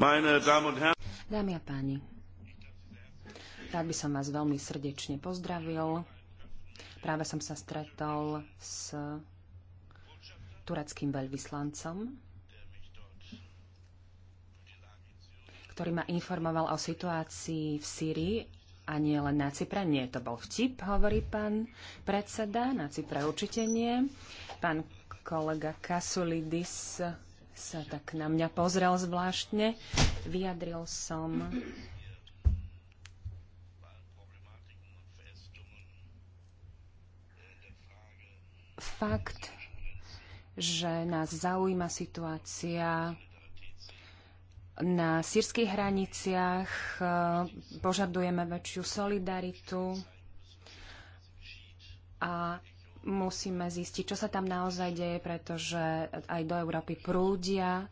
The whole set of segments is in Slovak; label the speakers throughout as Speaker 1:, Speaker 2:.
Speaker 1: Dámy
Speaker 2: a páni, rád by som vás veľmi srdečne pozdravil. Práve som sa stretol s tureckým veľvyslancom, ktorý ma informoval o situácii v Syrii a nie len na Cypre. Nie, to bol vtip, hovorí pán predseda. Na Cypre určite nie. Pán kolega Kasulidis sa tak na mňa pozrel zvláštne. Vyjadril som fakt, že nás zaujíma situácia na sírskych hraniciach, požadujeme väčšiu solidaritu a musíme zistiť, čo sa tam naozaj deje, pretože aj do Európy prúdia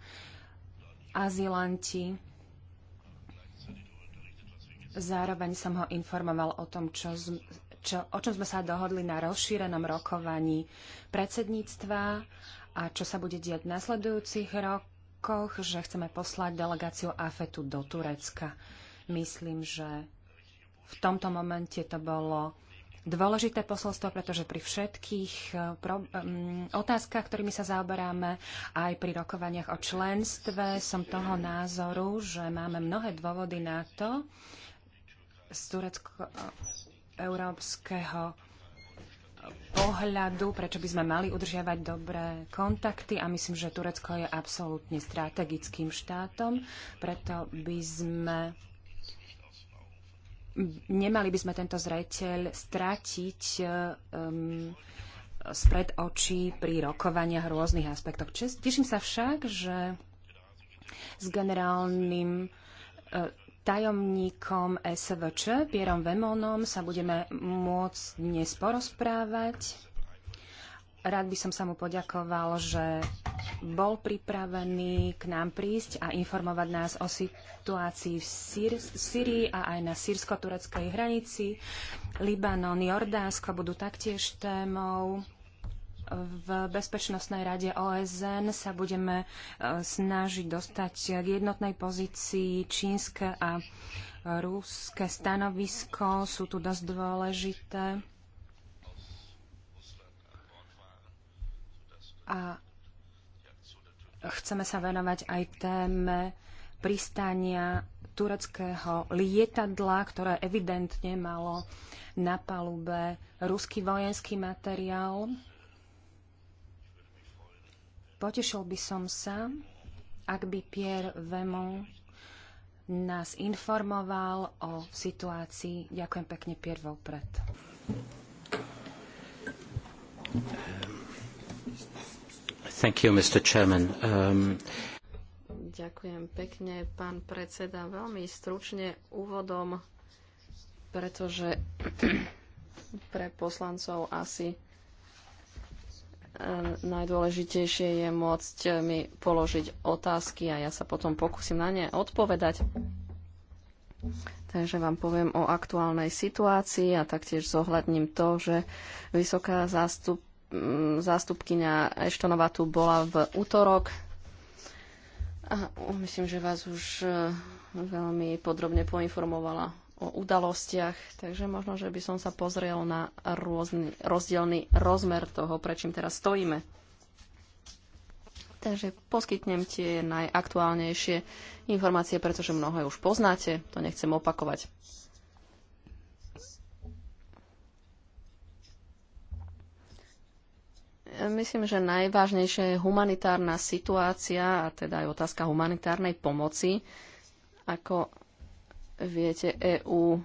Speaker 2: azilanti. Zároveň som ho informoval o tom, čo, čo, o čom sme sa dohodli na rozšírenom rokovaní predsedníctva a čo sa bude diať v nasledujúcich rokoch, že chceme poslať delegáciu AFETu do Turecka. Myslím, že v tomto momente to bolo dôležité posolstvo, pretože pri všetkých eh, pro, um, otázkach, ktorými sa zaoberáme, aj pri rokovaniach o členstve, som toho názoru, že máme mnohé dôvody na to z turecko-európskeho pohľadu, prečo by sme mali udržiavať dobré kontakty a myslím, že Turecko je absolútne strategickým štátom, preto by sme nemali by sme tento zreteľ stratiť um, spred očí pri rokovaniach rôznych aspektoch. Čes, teším sa však, že s generálnym uh, tajomníkom SVČ, Pierom Vemonom, sa budeme môcť dnes porozprávať. Rád by som sa mu poďakoval, že bol pripravený k nám prísť a informovať nás o situácii v Sýr- Syrii a aj na sírsko-tureckej hranici. Libanon, Jordánsko budú taktiež témou. V Bezpečnostnej rade OSN sa budeme e, snažiť dostať k jednotnej pozícii čínske a ruské stanovisko. Sú tu dosť dôležité. A chceme sa venovať aj téme pristania tureckého lietadla, ktoré evidentne malo na palube ruský vojenský materiál. Potešil by som sa, ak by Pierre Vemo nás informoval o situácii. Ďakujem pekne, Pierre Vopred.
Speaker 3: Thank you, Mr. Chairman.
Speaker 2: Um...
Speaker 4: Ďakujem pekne, pán predseda. Veľmi stručne úvodom, pretože pre poslancov asi e, najdôležitejšie je môcť e, mi položiť otázky a ja sa potom pokúsim na ne odpovedať. Takže vám poviem o aktuálnej situácii a taktiež zohľadním to, že vysoká zástup Mm, zástupkyňa Eštonová tu bola v útorok. A myslím, že vás už e, veľmi podrobne poinformovala o udalostiach, takže možno, že by som sa pozrel na rôzny, rozdielny rozmer toho, prečím teraz stojíme. Takže poskytnem tie najaktuálnejšie informácie, pretože mnohé už poznáte, to nechcem opakovať. Myslím, že najvážnejšia je humanitárna situácia a teda aj otázka humanitárnej pomoci. Ako viete, EÚ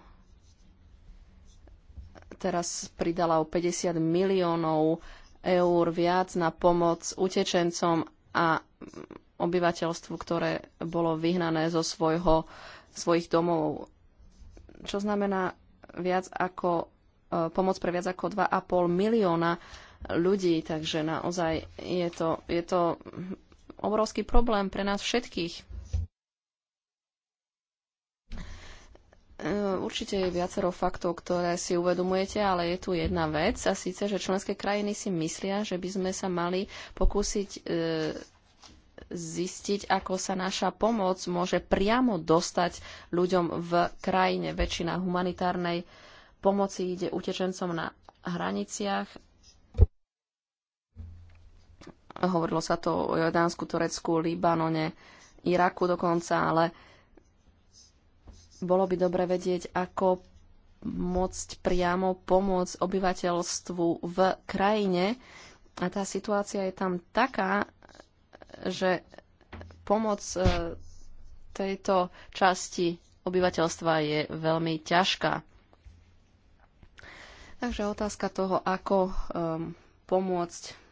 Speaker 4: teraz pridala o 50 miliónov eur viac na pomoc utečencom a obyvateľstvu, ktoré bolo vyhnané zo svojho, svojich domov. Čo znamená viac ako, e, pomoc pre viac ako 2,5 milióna ľudí, takže naozaj je to, je to obrovský problém pre nás všetkých. E, určite je viacero faktov, ktoré si uvedomujete, ale je tu jedna vec a síce, že členské krajiny si myslia, že by sme sa mali pokúsiť e, zistiť, ako sa naša pomoc môže priamo dostať ľuďom v krajine. Väčšina humanitárnej pomoci ide utečencom na hraniciach Hovorilo sa to o Jordánsku, Turecku, Libanone, Iraku dokonca, ale bolo by dobre vedieť, ako môcť priamo pomôcť obyvateľstvu v krajine. A tá situácia je tam taká, že pomoc e, tejto časti obyvateľstva je veľmi ťažká. Takže otázka toho, ako um, pomôcť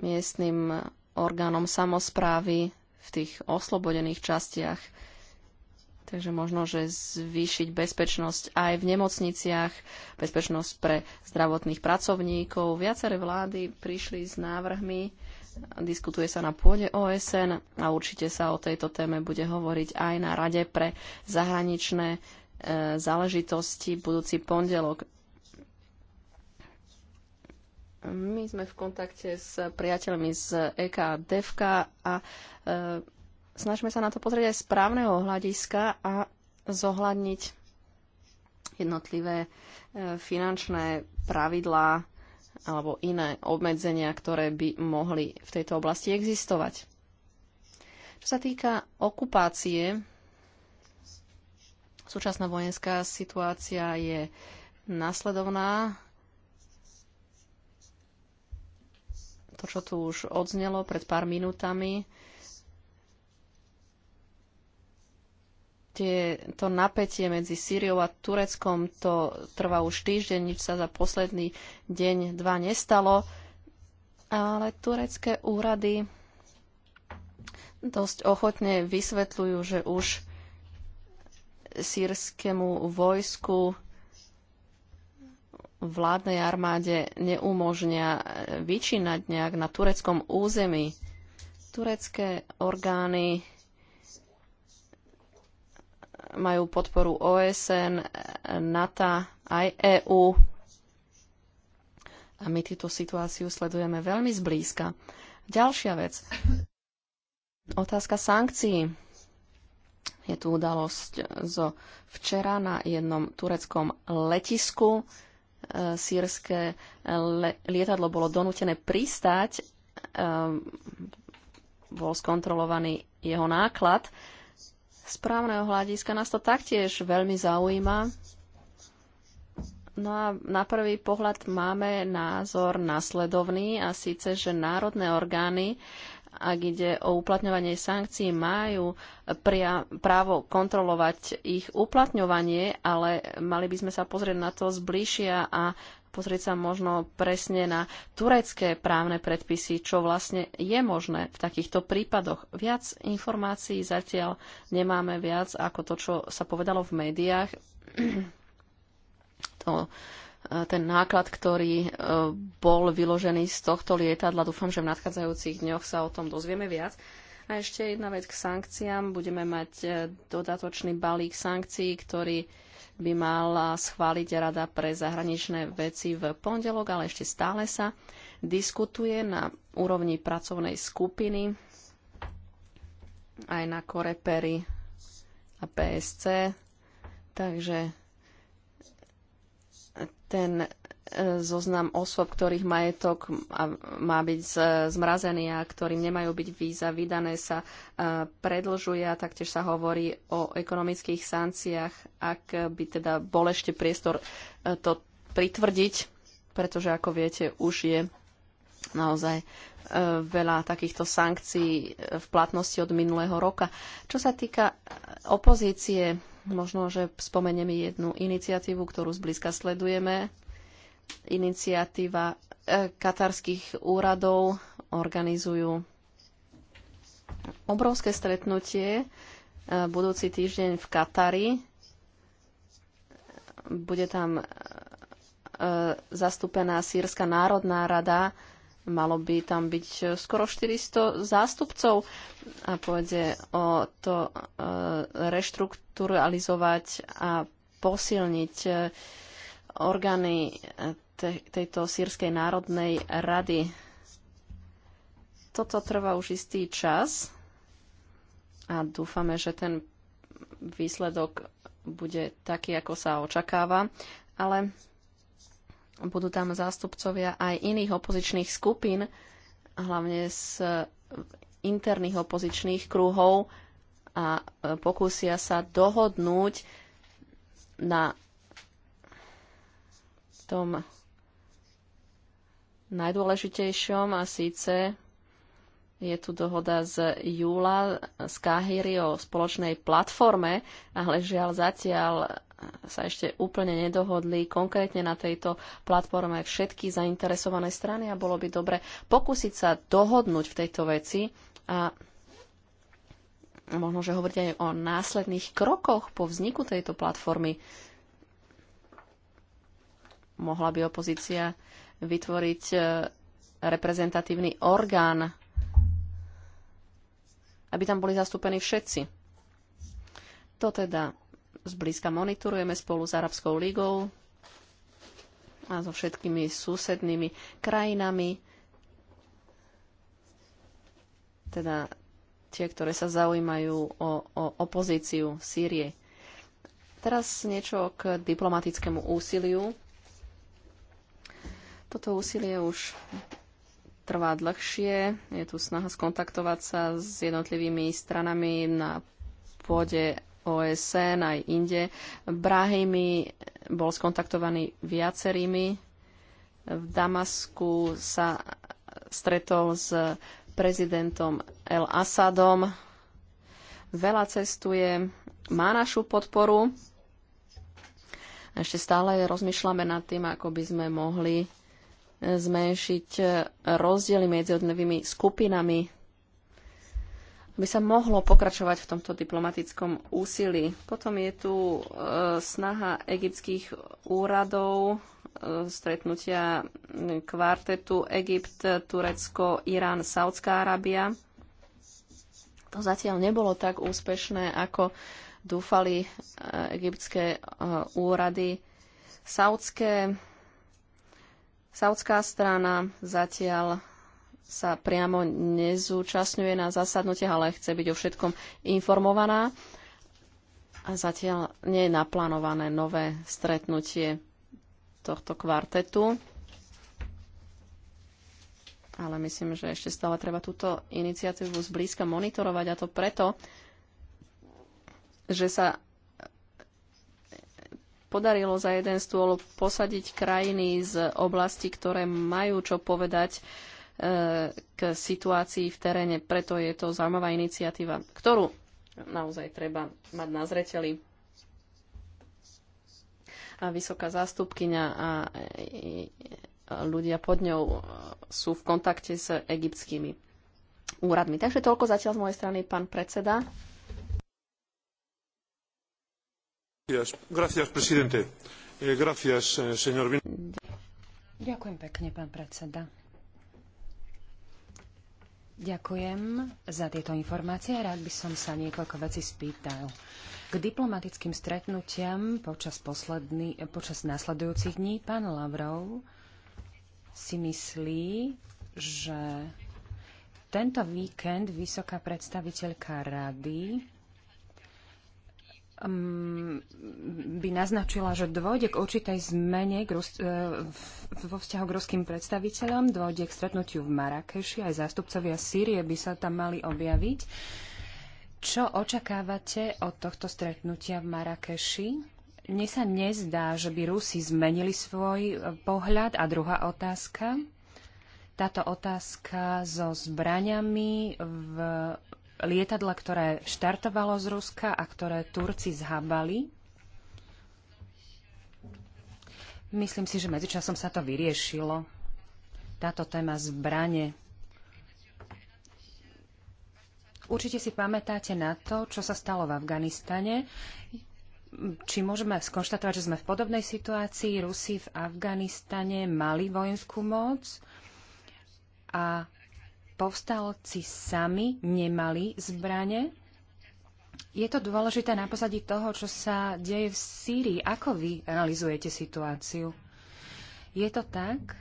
Speaker 4: miestnym orgánom samozprávy v tých oslobodených častiach. Takže možno, že zvýšiť bezpečnosť aj v nemocniciach, bezpečnosť pre zdravotných pracovníkov. Viaceré vlády prišli s návrhmi, diskutuje sa na pôde OSN a určite sa o tejto téme bude hovoriť aj na Rade pre zahraničné e, záležitosti budúci pondelok. My sme v kontakte s priateľmi z EK a DFK a e, snažíme sa na to pozrieť aj správneho hľadiska a zohľadniť jednotlivé e, finančné pravidlá alebo iné obmedzenia, ktoré by mohli v tejto oblasti existovať. Čo sa týka okupácie, súčasná vojenská situácia je nasledovná to, čo tu už odznelo pred pár minútami. Tie, to napätie medzi Sýriou a Tureckom to trvá už týždeň, nič sa za posledný deň, dva nestalo. Ale turecké úrady dosť ochotne vysvetľujú, že už sírskému vojsku vládnej armáde neumožnia e, vyčínať nejak na tureckom území. Turecké orgány e, majú podporu OSN, e, NATO aj EÚ. A my túto situáciu sledujeme veľmi zblízka. Ďalšia vec. Otázka sankcií. Je tu udalosť zo včera na jednom tureckom letisku sírske e, lietadlo bolo donútené pristáť, e, bol skontrolovaný jeho náklad. Správneho hľadiska nás to taktiež veľmi zaujíma. No a na prvý pohľad máme názor nasledovný a síce, že národné orgány uh, ak ide o uplatňovanie sankcií, majú pria- právo kontrolovať ich uplatňovanie, ale mali by sme sa pozrieť na to zbližšia a pozrieť sa možno presne na turecké právne predpisy, čo vlastne je možné v takýchto prípadoch. Viac informácií zatiaľ nemáme viac ako to, čo sa povedalo v médiách. to E, ten náklad, ktorý e, bol vyložený z tohto lietadla. Dúfam, že v nadchádzajúcich dňoch sa o tom dozvieme viac. A ešte jedna vec k sankciám. Budeme mať e, dodatočný balík sankcií, ktorý by mala schváliť Rada pre zahraničné veci v pondelok, ale ešte stále sa diskutuje na úrovni pracovnej skupiny aj na Korepery a PSC. Takže ten e, zoznam osôb, ktorých majetok má byť zmrazený a ktorým nemajú byť víza vydané, sa e, predlžuje a taktiež sa hovorí o ekonomických sankciách, ak by teda bol ešte priestor e, to pritvrdiť, pretože ako viete, už je naozaj veľa takýchto sankcií v platnosti od minulého roka. Čo sa týka opozície, Možno, že spomeniem jednu iniciatívu, ktorú zblízka sledujeme. Iniciatíva e, katarských úradov organizujú obrovské stretnutie e, budúci týždeň v Katari. Bude tam e, zastúpená Sýrska národná rada Malo by tam byť eh, skoro 400 zástupcov a pôjde o to eh, reštrukturalizovať a posilniť eh, orgány tejto sírskej národnej rady. Toto trvá už istý čas a dúfame, že ten výsledok bude taký, ako sa očakáva, ale budú tam zástupcovia aj iných opozičných skupín, hlavne z interných opozičných krúhov a e, pokúsia sa dohodnúť na tom najdôležitejšom a síce je tu dohoda z júla z Káhyry o spoločnej platforme, ale žiaľ zatiaľ sa ešte úplne nedohodli konkrétne na tejto platforme všetky zainteresované strany a bolo by dobre pokúsiť sa dohodnúť v tejto veci a možno, že hovoriť aj o následných krokoch po vzniku tejto platformy. Mohla by opozícia vytvoriť e, reprezentatívny orgán, aby tam boli zastúpení všetci. To teda zblízka monitorujeme spolu s Arabskou ligou a so všetkými susednými krajinami, teda tie, ktoré sa zaujímajú o, o opozíciu Sýrie. Teraz niečo k diplomatickému úsiliu. Toto úsilie už trvá dlhšie. Je tu snaha skontaktovať sa s jednotlivými stranami na pôde OSN aj inde. Brahimi bol skontaktovaný viacerými. V Damasku sa stretol s prezidentom El Asadom. Veľa cestuje, má našu podporu. Ešte stále rozmýšľame nad tým, ako by sme mohli zmenšiť rozdiely medzi jednotlivými skupinami by sa mohlo pokračovať v tomto diplomatickom úsilí. Potom je tu e, snaha egyptských úradov, e, stretnutia kvartetu Egypt, Turecko, Irán, Saudská Arábia. To zatiaľ nebolo tak úspešné, ako dúfali e, egyptské e, úrady. Saudské, saudská strana zatiaľ sa priamo nezúčastňuje na zasadnutiach, ale chce byť o všetkom informovaná. A zatiaľ nie je naplánované nové stretnutie tohto kvartetu. Ale myslím, že ešte stále treba túto iniciatívu zblízka monitorovať a to preto, že sa podarilo za jeden stôl posadiť krajiny z oblasti, ktoré majú čo povedať uh, k situácii v teréne. Preto je to zaujímavá iniciatíva, ktorú naozaj treba mať na zreteli. A vysoká zástupkyňa a ľudia pod ňou sú v kontakte s egyptskými úradmi. Takže toľko zatiaľ z mojej strany, pán predseda.
Speaker 1: Gracias, presidente. Eh, gracias, eh, señor
Speaker 2: Ďakujem pekne, pán predseda. Ďakujem za tieto informácie. Rád by som sa niekoľko vecí spýtal. K diplomatickým stretnutiam počas, posledný, počas nasledujúcich dní pán Lavrov si myslí, že tento víkend vysoká predstaviteľka rady Ehm, by naznačila, že dôjde k určitej zmene k Rus- e, vo vzťahu k ruským predstaviteľom, dôjde k stretnutiu v Marakeši, aj zástupcovia Sýrie by sa tam mali objaviť. Čo očakávate od tohto stretnutia v Marakeši? Mne sa nezdá, že by Rusi zmenili svoj e, pohľad. A druhá otázka. Táto otázka so zbraňami v lietadla, ktoré štartovalo z Ruska a ktoré Turci zhabali. Myslím si, že medzičasom sa to vyriešilo. Táto téma zbrane. Určite si pamätáte na to, čo sa stalo v Afganistane. Či môžeme skonštatovať, že sme v podobnej situácii? Rusi v Afganistane mali vojenskú moc a povstalci sami nemali zbrane. Je to dôležité na pozadí toho, čo sa deje v Sýrii. Ako vy analizujete situáciu? Je to tak,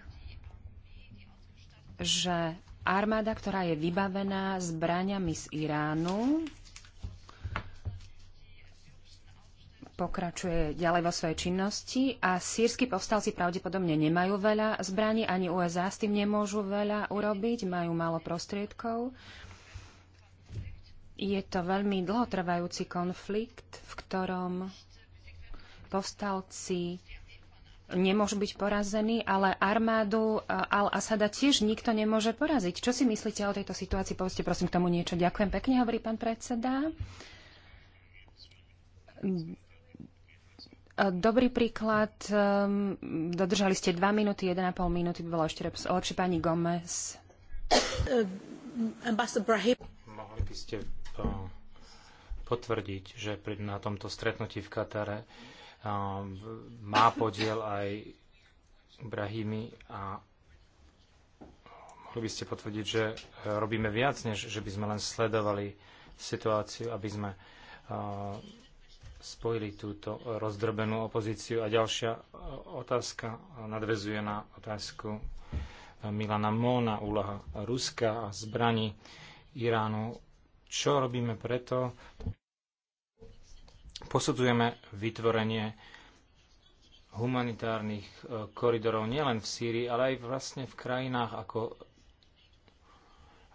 Speaker 2: že armáda, ktorá je vybavená zbraniami z Iránu, pokračuje ďalej vo svojej činnosti a sírsky povstalci pravdepodobne nemajú veľa zbraní, ani USA s tým nemôžu veľa urobiť, majú málo prostriedkov. Je to veľmi dlhotrvajúci konflikt, v ktorom povstalci nemôžu byť porazení, ale armádu e, Al-Asada tiež nikto nemôže poraziť. Čo si myslíte o tejto situácii? Povedzte prosím k tomu niečo. Ďakujem pekne, hovorí pán predseda Dobrý príklad. Ehm, dodržali ste 2 minúty, 1,5 minúty by bolo ešte lepšie. Pani Gomez. Eh,
Speaker 5: mohli by ste eh, potvrdiť, že na tomto stretnutí v Katare eh, má podiel aj Brahimi a mohli by ste potvrdiť, že robíme viac, než že by sme len sledovali situáciu, aby sme spojili túto rozdrbenú opozíciu. A ďalšia e, otázka nadvezuje na otázku e, Milana Móna, úloha Ruska a zbraní Iránu. Čo robíme preto? Posudzujeme vytvorenie humanitárnych e, koridorov nielen v Sýrii, ale aj vlastne v krajinách ako,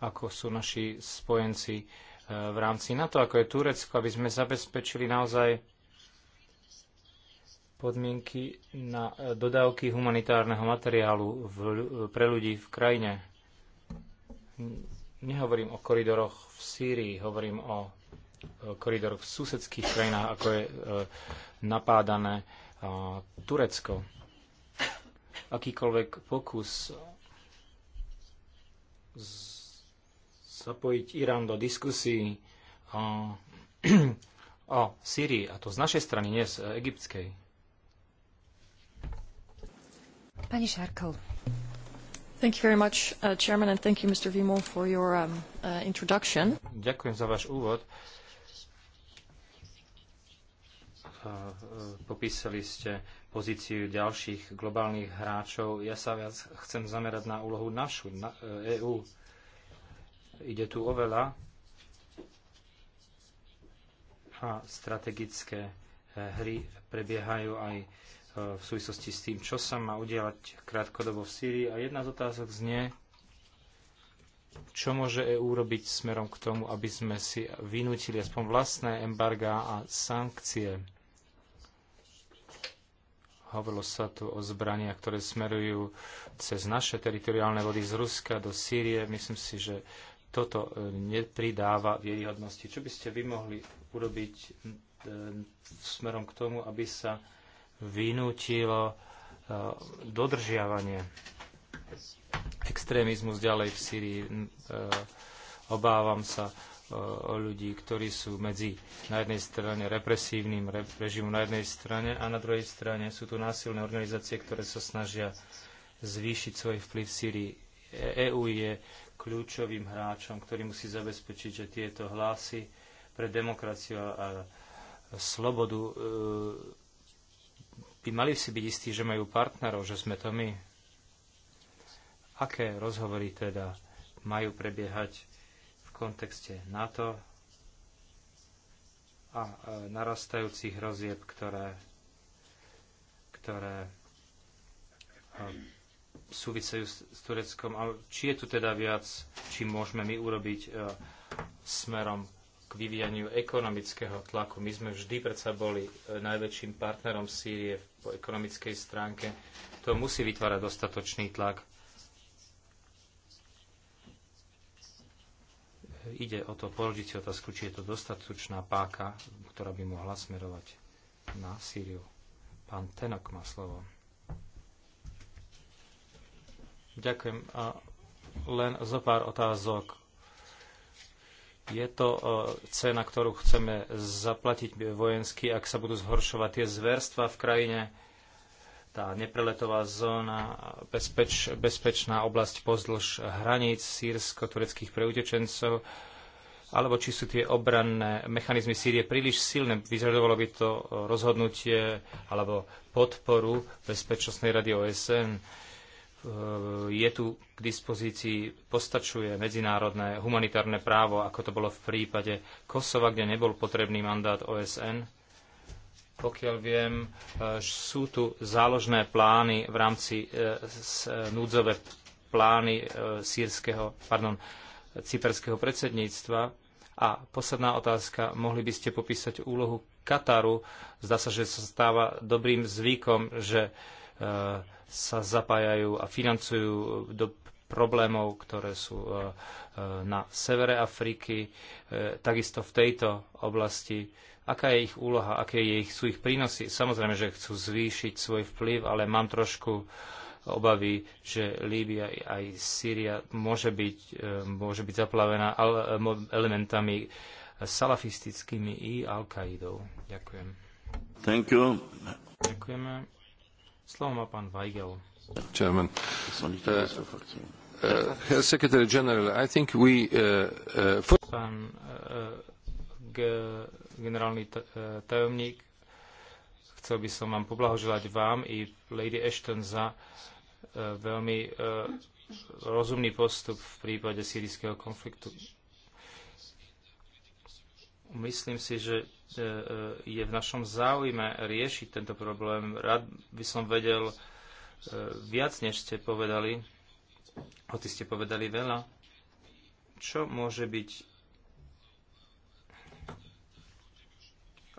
Speaker 5: ako sú naši spojenci v rámci NATO, ako je Turecko, aby sme zabezpečili naozaj podmienky na e, dodávky humanitárneho materiálu v, pre ľudí v krajine. Nehovorím o koridoroch v Sýrii, hovorím o e, koridoroch v susedských krajinách, ako je e, napádané Turecko. Akýkoľvek pokus z zapojiť Irán do diskusí o, o Syrii, a to z našej strany, nie z e, egyptskej.
Speaker 2: Pani Šarkov. Thank you very much, uh, Chairman, and thank you, Mr. Vimo, for your um, uh, introduction.
Speaker 5: Ďakujem za váš úvod. Uh, popísali ste pozíciu ďalších globálnych hráčov. Ja sa viac chcem zamerať na úlohu našu, na uh, e, EU. Ide tu oveľa a strategické eh, hry prebiehajú aj eh, v súvislosti s tým, čo sa má udielať krátkodobo v Sýrii. A jedna z otázok znie, čo môže EÚ robiť smerom k tomu, aby sme si vynútili aspoň vlastné embargá a sankcie. Hovorilo sa tu o zbraniach, ktoré smerujú cez naše teritoriálne vody z Ruska do Sýrie. Myslím si, že toto e, nepridáva vieryhodnosti. Čo by ste vy mohli urobiť e, smerom k tomu, aby sa vynútilo e, dodržiavanie extrémizmu ďalej v Syrii. Obávam sa o ľudí, ktorí sú medzi na jednej strane represívnym režimom na jednej strane a na druhej strane sú tu násilné organizácie, ktoré sa snažia zvýšiť svoj vplyv v Syrii. EÚ je kľúčovým hráčom, ktorý musí zabezpečiť, že tieto hlasy pre demokraciu a slobodu e, by mali si byť istí, že majú partnerov, že sme to my. Aké rozhovory teda majú prebiehať v kontexte NATO a e, narastajúcich hrozieb, ktoré, ktoré e, súvisejú s, s Tureckom. A či je tu teda viac, či môžeme my urobiť e, smerom k vyvíjaniu ekonomického tlaku. My sme vždy predsa boli e, najväčším partnerom Sýrie po ekonomickej stránke. To musí vytvárať dostatočný tlak. E, ide o to položiť si otázku, či je to dostatočná páka, ktorá by mohla smerovať na Sýriu. Pán Tenok má slovo. Ďakujem. A len zo pár otázok. Je to e, cena, ktorú chceme zaplatiť vojensky, ak sa budú zhoršovať tie zverstva v krajine, tá nepreletová zóna, bezpeč, bezpečná oblasť pozdĺž hraníc sírsko-tureckých preutečencov, alebo či sú tie obranné mechanizmy Sýrie príliš silné. Vyžadovalo by to rozhodnutie alebo podporu Bezpečnostnej rady OSN Eh, je tu k dispozícii, postačuje medzinárodné humanitárne právo, ako to bolo v prípade Kosova, kde nebol potrebný mandát OSN. Pokiaľ viem, eh, sú tu záložné plány v rámci eh, núdzové plány sírskeho, pardon, cyperského predsedníctva. A posledná otázka, mohli by ste popísať úlohu Kataru? Zdá sa, že sa stáva dobrým zvykom, že E, sa zapájajú a financujú do problémov, ktoré sú e, e, na severe Afriky, takisto v tejto oblasti. Aká je ich úloha, aké je ich, sú ich prínosy? Samozrejme, že chcú zvýšiť svoj vplyv, ale mám trošku obavy, že Líbia aj Sýria môže byť, môže byť zaplavená elementami salafistickými i al-Kaidou. Ďakujem. Thank you. Ďakujeme. Slovo má pán Weigel.
Speaker 1: Chairman. Uh,
Speaker 4: uh
Speaker 3: Secretary General, I think we... Uh, uh,
Speaker 5: pán uh, uh generálny uh, tajomník, chcel by som vám poblahoželať vám i Lady Ashton za uh, veľmi uh, rozumný postup v prípade sírijského konfliktu. Myslím si, že E, e, je v našom záujme riešiť tento problém. Rád by som vedel e, viac, než ste povedali, hoci ste povedali veľa. Čo môže byť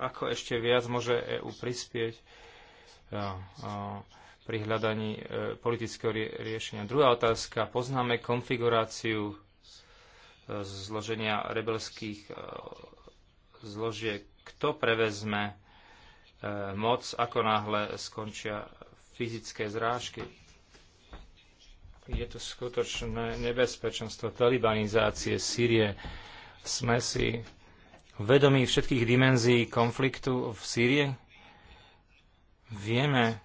Speaker 5: ako ešte viac môže EU prispieť pri hľadaní politického riešenia. Druhá otázka. Poznáme konfiguráciu zloženia rebelských zložiek kto prevezme e, moc, ako náhle skončia fyzické zrážky. Je to skutočné nebezpečenstvo talibanizácie Sýrie. Sme si vedomí všetkých dimenzií konfliktu v Sýrie. Vieme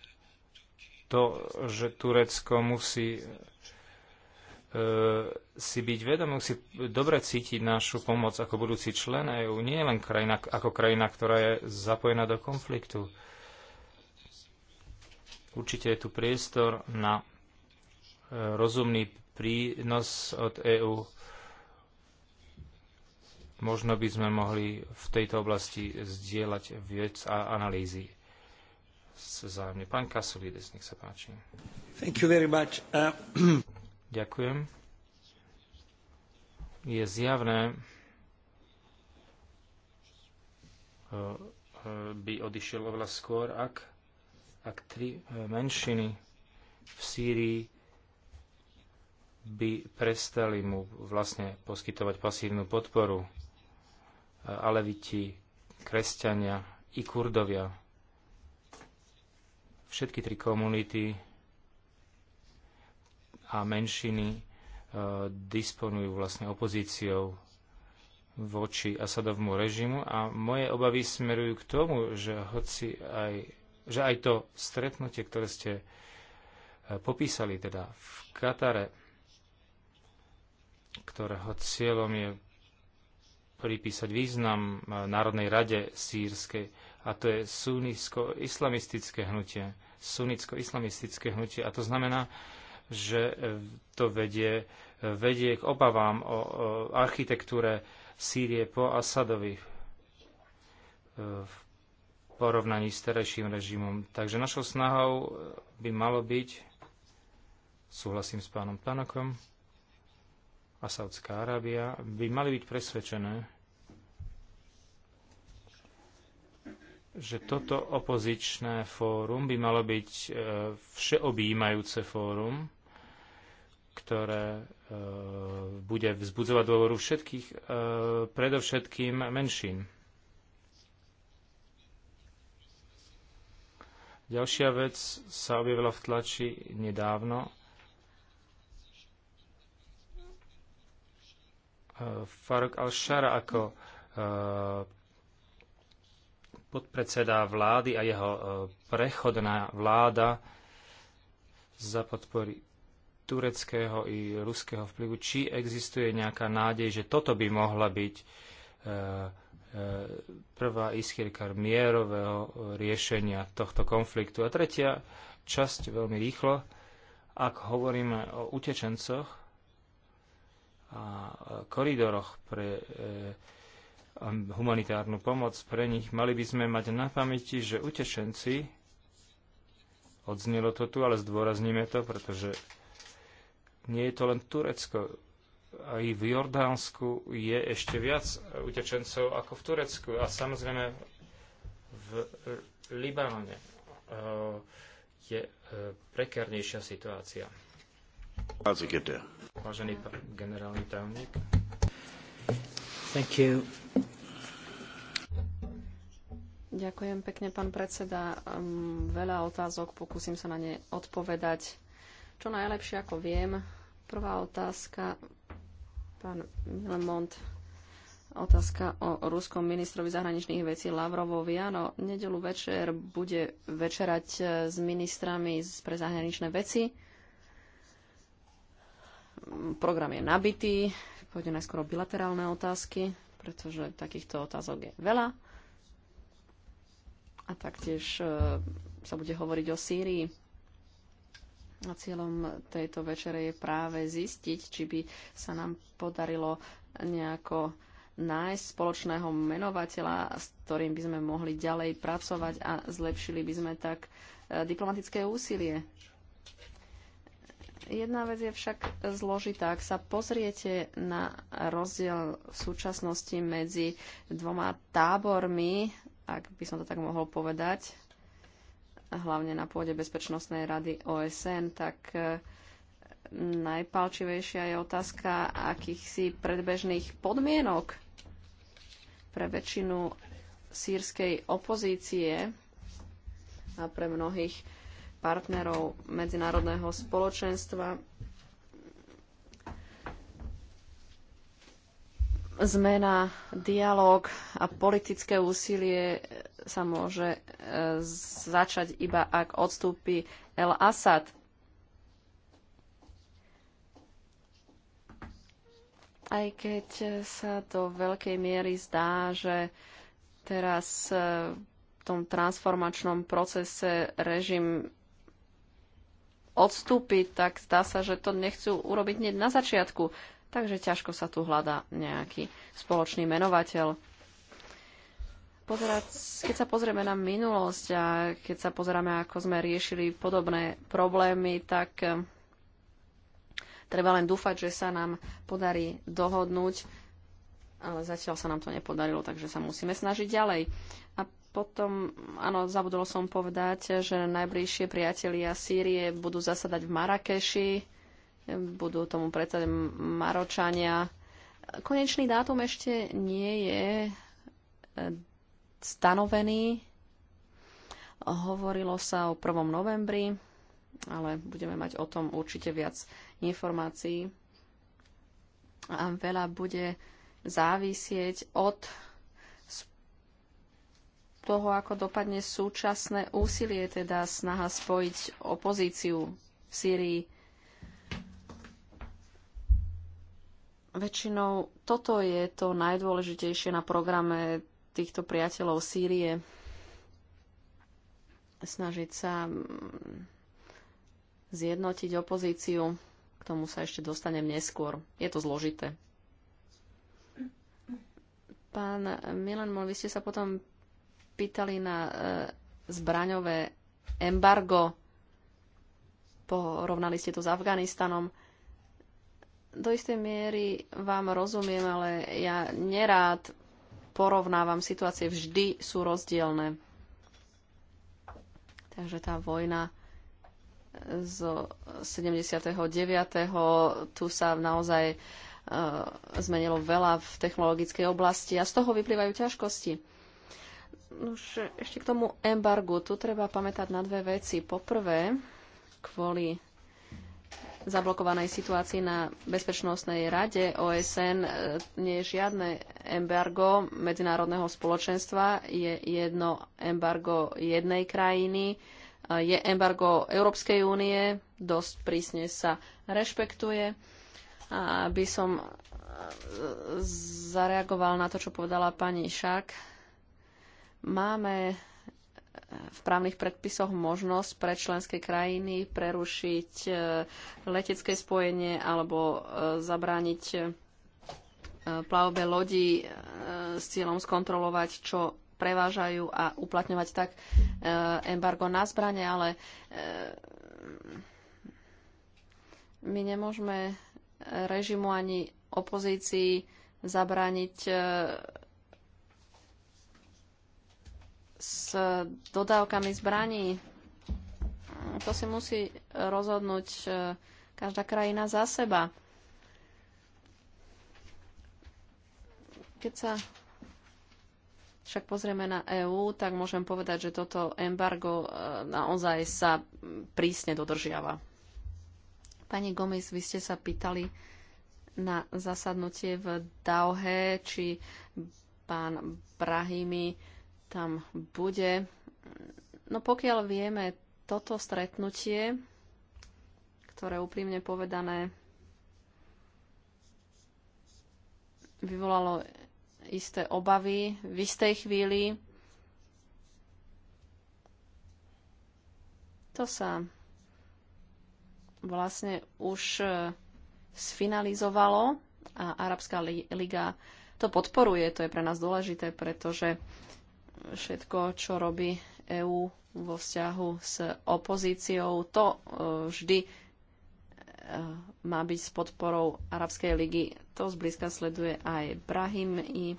Speaker 5: to, že Turecko musí E, si byť vedomý, si dobre cítiť našu pomoc ako budúci člen EÚ, nie len krajina, ako krajina, ktorá je zapojená do konfliktu. Určite je tu priestor na e, rozumný prínos od EÚ. Možno by sme mohli v tejto oblasti zdieľať viec a analýzy Zájemne. Pán Kasulides, nech sa páči. Thank you very much. Uh... Ďakujem. Je zjavné, e, e, by odišiel oveľa skôr, ak, ak tri e, menšiny v Sýrii by prestali mu vlastne poskytovať pasívnu podporu. Aleviti, kresťania i kurdovia. Všetky tri komunity a menšiny e, disponujú vlastne opozíciou voči Asadovmu režimu a moje obavy smerujú k tomu, že, hoci aj, že aj to stretnutie, ktoré ste e, popísali teda v Katare, ktorého cieľom je pripísať význam e, Národnej rade sírskej, a to je sunnicko-islamistické hnutie. Sunnicko-islamistické hnutie. A to znamená, že eh, to vedie, eh, vedie k obavám o, o architektúre Sýrie po Asadovi eh, v porovnaní s terajším režimom. Takže našou snahou by malo byť, súhlasím s pánom Tanakom, a Saudská Arábia by mali byť presvedčené, že toto opozičné fórum by malo byť všeobjímajúce fórum, ktoré e, bude vzbudzovať dôvoru všetkých, e, predovšetkým menšín. Ďalšia vec sa objavila v tlači nedávno. E, Farok al-Shara ako podpredseda vlády a jeho prechodná vláda za podpory tureckého i ruského vplyvu, či existuje nejaká nádej, že toto by mohla byť e, e, prvá iskierka mierového riešenia tohto konfliktu. A tretia časť veľmi rýchlo, ak hovoríme o utečencoch a koridoroch pre e, humanitárnu pomoc pre nich, mali by sme mať na pamäti, že utečenci, odznelo to tu, ale zdôrazníme to, pretože nie je to len Turecko. Aj v Jordánsku je ešte viac utečencov ako v Turecku a samozrejme v Libanone eh, je eh, prekernejšia situácia. Vážený pán generálny tajomník.
Speaker 3: Thank you.
Speaker 4: Ďakujem pekne, pán predseda. Ehm, veľa otázok, pokúsim sa na ne odpovedať čo najlepšie, ako viem. Prvá otázka, pán Milemont, otázka o ruskom ministrovi zahraničných vecí Lavrovovi. Áno, nedelu večer bude večerať e, s ministrami pre zahraničné veci. Program je nabitý, pôjde najskôr o bilaterálne otázky, pretože takýchto otázok je veľa. A taktiež e, sa bude hovoriť o Sýrii Cieľom tejto večere je práve zistiť, či by sa nám podarilo nejako nájsť spoločného menovateľa, s ktorým by sme mohli ďalej pracovať a zlepšili by sme tak e, diplomatické úsilie. Jedna vec je však zložitá. Ak sa pozriete na rozdiel v súčasnosti medzi dvoma tábormi, ak by som to tak mohol povedať, hlavne na pôde Bezpečnostnej rady OSN, tak e, najpalčivejšia je otázka akýchsi predbežných podmienok pre väčšinu sírskej opozície a pre mnohých partnerov medzinárodného spoločenstva zmena, dialog a politické úsilie sa môže e, začať iba ak odstúpi El Asad. Aj keď sa do veľkej miery zdá, že teraz e, v tom transformačnom procese režim odstúpi, tak zdá sa, že to nechcú urobiť hneď na začiatku takže ťažko sa tu hľada nejaký spoločný menovateľ. Pozerať, keď sa pozrieme na minulosť a keď sa pozeráme, ako sme riešili podobné problémy, tak eh, treba len dúfať, že sa nám podarí dohodnúť, ale zatiaľ sa nám to nepodarilo, takže sa musíme snažiť ďalej. A potom, áno, zabudol som povedať, že najbližšie priatelia Sýrie budú zasadať v Marakeši budú tomu predsa Maročania. Konečný dátum ešte nie je e, stanovený. Hovorilo sa o 1. novembri, ale budeme mať o tom určite viac informácií. A veľa bude závisieť od toho, ako dopadne súčasné úsilie, teda snaha spojiť opozíciu v Sýrii Väčšinou toto je to najdôležitejšie na programe týchto priateľov Sýrie. Snažiť sa mm, zjednotiť opozíciu. K tomu sa ešte dostanem neskôr. Je to zložité. Pán Milan vy ste sa potom pýtali na e, zbraňové embargo. Porovnali ste to s Afganistanom do istej miery vám rozumiem, ale ja nerád porovnávam situácie, vždy sú rozdielne. Takže tá vojna z 79. tu sa naozaj uh, zmenilo veľa v technologickej oblasti a z toho vyplývajú ťažkosti. Už ešte k tomu embargu. Tu treba pamätať na dve veci. Poprvé, kvôli zablokovanej situácii na Bezpečnostnej rade OSN e, nie je žiadne embargo medzinárodného spoločenstva. Je jedno embargo jednej krajiny, e, je embargo Európskej únie, dosť prísne sa rešpektuje. A aby som e, zareagoval na to, čo povedala pani Šak, máme v právnych predpisoch možnosť pre členské krajiny prerušiť e, letecké spojenie alebo e, zabrániť e, plavbe lodi s cieľom skontrolovať, čo prevážajú a uplatňovať tak embargo na zbranie, ale my nemôžeme režimu ani opozícii zabrániť s dodávkami zbraní. To si musí rozhodnúť e, každá krajina za seba. Keď sa však pozrieme na EÚ, tak môžem povedať, že toto embargo e, naozaj sa prísne dodržiava. Pani Gomez, vy ste sa pýtali na zasadnutie v Dauhe, či pán Brahimi tam bude. No pokiaľ vieme toto stretnutie, ktoré úprimne povedané vyvolalo isté obavy v istej chvíli, to sa vlastne už e, sfinalizovalo a Arabská liga to podporuje, to je pre nás dôležité, pretože všetko, čo robí EÚ vo vzťahu s opozíciou, to e, vždy e, má byť s podporou Arabskej ligy. To zblízka sleduje aj Brahim i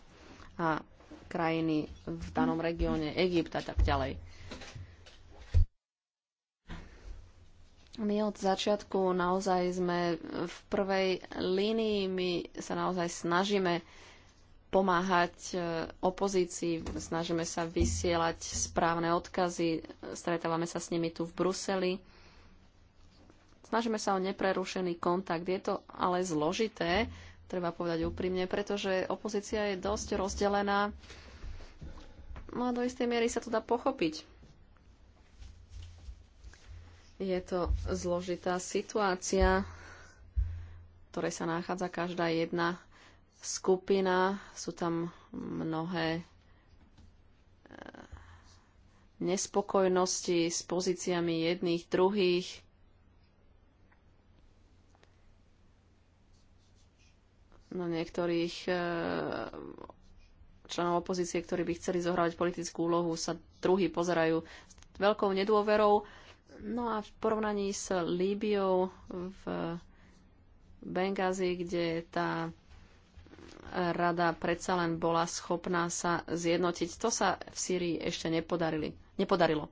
Speaker 4: a krajiny v danom regióne, Egypt a tak ďalej. My od začiatku naozaj sme v prvej línii, my sa naozaj snažíme pomáhať e, opozícii, snažíme sa vysielať správne odkazy, stretávame sa s nimi tu v Bruseli. Snažíme sa o neprerušený kontakt. Je to ale zložité, treba povedať úprimne, pretože opozícia je dosť rozdelená. No a do istej miery sa to dá pochopiť. Je to zložitá situácia, v ktorej sa nachádza každá jedna skupina, sú tam mnohé e, nespokojnosti s pozíciami jedných, druhých. No niektorých e, členov opozície, ktorí by chceli zohrávať politickú úlohu, sa druhí pozerajú s veľkou nedôverou. No a v porovnaní s Líbiou v Bengázi, kde tá rada predsa len bola schopná sa zjednotiť. To sa v Sýrii ešte nepodarili, nepodarilo.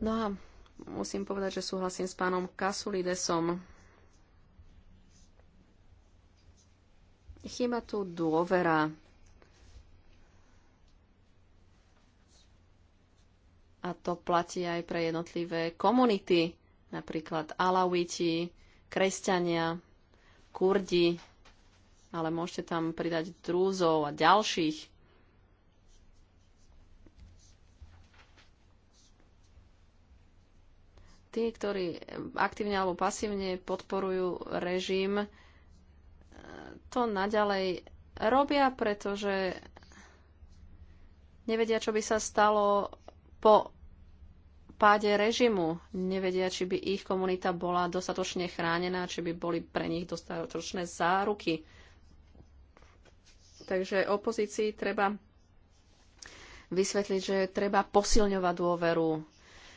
Speaker 4: No a musím povedať, že súhlasím s pánom Kasulidesom. Chýba tu dôvera a to platí aj pre jednotlivé komunity, napríklad Alawiti, kresťania, Kurdi ale môžete tam pridať drúzov a ďalších. Tí, ktorí aktívne alebo pasívne podporujú režim, e, to naďalej robia, pretože nevedia, čo by sa stalo po páde režimu. Nevedia, či by ich komunita bola dostatočne chránená, či by boli pre nich dostatočné záruky. Takže opozícii treba vysvetliť, že treba posilňovať dôveru,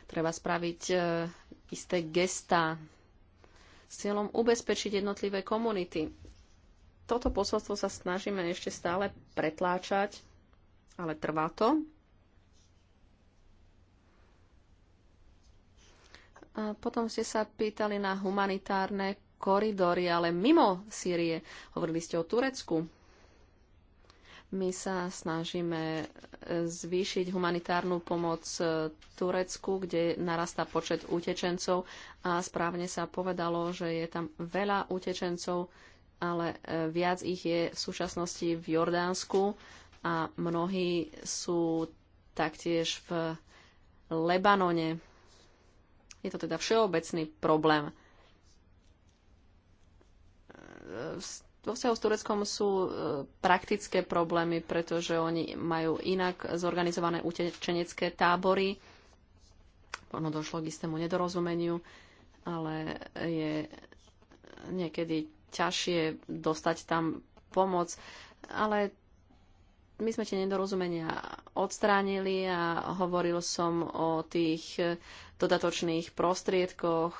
Speaker 4: treba spraviť e, isté gesta s cieľom ubezpečiť jednotlivé komunity. Toto posolstvo sa snažíme ešte stále pretláčať, ale trvá to. A potom ste sa pýtali na humanitárne koridory, ale mimo Sýrie. Hovorili ste o Turecku. My sa snažíme e, zvýšiť humanitárnu pomoc e, Turecku, kde narastá počet utečencov a správne sa povedalo, že je tam veľa utečencov, ale e, viac ich je v súčasnosti v Jordánsku a mnohí sú taktiež v Lebanone. Je to teda všeobecný problém vo vzťahu s Tureckom sú e, praktické problémy, pretože oni majú inak zorganizované utečenecké tábory. Ono došlo k istému nedorozumeniu, ale je niekedy ťažšie dostať tam pomoc. Ale my sme tie nedorozumenia odstránili a hovoril som o tých dodatočných prostriedkoch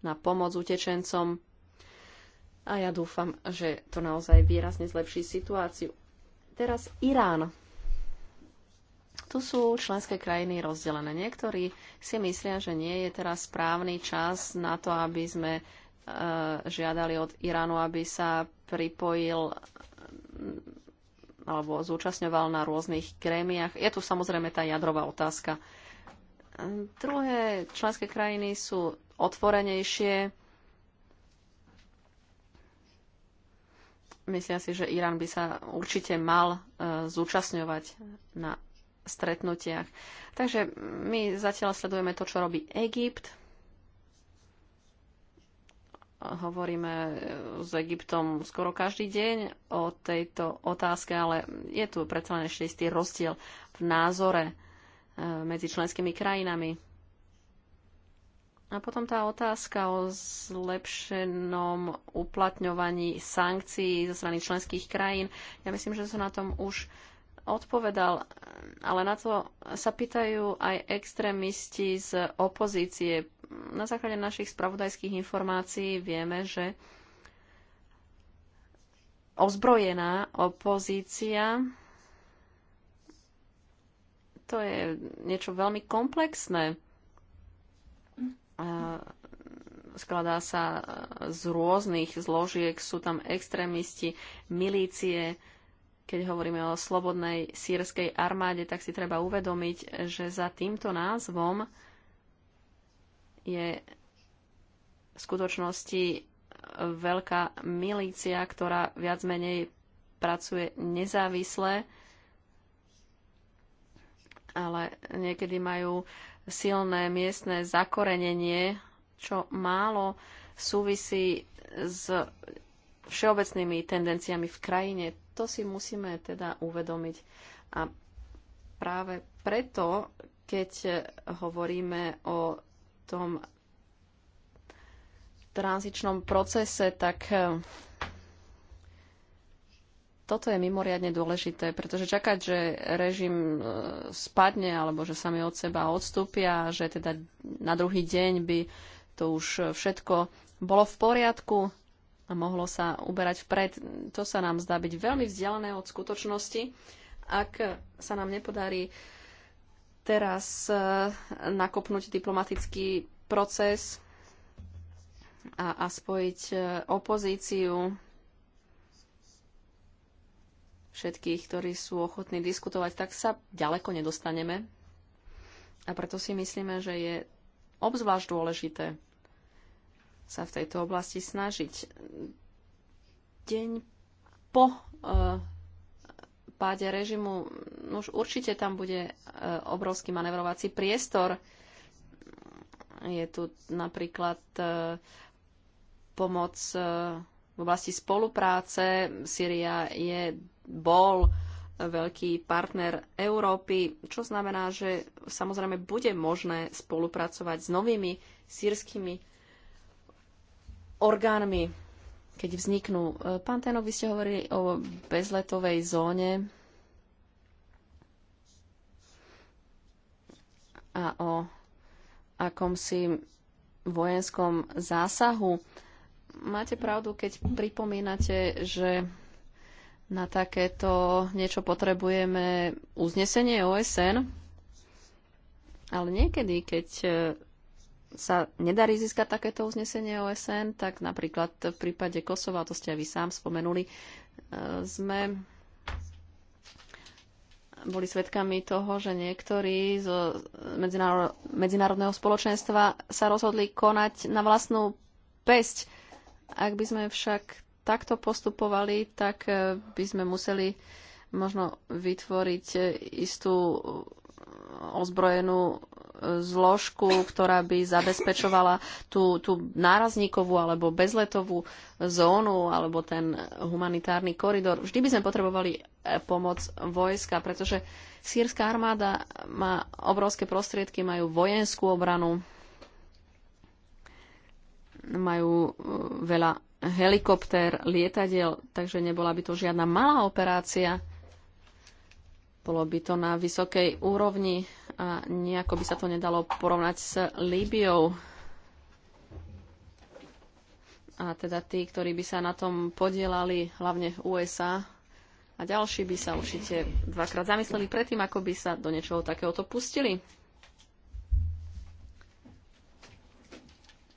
Speaker 4: na pomoc utečencom a ja dúfam, že to naozaj výrazne zlepší situáciu. Teraz Irán. Tu sú členské krajiny rozdelené. Niektorí si myslia, že nie je teraz správny čas na to, aby sme e, žiadali od Iránu, aby sa pripojil alebo zúčastňoval na rôznych krémiach. Je tu samozrejme tá jadrová otázka. Druhé členské krajiny sú otvorenejšie Myslím si, že Irán by sa určite mal e, zúčastňovať na stretnutiach. Takže my zatiaľ sledujeme to, čo robí Egypt. Hovoríme s Egyptom skoro každý deň o tejto otázke, ale je tu predsa len ešte istý rozdiel v názore e, medzi členskými krajinami. A potom tá otázka o zlepšenom uplatňovaní sankcií zo strany členských krajín. Ja myslím, že som na tom už odpovedal, ale na to sa pýtajú aj extrémisti z opozície. Na základe našich spravodajských informácií vieme, že ozbrojená opozícia to je niečo veľmi komplexné skladá sa z rôznych zložiek, sú tam extrémisti, milície. Keď hovoríme o slobodnej sírskej armáde, tak si treba uvedomiť, že za týmto názvom je v skutočnosti veľká milícia, ktorá viac menej pracuje nezávisle, ale niekedy majú silné miestne zakorenenie, čo málo súvisí s všeobecnými tendenciami v krajine. To si musíme teda uvedomiť. A práve preto, keď hovoríme o tom tranzičnom procese, tak toto je mimoriadne dôležité, pretože čakať, že režim e, spadne alebo že sami od seba odstúpia, že teda na druhý deň by to už všetko bolo v poriadku a mohlo sa uberať vpred, to sa nám zdá byť veľmi vzdialené od skutočnosti. Ak sa nám nepodarí teraz e, nakopnúť diplomatický proces a, a spojiť e, opozíciu všetkých, ktorí sú ochotní diskutovať, tak sa ďaleko nedostaneme. A preto si myslíme, že je obzvlášť dôležité sa v tejto oblasti snažiť. Deň po e, páde režimu, už určite tam bude e, obrovský manevrovací priestor. Je tu napríklad e, pomoc e, v oblasti spolupráce. Syria je bol veľký partner Európy, čo znamená, že samozrejme bude možné spolupracovať s novými sírskymi orgánmi, keď vzniknú. Pán Tenok, vy ste hovorili o bezletovej zóne a o akomsi vojenskom zásahu. Máte pravdu, keď pripomínate, že na takéto niečo potrebujeme uznesenie OSN, ale niekedy, keď e, sa nedarí získať takéto uznesenie OSN, tak napríklad v prípade Kosova, to ste aj vy sám spomenuli, e, sme boli svedkami toho, že niektorí z medzinárodného spoločenstva sa rozhodli konať na vlastnú pesť. Ak by sme však takto postupovali, tak e, by sme museli možno vytvoriť e, istú e, ozbrojenú zložku, ktorá by zabezpečovala tú, tú nárazníkovú alebo bezletovú zónu alebo ten humanitárny koridor. Vždy by sme potrebovali pomoc vojska, pretože sírska armáda má obrovské prostriedky, majú vojenskú obranu, majú veľa helikoptér, lietadiel, takže nebola by to žiadna malá operácia. Bolo by to na vysokej úrovni a nejako by sa to nedalo porovnať s Líbiou. A teda tí, ktorí by sa na tom podielali, hlavne USA a ďalší by sa určite dvakrát zamysleli predtým, ako by sa do niečoho takéhoto pustili.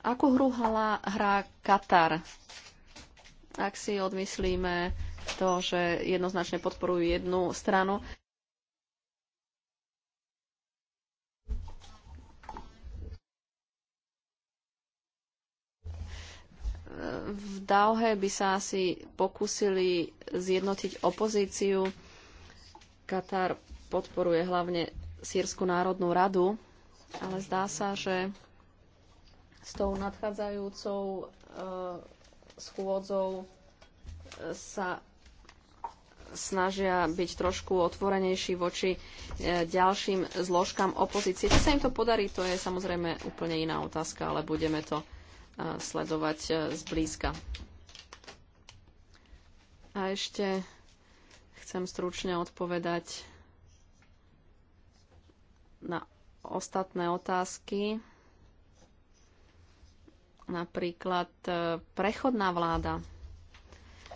Speaker 4: Ako hru hala, hrá Katar? Ak si odmyslíme to, že jednoznačne podporujú jednu stranu, v Dauhe by sa asi pokúsili zjednotiť opozíciu. Katar podporuje hlavne Sýrsku národnú radu, ale zdá sa, že s tou nadchádzajúcou eh, schôdzou eh, sa snažia byť trošku otvorenejší voči eh, ďalším zložkám opozície. Či sa im to podarí, to je samozrejme úplne iná otázka, ale budeme to sledovať zblízka. A ešte chcem stručne odpovedať na ostatné otázky. Napríklad e, prechodná vláda.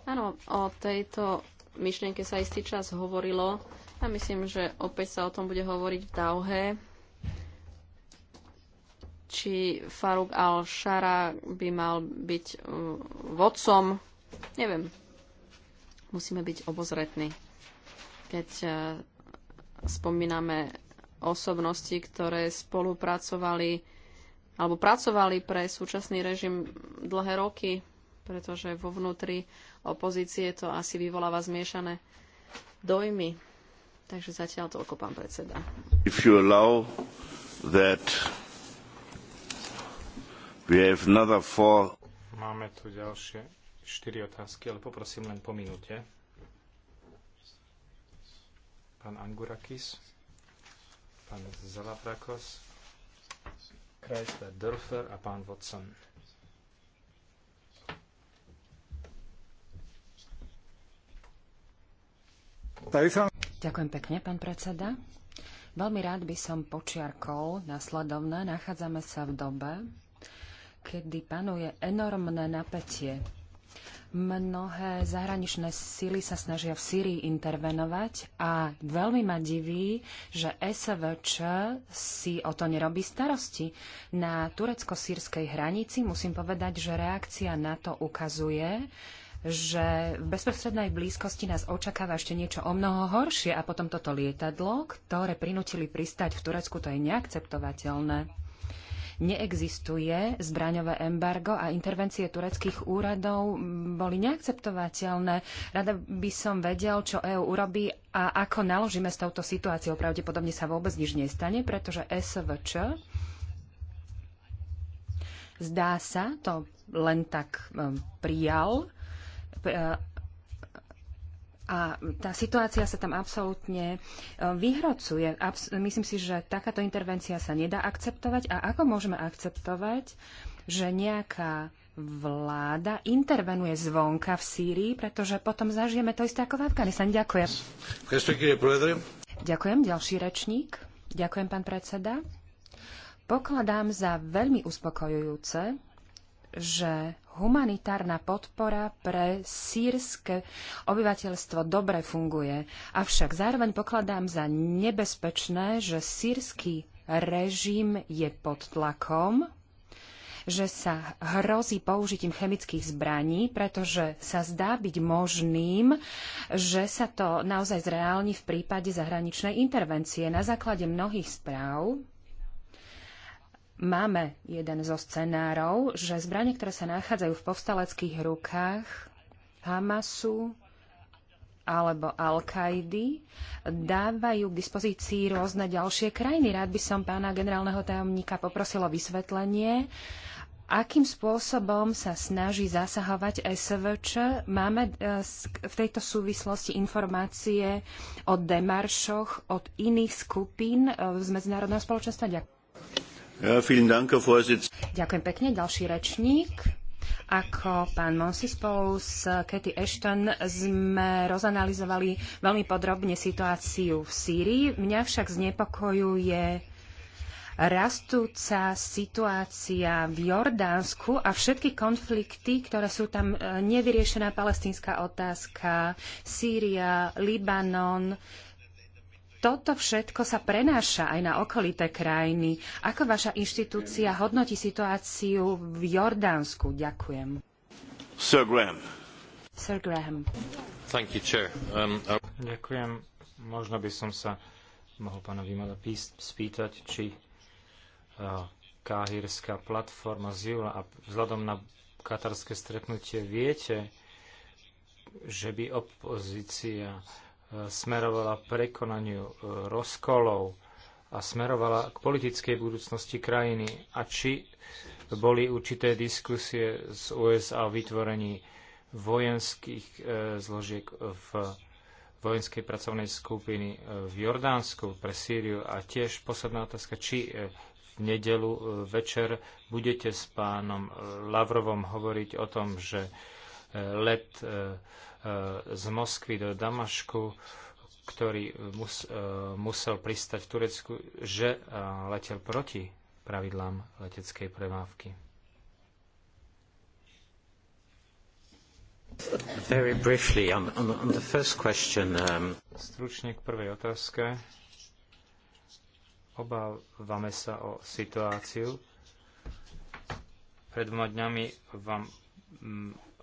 Speaker 4: Áno, o tejto myšlienke sa istý čas hovorilo a myslím, že opäť sa o tom bude hovoriť v Dauhe. Či Faruk al-Shara by mal byť e, vodcom, neviem. Musíme byť obozretní, keď e, spomíname osobnosti, ktoré spolupracovali alebo pracovali pre súčasný režim dlhé roky, pretože vo vnútri opozície to asi vyvoláva zmiešané dojmy. Takže zatiaľ toľko, pán predseda.
Speaker 1: If you allow that we have another four...
Speaker 5: Máme tu ďalšie štyri otázky, ale poprosím len po minúte. Pán Angurakis, pán Zalaprakos, Kreisler Dörfer a pán Watson.
Speaker 2: Ďakujem pekne, pán predseda. Veľmi rád by som počiarkol nasledovné. Nachádzame sa v dobe, kedy panuje enormné napätie Mnohé zahraničné sily sa snažia v Sýrii intervenovať a veľmi ma diví, že SVČ si o to nerobí starosti. Na turecko-sírskej hranici musím povedať, že reakcia na to ukazuje, že v bezprostrednej blízkosti nás očakáva ešte niečo o mnoho horšie a potom toto lietadlo, ktoré prinútili pristať v Turecku, to je neakceptovateľné neexistuje zbraňové embargo a intervencie tureckých úradov boli neakceptovateľné. Rada by som vedel, čo EÚ urobí a ako naložíme s touto situáciou. Pravdepodobne sa vôbec nič nestane, pretože SVČ Zdá sa, to len tak e, prijal e, a tá situácia sa tam absolútne e, vyhrocuje. Abs myslím si, že takáto intervencia sa nedá akceptovať. A ako môžeme akceptovať, že nejaká vláda intervenuje zvonka v Sýrii, pretože potom zažijeme to isté ako v Afganistane. Ďakujem. Ďakujem, ďalší rečník. Ďakujem, pán predseda. Pokladám za veľmi uspokojujúce, že humanitárna podpora pre sírske obyvateľstvo dobre funguje, avšak zároveň pokladám za nebezpečné, že sírsky režim je pod tlakom, že sa hrozí použitím chemických zbraní, pretože sa zdá byť možným, že sa to naozaj zreálni v prípade zahraničnej intervencie. Na základe mnohých správ máme jeden zo scenárov, že zbranie, ktoré sa nachádzajú v povstaleckých rukách Hamasu alebo Al-Kaidy, dávajú k dispozícii rôzne ďalšie krajiny. Rád by som pána generálneho tajomníka poprosil o vysvetlenie, akým spôsobom sa snaží zasahovať SVČ. Máme e, v tejto súvislosti informácie o demaršoch od iných skupín e, z medzinárodného spoločenstva. Ďakujem.
Speaker 1: Ja, Dank,
Speaker 2: Ďakujem pekne. Ďalší rečník. Ako pán Monsi spolu s Katy Ashton sme rozanalizovali veľmi podrobne situáciu v Sýrii. Mňa však znepokojuje rastúca situácia v Jordánsku a všetky konflikty, ktoré sú tam e, nevyriešená palestínska otázka, Sýria, Libanon, toto všetko sa prenáša aj na okolité krajiny. Ako vaša inštitúcia hodnotí situáciu v Jordánsku? Ďakujem.
Speaker 1: Sir Graham.
Speaker 2: Sir Graham.
Speaker 5: Thank you, chair. Um, uh... Ďakujem. Možno by som sa mohol pána Mada spýtať, či uh, káhirská platforma z júla a vzhľadom na katarské stretnutie viete, že by opozícia uh, smerovala prekonaniu e, rozkolov a smerovala k politickej budúcnosti krajiny a či boli určité diskusie z USA o vytvorení vojenských e, zložiek v vojenskej pracovnej skupiny e, v Jordánsku pre Sýriu a tiež posledná otázka, či v nedelu večer budete s pánom Lavrovom hovoriť o tom, že let e, e, z Moskvy do Damašku, ktorý mus, e, musel pristať v Turecku, že letel proti pravidlám leteckej premávky. Very briefly, on, on, on the first question, um... Stručne k prvej otázke. Obávame sa o situáciu. Pred dvoma dňami vám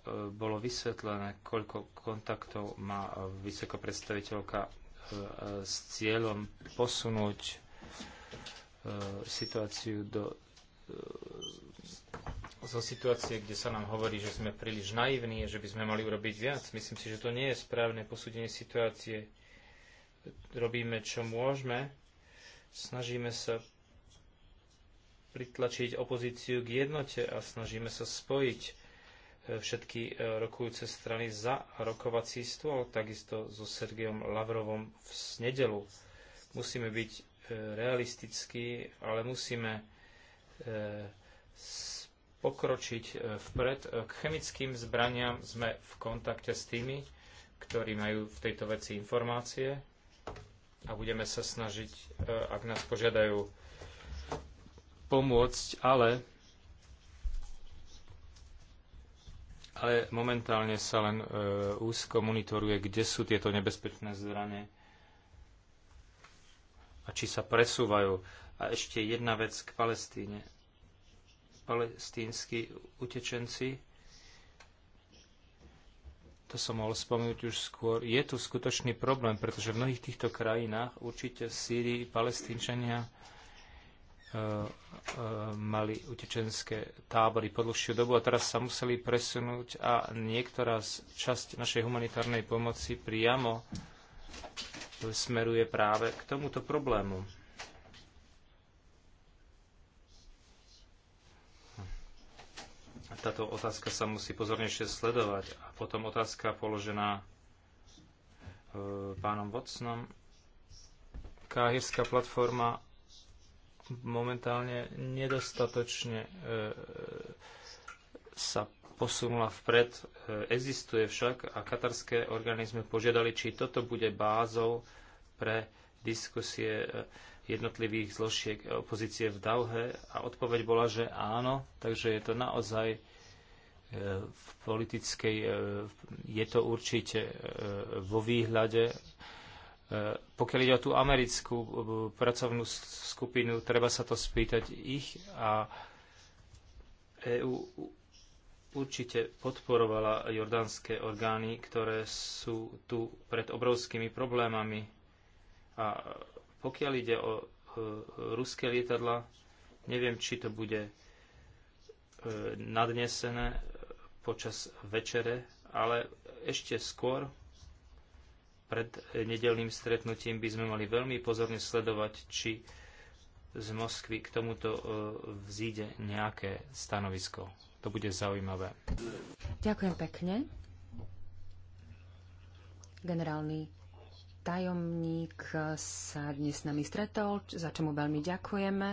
Speaker 5: E, bolo vysvetlené, koľko kontaktov má vysoká predstaviteľka e, e, s cieľom posunúť situáciu do zo situácie, kde sa nám hovorí, že sme príliš naivní, že by sme mali urobiť viac. Myslím si, že to nie je správne posúdenie situácie. Robíme, čo môžeme. Snažíme sa pritlačiť opozíciu k jednote a snažíme sa spojiť všetky e, rokujúce strany za rokovací stôl, takisto so Sergejom Lavrovom v nedelu. Musíme byť e, realistickí, ale musíme e, pokročiť vpred. K chemickým zbraniam sme v kontakte s tými, ktorí majú v tejto veci informácie a budeme sa snažiť, ak nás požiadajú, pomôcť, ale ale momentálne sa len e, úzko monitoruje, kde sú tieto nebezpečné zranie a či sa presúvajú. A ešte jedna vec k Palestíne. Palestínsky utečenci, to som mohol spomenúť už skôr, je tu skutočný problém, pretože v mnohých týchto krajinách, určite v Sýrii, palestínčania, E, e, mali utečenské tábory po dlhšiu dobu a teraz sa museli presunúť a niektorá z časť našej humanitárnej pomoci priamo smeruje práve k tomuto problému. Táto otázka sa musí pozornejšie sledovať. A potom otázka položená e, pánom Vocnom. Káhirská platforma momentálne nedostatočne e, sa posunula vpred. E, existuje však a katarské organizmy požiadali, či toto bude bázou pre diskusie e, jednotlivých zložiek opozície v Dauhe a odpoveď bola, že áno, takže je to naozaj v politickej, je to určite vo výhľade E, pokiaľ ide o tú americkú e, pracovnú skupinu, treba sa to spýtať ich a EU určite podporovala jordánske orgány, ktoré sú tu pred obrovskými problémami. A pokiaľ ide o e, ruské lietadla, neviem, či to bude e, nadnesené počas večere, ale ešte skôr pred nedelným stretnutím by sme mali veľmi pozorne sledovať, či z Moskvy k tomuto e, vzíde nejaké stanovisko. To bude zaujímavé.
Speaker 2: Ďakujem pekne. Generálny tajomník sa dnes s nami stretol, za čo mu veľmi ďakujeme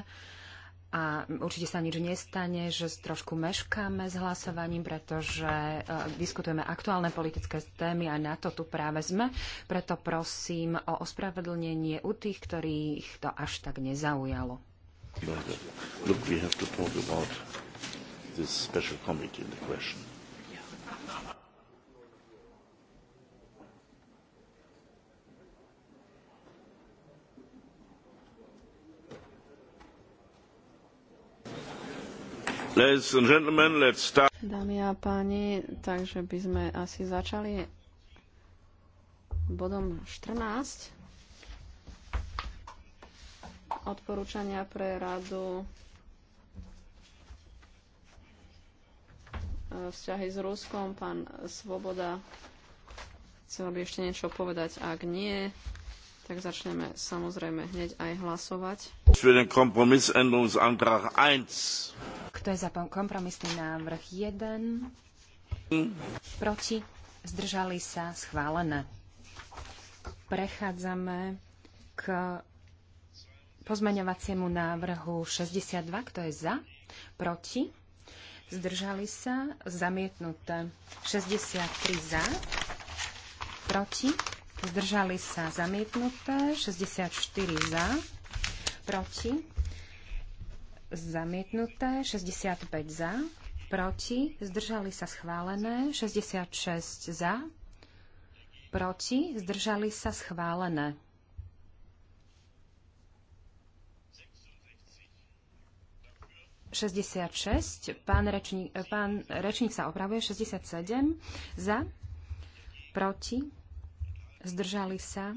Speaker 2: a určite sa nič nestane, že trošku meškáme s hlasovaním, pretože e, diskutujeme aktuálne politické témy a na to tu práve sme. Preto prosím o ospravedlnenie u tých, ktorých to až tak nezaujalo.
Speaker 1: Look, we have to talk about this special committee in the question.
Speaker 4: Dámy a páni, takže by sme asi začali bodom 14. Odporúčania pre radu e, vzťahy s Ruskom. Pán Svoboda chcel by ešte niečo povedať, ak nie, tak začneme samozrejme hneď aj hlasovať.
Speaker 2: Kto je za kompromisný návrh 1? Proti? Zdržali sa? Schválené. Prechádzame k pozmeňovaciemu návrhu 62. Kto je za? Proti? Zdržali sa? Zamietnuté. 63 za? Proti? zdržali sa zamietnuté, 64 za, proti, zamietnuté, 65 za, proti, zdržali sa schválené, 66 za, proti, zdržali sa schválené. 66, pán rečník, pán rečník sa opravuje, 67, za, proti, Zdržali sa?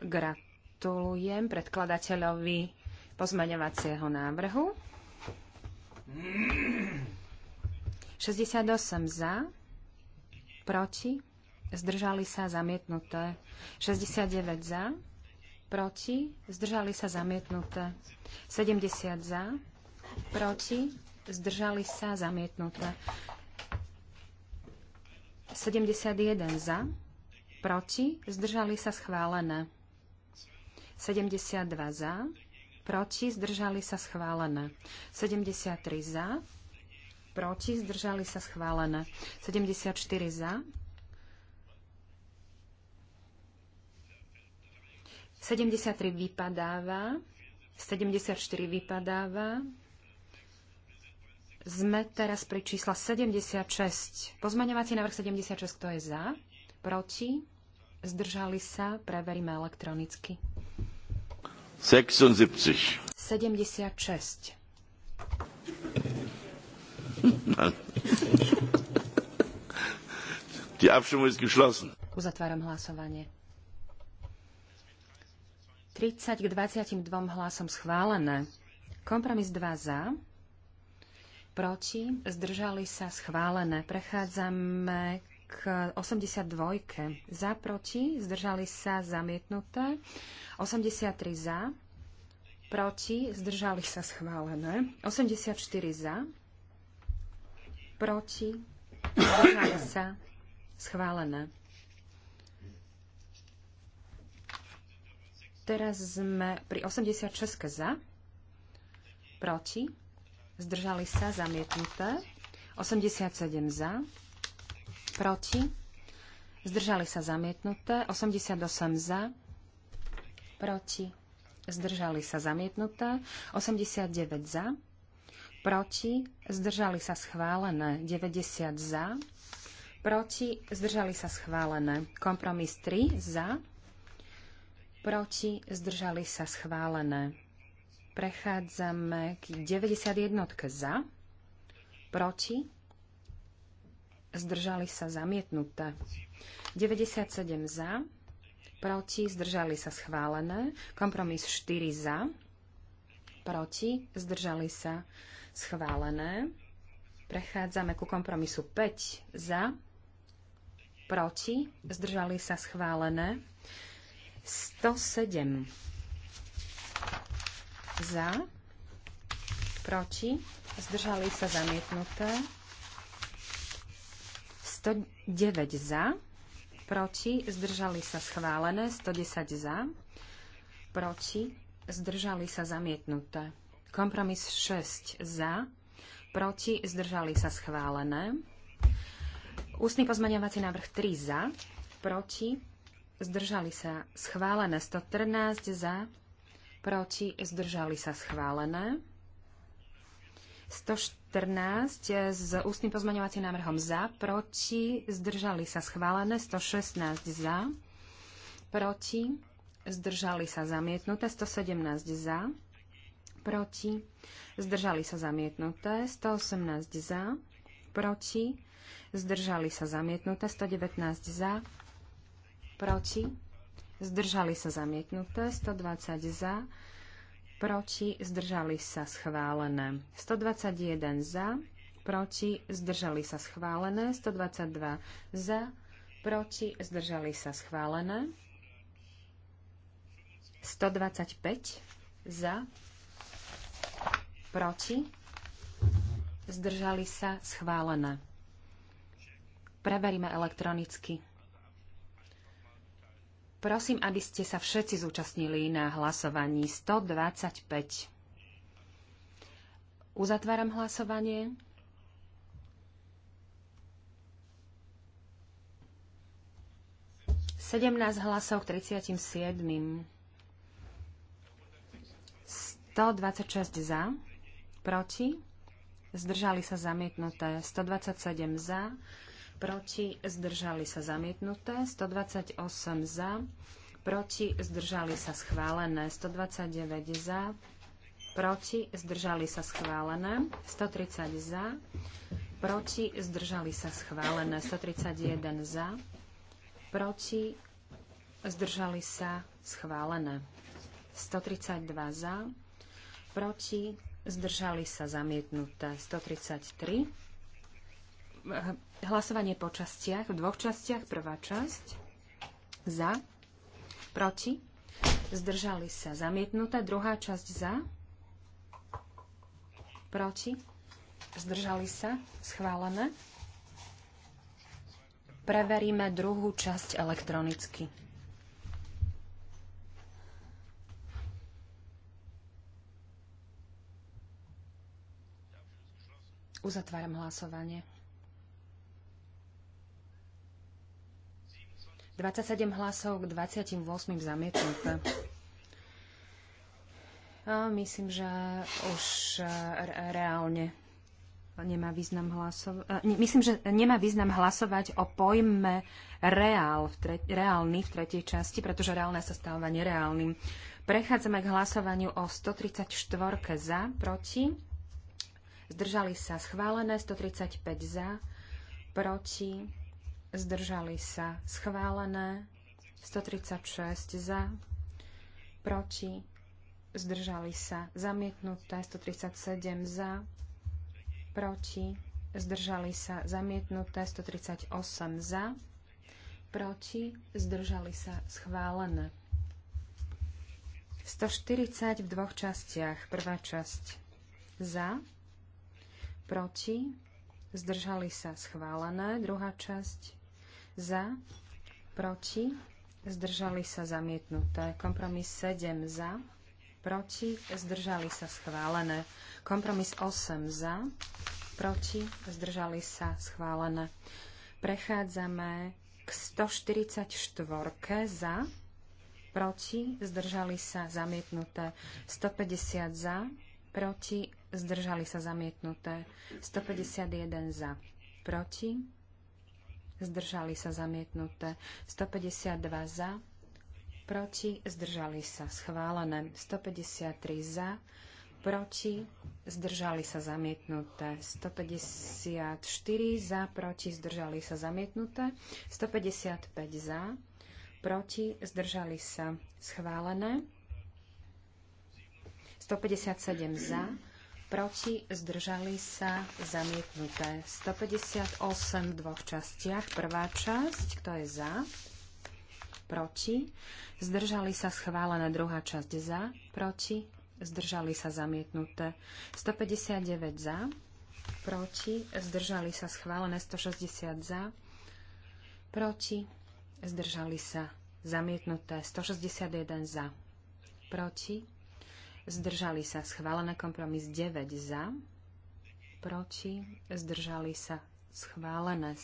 Speaker 2: Gratulujem predkladateľovi pozmaňovacieho návrhu. 68 za, proti, zdržali sa zamietnuté. 69 za, proti, zdržali sa zamietnuté. 70 za, proti, zdržali sa zamietnuté. 71 za, proti, zdržali sa schválené. 72 za, proti, zdržali sa schválené. 73 za, proti, zdržali sa schválené. 74 za, 73 vypadáva, 74 vypadáva. Sme teraz pri čísla 76. Pozmaňovací návrh 76, kto je za? Proti? Zdržali sa? Preveríme elektronicky.
Speaker 1: 76.
Speaker 2: 76.
Speaker 1: Die Abstimmung ist geschlossen.
Speaker 2: Uzatváram hlasovanie. 30 k 22 hlasom schválené. Kompromis 2 za, proti, zdržali sa schválené. Prechádzame k 82. Za, proti, zdržali sa, zamietnuté. 83 za, proti, zdržali sa, schválené. 84 za, proti, zdržali sa, schválené. Teraz sme pri 86 za, proti, zdržali sa, zamietnuté. 87 za, proti, zdržali sa zamietnuté, 88 za, proti, zdržali sa zamietnuté, 89 za, proti, zdržali sa schválené, 90 za, proti, zdržali sa schválené, kompromis 3 za, proti, zdržali sa schválené. Prechádzame k 91 za, proti, zdržali sa zamietnuté. 97 za, proti, zdržali sa schválené. Kompromis 4 za, proti, zdržali sa schválené. Prechádzame ku kompromisu 5 za, proti, zdržali sa schválené. 107 za, proti, zdržali sa zamietnuté. 109 za, proti, zdržali sa schválené, 110 za, proti, zdržali sa zamietnuté. Kompromis 6 za, proti, zdržali sa schválené. Ústny pozmaňovací návrh 3 za, proti, zdržali sa schválené, 113 za, proti, zdržali sa schválené. 114 eh, s ústnym pozmeňovacím návrhom za, proti, zdržali sa schválené, 116 za, proti, zdržali sa zamietnuté, 117 za, proti, zdržali sa zamietnuté, 118 za, proti, zdržali sa zamietnuté, 119 za, proti, zdržali sa zamietnuté, 120 za, proti, zdržali sa schválené. 121 za, proti, zdržali sa schválené. 122 za, proti, zdržali sa schválené. 125 za, proti, zdržali sa schválené. Preveríme elektronicky. Prosím, aby ste sa všetci zúčastnili na hlasovaní 125. Uzatváram hlasovanie. Sedemnásť hlasov k 37. 126 za, proti, zdržali sa zamietnuté 127 za, proti, zdržali sa zamietnuté, 128 za, proti, zdržali sa schválené, 129 za, proti, zdržali sa schválené, 130 za, proti, zdržali sa schválené, 131 za, proti, zdržali sa schválené, 132 za, proti, zdržali sa zamietnuté, 133 Hlasovanie po častiach, v dvoch častiach. Prvá časť za, proti, zdržali sa zamietnuté. Druhá časť za, proti, zdržali sa schválené. Preveríme druhú časť elektronicky. Uzatváram hlasovanie. 27 hlasov k 28 zamietnuté. A myslím, že už e, reálne nemá význam hlasovať. E, myslím, že nemá význam hlasovať o pojme reál v tre- reálny v tretej časti, pretože reálne sa stáva nereálnym. Prechádzame k hlasovaniu o 134 za, proti. Zdržali sa schválené 135 za, proti zdržali sa schválené, 136 za, proti, zdržali sa zamietnuté, 137 za, proti, zdržali sa zamietnuté, 138 za, proti, zdržali sa schválené. 140 v dvoch častiach. Prvá časť za, proti, zdržali sa schválené. Druhá časť za, proti, zdržali sa zamietnuté. Kompromis 7 za, proti, zdržali sa schválené. Kompromis 8 za, proti, zdržali sa schválené. Prechádzame k 144 za, proti, zdržali sa zamietnuté. 150 za, proti, zdržali sa zamietnuté. 151 za, proti, zdržali sa zamietnuté, 152 za, proti, zdržali sa schválené, 153 za, proti, zdržali sa zamietnuté, 154 za, proti, zdržali sa zamietnuté, 155 za, proti, zdržali sa schválené, 157 za, proti, zdržali sa, zamietnuté. 158 v dvoch častiach. Prvá časť, kto je za, proti, zdržali sa, schválená druhá časť za, proti, zdržali sa, zamietnuté. 159 za, proti, zdržali sa, schválené 160 za, proti, zdržali sa, zamietnuté 161 za, proti, zdržali sa schválené. Kompromis 9 za, proti, zdržali sa schválené.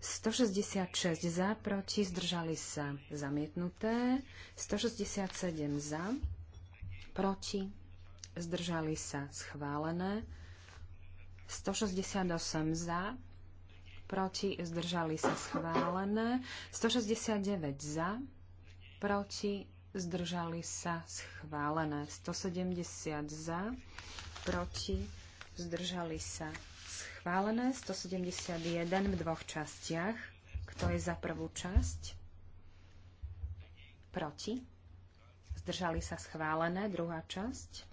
Speaker 2: 166 za, proti, zdržali sa zamietnuté. 167 za, proti, zdržali sa schválené. 168 za, proti, zdržali sa schválené. 169 za, proti, zdržali sa schválené. 170 za, proti, zdržali sa schválené. 171 v dvoch častiach. Kto je za prvú časť? Proti. Zdržali sa schválené. Druhá časť.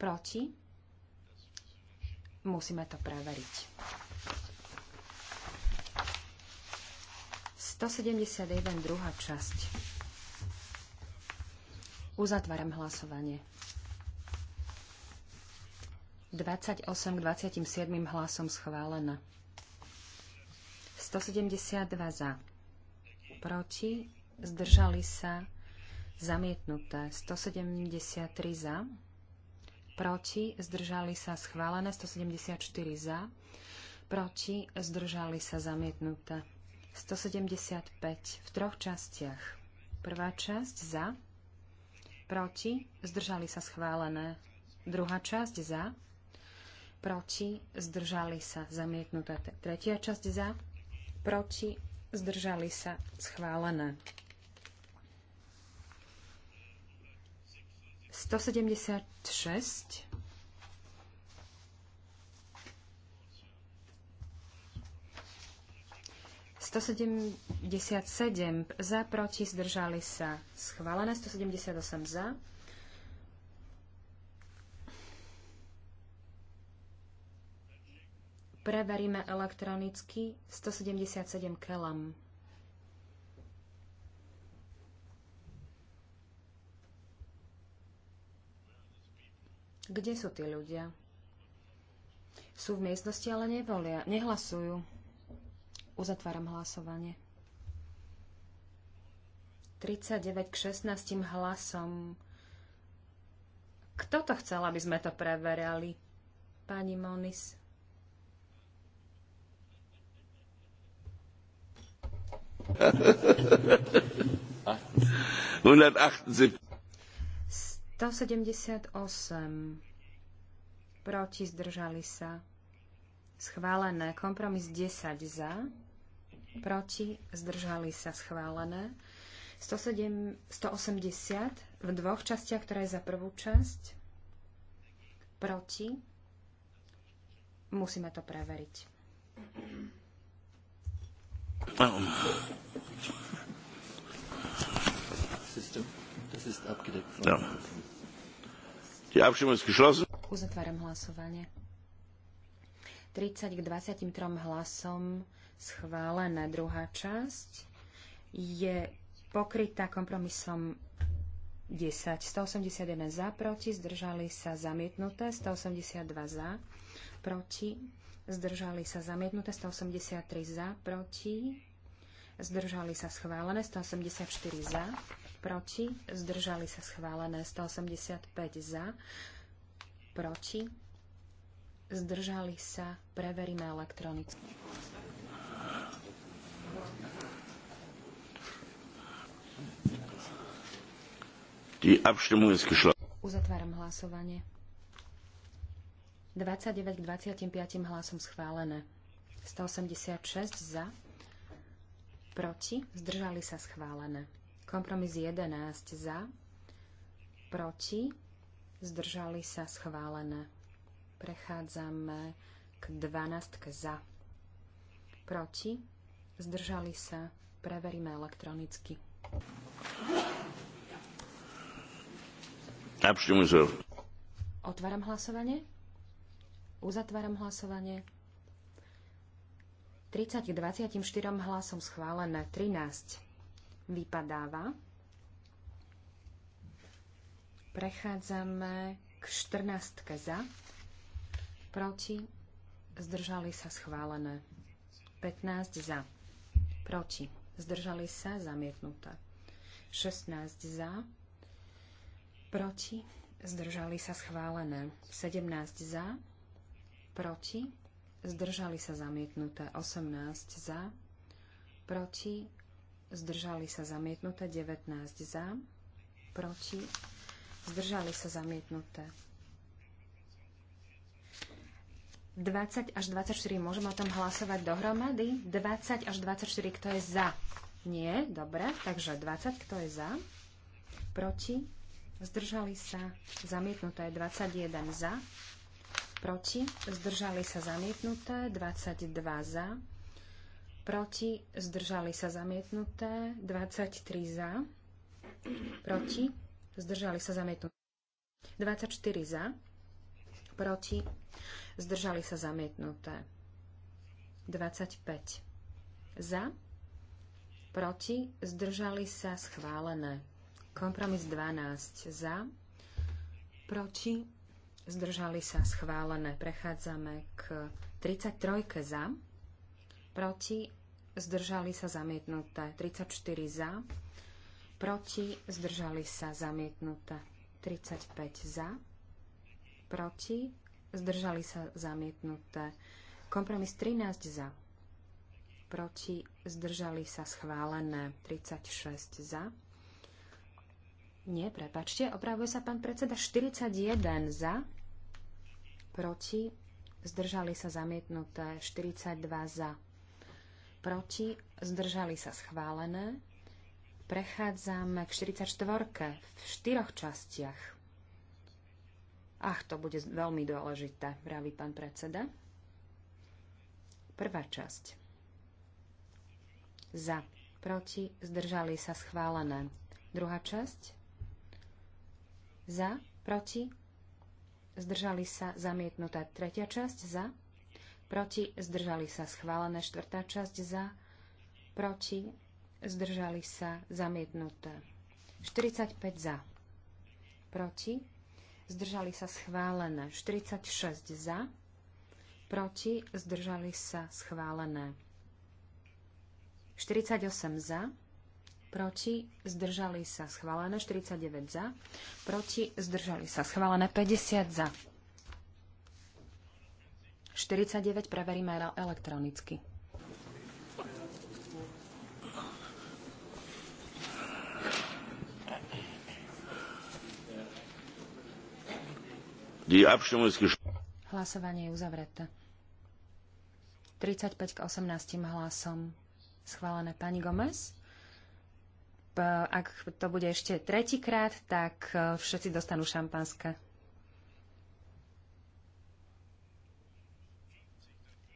Speaker 2: Proti. Musíme to preveriť. 171, druhá časť. Uzatváram hlasovanie. 28 k 27 hlasom schválená. 172 za. Proti. Zdržali sa. Zamietnuté. 173 za. Proti. Zdržali sa. Schválené. 174 za. Proti. Zdržali sa. Zamietnuté. 175 v troch častiach. Prvá časť za, proti, zdržali sa schválené. Druhá časť za, proti, zdržali sa zamietnuté. Tretia časť za, proti, zdržali sa schválené. 176 177 za, proti, zdržali sa. Schválené 178 za. Preveríme elektronicky 177 kelam. Kde sú tí ľudia? Sú v miestnosti, ale nevolia, nehlasujú. Uzatváram hlasovanie. 39 k 16 hlasom. Kto to chcel, aby sme to preverali? Pani Monis. Sto 178 Proti zdržali sa. Schválené. Kompromis 10 za proti, zdržali sa schválené. 107, 180 v dvoch častiach, ktorá je za prvú časť, proti, musíme to preveriť. Uzatváram hlasovanie. 30 k 23 hlasom Schválená Druhá časť je pokrytá kompromisom 10. 181 za, proti, zdržali sa zamietnuté, 182 za, proti, zdržali sa zamietnuté, 183 za, proti, zdržali sa schválené, 184 za, proti, zdržali sa schválené, 185 za, proti, zdržali sa, preveríme elektronicky. Uzatváram hlasovanie. 29 k 25 hlasom schválené. 186 za, proti, zdržali sa schválené. Kompromis 11 za, proti, zdržali sa schválené. Prechádzame k 12 za, proti, zdržali sa, preveríme elektronicky. Otváram hlasovanie. Uzatváram hlasovanie. 30 k 24 hlasom schválené. 13 vypadáva. Prechádzame k 14 za. Proti. Zdržali sa schválené. 15 za. Proti. Zdržali sa zamietnuté. 16 za proti, zdržali sa schválené. 17 za, proti, zdržali sa zamietnuté. 18 za, proti, zdržali sa zamietnuté. 19 za, proti, zdržali sa zamietnuté. 20 až 24, môžeme o tom hlasovať dohromady? 20 až 24, kto je za? Nie, dobre, takže 20, kto je za? Proti? zdržali sa, zamietnuté 21 za, proti, zdržali sa zamietnuté 22 za, proti, zdržali sa zamietnuté 23 za, proti, zdržali sa zamietnuté 24 za, proti, zdržali sa zamietnuté 25 za, proti, zdržali sa schválené Kompromis 12 za, proti, zdržali sa schválené. Prechádzame k 33 za, proti, zdržali sa zamietnuté. 34 za, proti, zdržali sa zamietnuté. 35 za, proti, zdržali sa zamietnuté. Kompromis 13 za, proti, zdržali sa schválené. 36 za, nie, prepačte, opravuje sa pán predseda. 41 za, proti, zdržali sa zamietnuté. 42 za, proti, zdržali sa schválené. Prechádzame k 44 v štyroch častiach. Ach, to bude veľmi dôležité, vraví pán predseda. Prvá časť. Za, proti, zdržali sa schválené. Druhá časť za, proti, zdržali sa zamietnutá tretia časť za, proti, zdržali sa schválené štvrtá časť za, proti, zdržali sa zamietnuté 45 za, proti, zdržali sa schválené 46 za, proti, zdržali sa schválené 48 za, proti, zdržali sa schválené, 49 za, proti, zdržali sa schválené, 50 za. 49 preveríme elektronicky. Hlasovanie je uzavreté. 35 k 18 hlasom. Schválené pani Gomez? ak to bude ešte tretíkrát, tak e, všetci dostanú šampanské.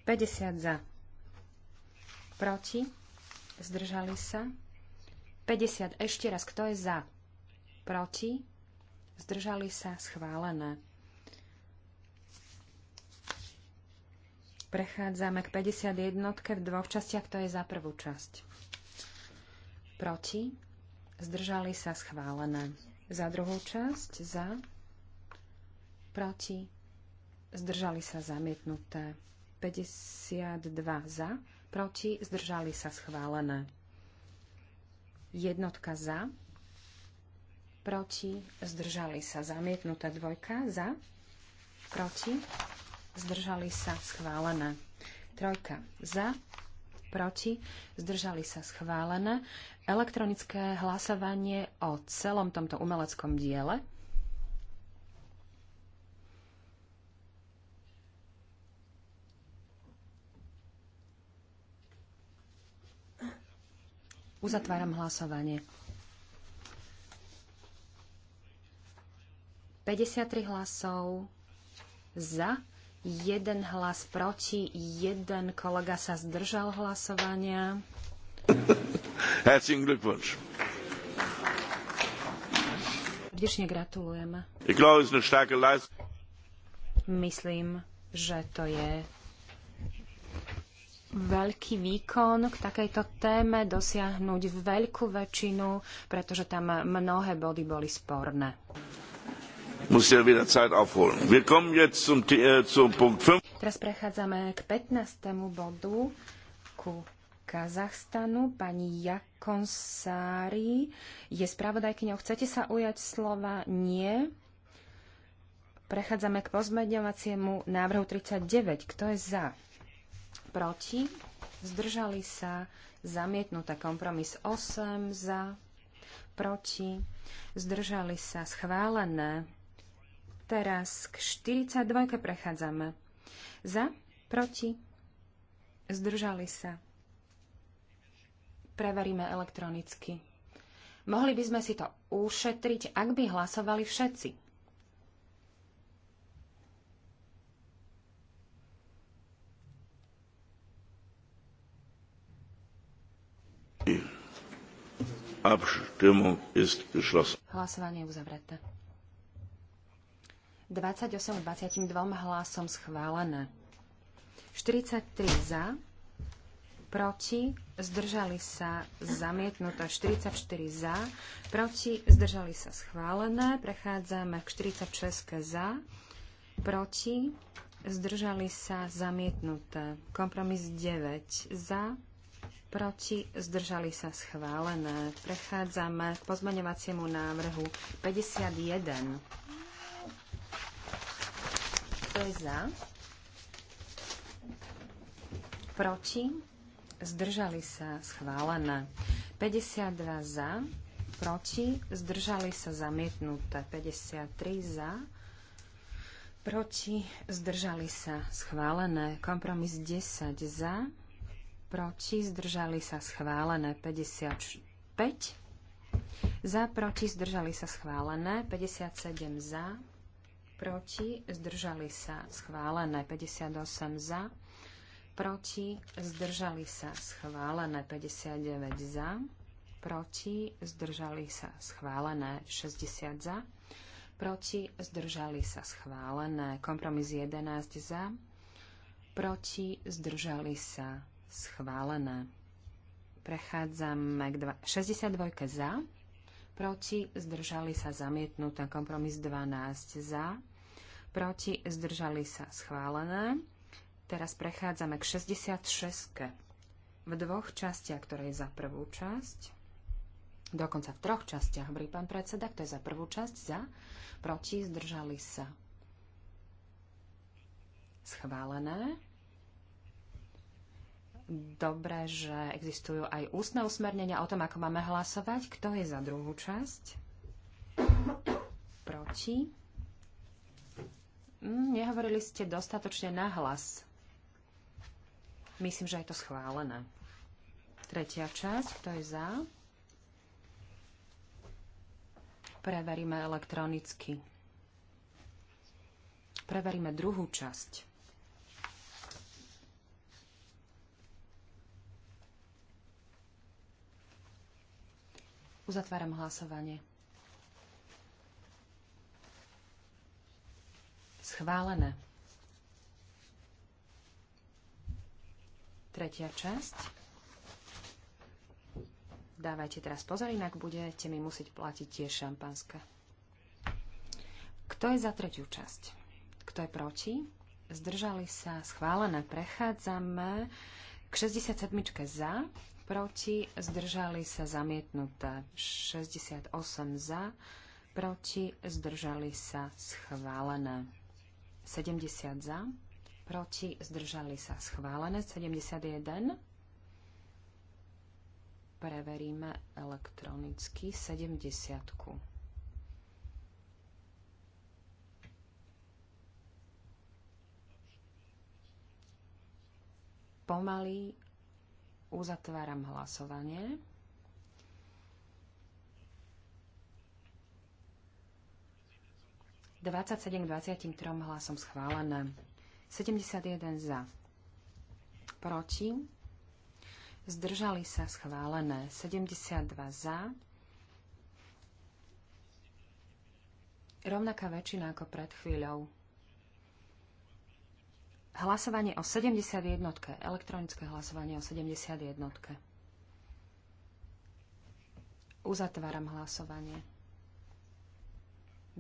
Speaker 2: 50 za. Proti. Zdržali sa. 50 ešte raz. Kto je za? Proti. Zdržali sa. Schválené. Prechádzame k 51 v dvoch častiach. Kto je za prvú časť? Proti zdržali sa schválené. Za druhú časť za, proti, zdržali sa zamietnuté. 52 za, proti, zdržali sa schválené. Jednotka za, proti, zdržali sa zamietnuté. Dvojka za, proti, zdržali sa schválené. Trojka za, proti, zdržali sa schválené. Elektronické hlasovanie o celom tomto umeleckom diele. Uzatváram hlasovanie. 53 hlasov za, jeden hlas proti, jeden kolega sa zdržal hlasovania.
Speaker 1: Herzlichen Glückwunsch.
Speaker 2: Srdečne Myslím, že to je veľký výkon k takejto téme, dosiahnuť veľkú väčšinu, pretože tam mnohé body boli sporné
Speaker 1: wieder Zeit aufholen. Wir kommen jetzt zum, äh, Punkt
Speaker 2: Teraz prechádzame k 15. bodu ku Kazachstanu. Pani Jakonsári je spravodajkyňou. Chcete sa ujať slova? Nie. Prechádzame k pozmeňovaciemu návrhu 39. Kto je za? Proti? Zdržali sa? Zamietnuté kompromis 8 za, proti, zdržali sa schválené Teraz k 42 prechádzame. Za, proti, zdržali sa. Preveríme elektronicky. Mohli by sme si to ušetriť, ak by hlasovali všetci. Hlasovanie je uzavreté. 28 k 22 hlasom schválené. 43 za, proti, zdržali sa zamietnuté 44 za, proti, zdržali sa schválené, prechádzame k 46 za, proti, zdržali sa zamietnuté, kompromis 9 za, proti, zdržali sa schválené, prechádzame k pozmaňovaciemu návrhu 51 kto je za? Proti? Zdržali sa schválené. 52 za, proti, zdržali sa zamietnuté. 53 za, proti, zdržali sa schválené. Kompromis 10 za, proti, zdržali sa schválené. 55 za, proti, zdržali sa schválené. 57 za, proti, zdržali sa schválené 58 za, proti, zdržali sa schválené 59 za, proti, zdržali sa schválené 60 za, proti, zdržali sa schválené kompromis 11 za, proti, zdržali sa schválené. Prechádzame k 62 za, proti, zdržali sa zamietnuté kompromis 12 za, proti, zdržali sa schválené. Teraz prechádzame k 66. V dvoch častiach, ktoré je za prvú časť, dokonca v troch častiach, hovorí pán predseda, to je za prvú časť, za, proti, zdržali sa schválené. Dobre, že existujú aj ústne usmernenia o tom, ako máme hlasovať. Kto je za druhú časť? Proti? Nehovorili ste dostatočne nahlas. Myslím, že je to schválené. Tretia časť, kto je za? Preveríme elektronicky. Preveríme druhú časť. Uzatváram hlasovanie. Schválené. Tretia časť. Dávajte teraz pozor, inak budete mi musieť platiť tiež šampanské. Kto je za tretiu časť? Kto je proti? Zdržali sa schválené. Prechádzame k 67. za, proti, zdržali sa zamietnuté. 68 za, proti, zdržali sa schválené. 70 za, proti, zdržali sa schválené, 71. Preveríme elektronicky 70. -ku. Pomaly uzatváram hlasovanie. 27 23 hlasom schválené. 71 za. Proti. Zdržali sa schválené. 72 za. Rovnaká väčšina ako pred chvíľou. Hlasovanie o 71. Elektronické hlasovanie o 71. Uzatváram hlasovanie.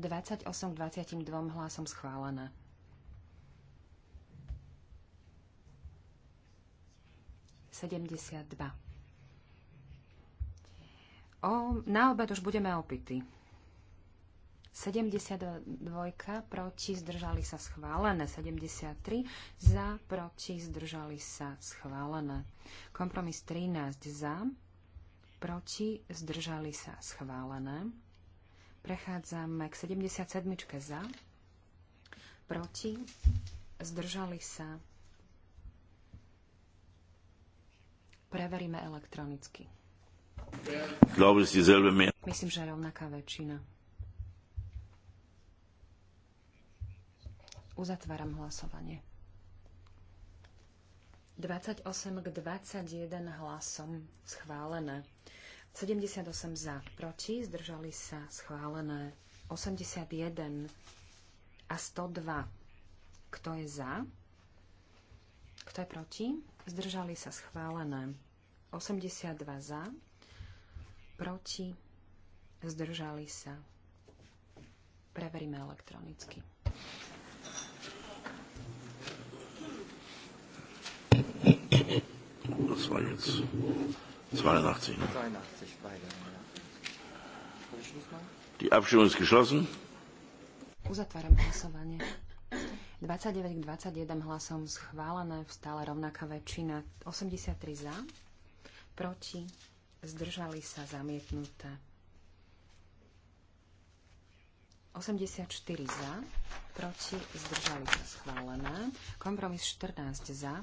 Speaker 2: 28 22 hlasom schválená. Sedemdesiat dva. O, na obed už budeme opity. 72 proti zdržali sa schválené, 73 za proti zdržali sa schválené. Kompromis 13 za proti zdržali sa schválené. Prechádzame k 77. za. Proti. Zdržali sa. Preveríme elektronicky. Myslím, že rovnaká väčšina. Uzatváram hlasovanie. 28 k 21 hlasom schválené. 78 za, proti, zdržali sa schválené 81 a 102. Kto je za? Kto je proti? Zdržali sa schválené 82 za, proti, zdržali sa. Preveríme elektronicky.
Speaker 1: Das 82. Ne? Die Abstimmung ist geschlossen.
Speaker 2: Uzatváram hlasovanie. 29 k 21 hlasom schválené, stále rovnaká väčšina. 83 za, proti, zdržali sa zamietnuté. 84 za, proti, zdržali sa schválené. Kompromis 14 za,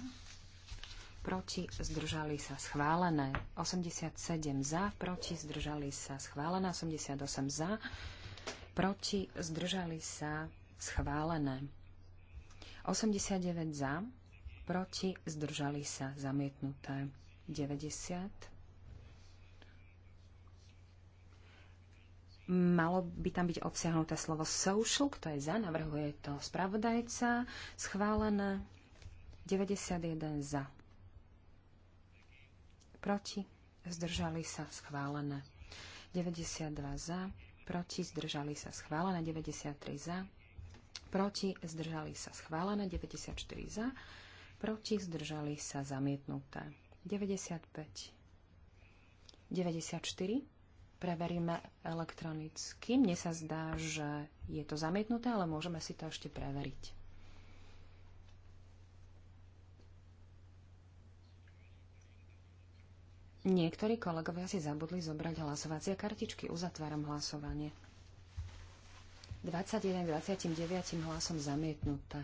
Speaker 2: proti, zdržali sa schválené. 87 za, proti, zdržali sa schválené. 88 za, proti, zdržali sa schválené. 89 za, proti, zdržali sa zamietnuté. 90. Malo by tam byť obsiahnuté slovo social, kto je za, navrhuje to spravodajca, schválené. 91 za, proti, zdržali sa schválené. 92 za, proti, zdržali sa schválené. 93 za, proti, zdržali sa schválené. 94 za, proti, zdržali sa zamietnuté. 95. 94. Preveríme elektronicky. Mne sa zdá, že je to zamietnuté, ale môžeme si to ešte preveriť. Niektorí kolegovia si zabudli zobrať hlasovacie kartičky. Uzatváram hlasovanie. 21 29 hlasom zamietnuté.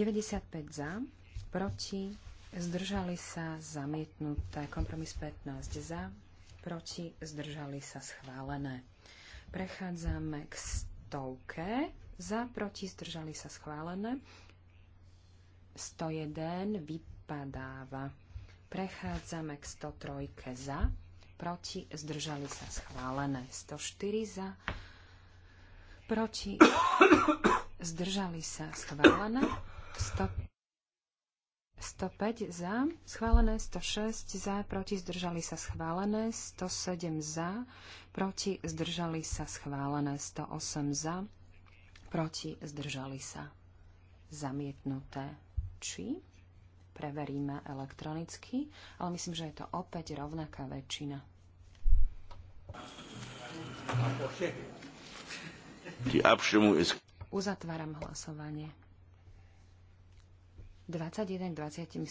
Speaker 2: 95 za, proti, zdržali sa zamietnuté. Kompromis 15 za, proti, zdržali sa schválené. Prechádzame k stovke. Za, proti, zdržali sa schválené. 101 vypadáva. Prechádzame k 103 za, proti, zdržali sa schválené. 104 za, proti, zdržali sa schválené. 100, 105 za, schválené 106 za, proti zdržali sa schválené 107 za, proti zdržali sa schválené 108 za, proti zdržali sa zamietnuté. Či? preveríme elektronicky, ale myslím, že je to opäť rovnaká väčšina. Uzatváram hlasovanie. 21 27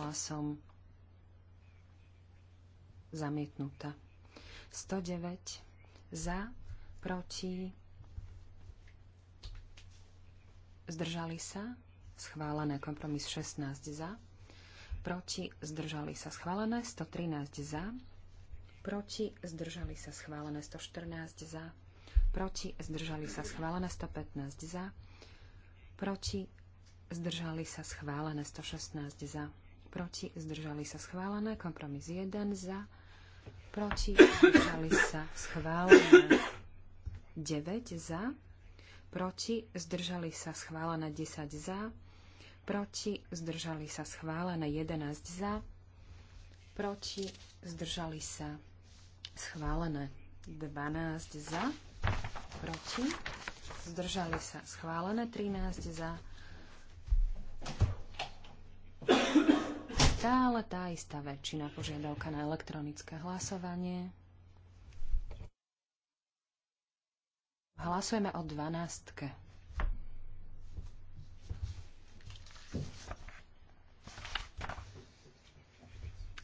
Speaker 2: hlasom zamietnutá. 109 za, proti, zdržali sa, schválené. Kompromis 16 za, proti, zdržali sa schválené. 113 za, proti, zdržali sa schválené. 114 za, proti, zdržali sa schválené. 115 za, proti, zdržali sa schválené. 116 za, proti, zdržali sa schválené. Kompromis 1 za, proti, zdržali sa schválené. 9 za, proti, zdržali sa schválené 10 za, proti, zdržali sa schválené 11 za, proti, zdržali sa schválené 12 za, proti, zdržali sa schválené 13 za, stále tá istá väčšina požiadavka na elektronické hlasovanie. Hlasujeme o dvanástke.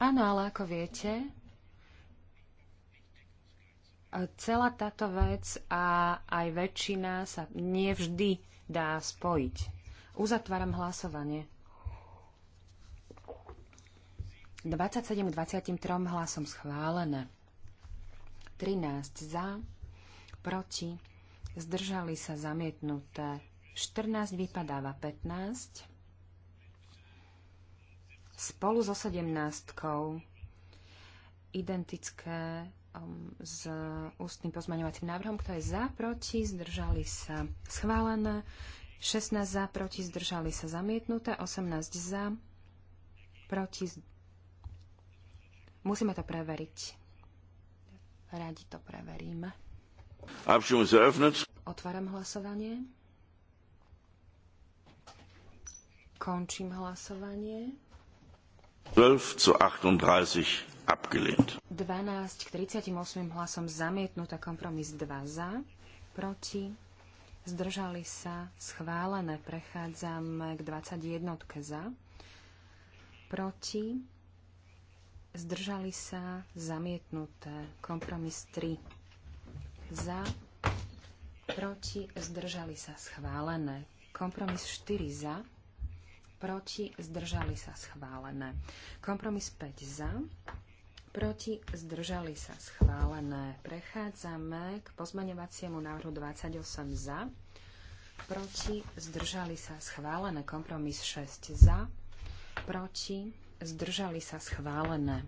Speaker 2: Áno, ale ako viete, celá táto vec a aj väčšina sa nevždy dá spojiť. Uzatváram hlasovanie. 27 23 hlasom schválené. 13 za, proti zdržali sa zamietnuté. 14 vypadáva 15. Spolu so 17 identické um, s ústnym pozmaňovacím návrhom, kto je za, proti, zdržali sa schválené, 16 za, proti, zdržali sa zamietnuté, 18 za, proti, musíme to preveriť. Radi to preveríme. Otváram hlasovanie. Končím hlasovanie.
Speaker 1: 12 zu 38 abgelehnt.
Speaker 2: 12 k 38 hlasom zamietnutá kompromis 2 za, proti, zdržali sa, schválené, Prechádzam k 21 za, proti, zdržali sa, zamietnuté, kompromis 3 za, proti, zdržali sa schválené. Kompromis 4 za, proti, zdržali sa schválené. Kompromis 5 za, proti, zdržali sa schválené. Prechádzame k pozmaňovaciemu návrhu 28 za, proti, zdržali sa schválené. Kompromis 6 za, proti, zdržali sa schválené.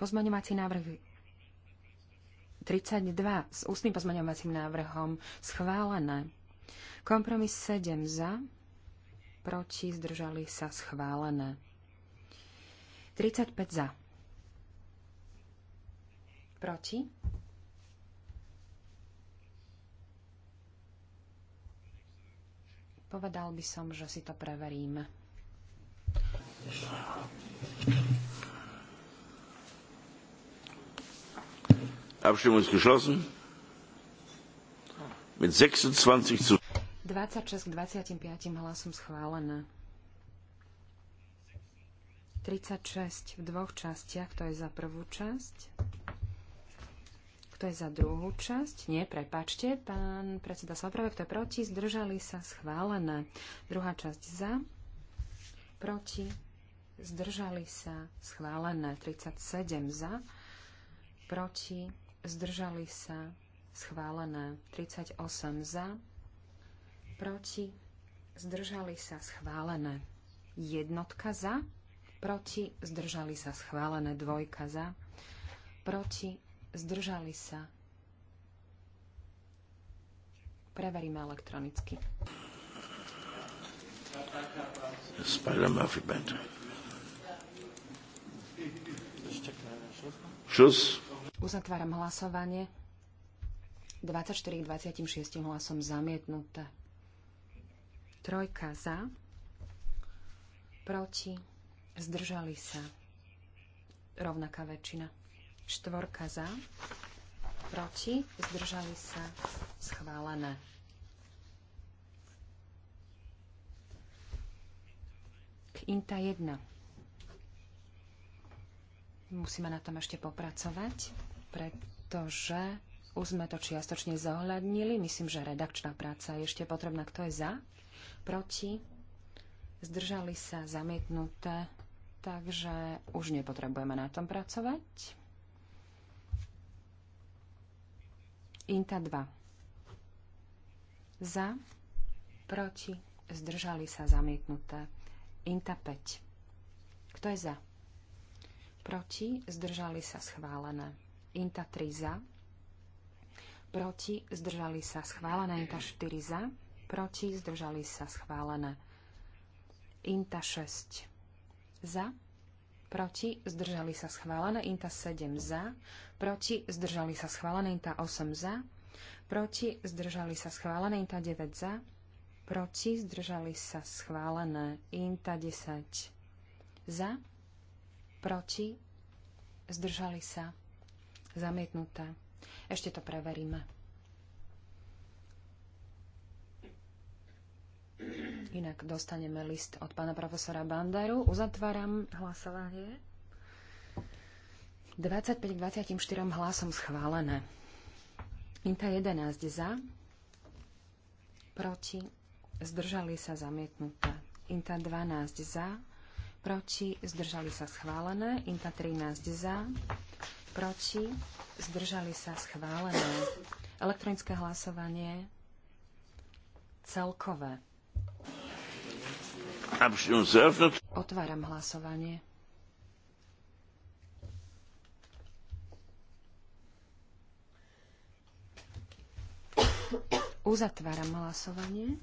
Speaker 2: Pozmaňovací návrh 32 s ústnym pozmeňovacím návrhom schválené. Kompromis 7 za, proti, zdržali sa schválené. 35 za. Proti. Povedal by som, že si to preveríme.
Speaker 1: Abstimmung ist geschlossen. Mit 26 zu
Speaker 2: 26 k 25 hlasom schválené. 36 v dvoch častiach. Kto je za prvú časť? Kto je za druhú časť? Nie, prepačte, pán predseda Slaprave, kto je proti? Zdržali sa schválené. Druhá časť za, proti, zdržali sa schválené. 37 za, proti, zdržali sa, schválené. 38 za, proti, zdržali sa, schválené. Jednotka za, proti, zdržali sa, schválené. Dvojka za, proti, zdržali sa. Preveríme elektronicky.
Speaker 1: Spider-Murphy Band.
Speaker 2: Uzatváram hlasovanie. 24 26 hlasom zamietnuté. Trojka za. Proti. Zdržali sa. Rovnaká väčšina. Štvorka za. Proti. Zdržali sa. Schválené. K INTA 1. Musíme na tom ešte popracovať pretože už sme to čiastočne zohľadnili. Myslím, že redakčná práca je ešte potrebná. Kto je za? Proti? Zdržali sa zamietnuté, takže už nepotrebujeme na tom pracovať. Inta 2. Za, proti, zdržali sa zamietnuté. Inta 5. Kto je za? Proti, zdržali sa schválené. Inta 3 za. Proti zdržali sa schválené. Inta 4 za. Proti zdržali sa schválené. Inta 6 za. Proti zdržali sa schválené. Inta 7 za. Proti zdržali sa schválené. Inta 8 za. Proti zdržali sa schválené. Inta 9 za. Proti zdržali sa schválené. Inta 10 za. Proti zdržali sa Zamietnutá. Ešte to preveríme. Inak dostaneme list od pána profesora Bandaru. Uzatváram hlasovanie. 25 k 24 hlasom schválené. Inta 11 za, proti, zdržali sa zamietnuté. Inta 12 za, proti, zdržali sa schválené. Inta 13 za, proti, zdržali sa schválené. Elektronické hlasovanie celkové. Otváram hlasovanie. Uzatváram hlasovanie.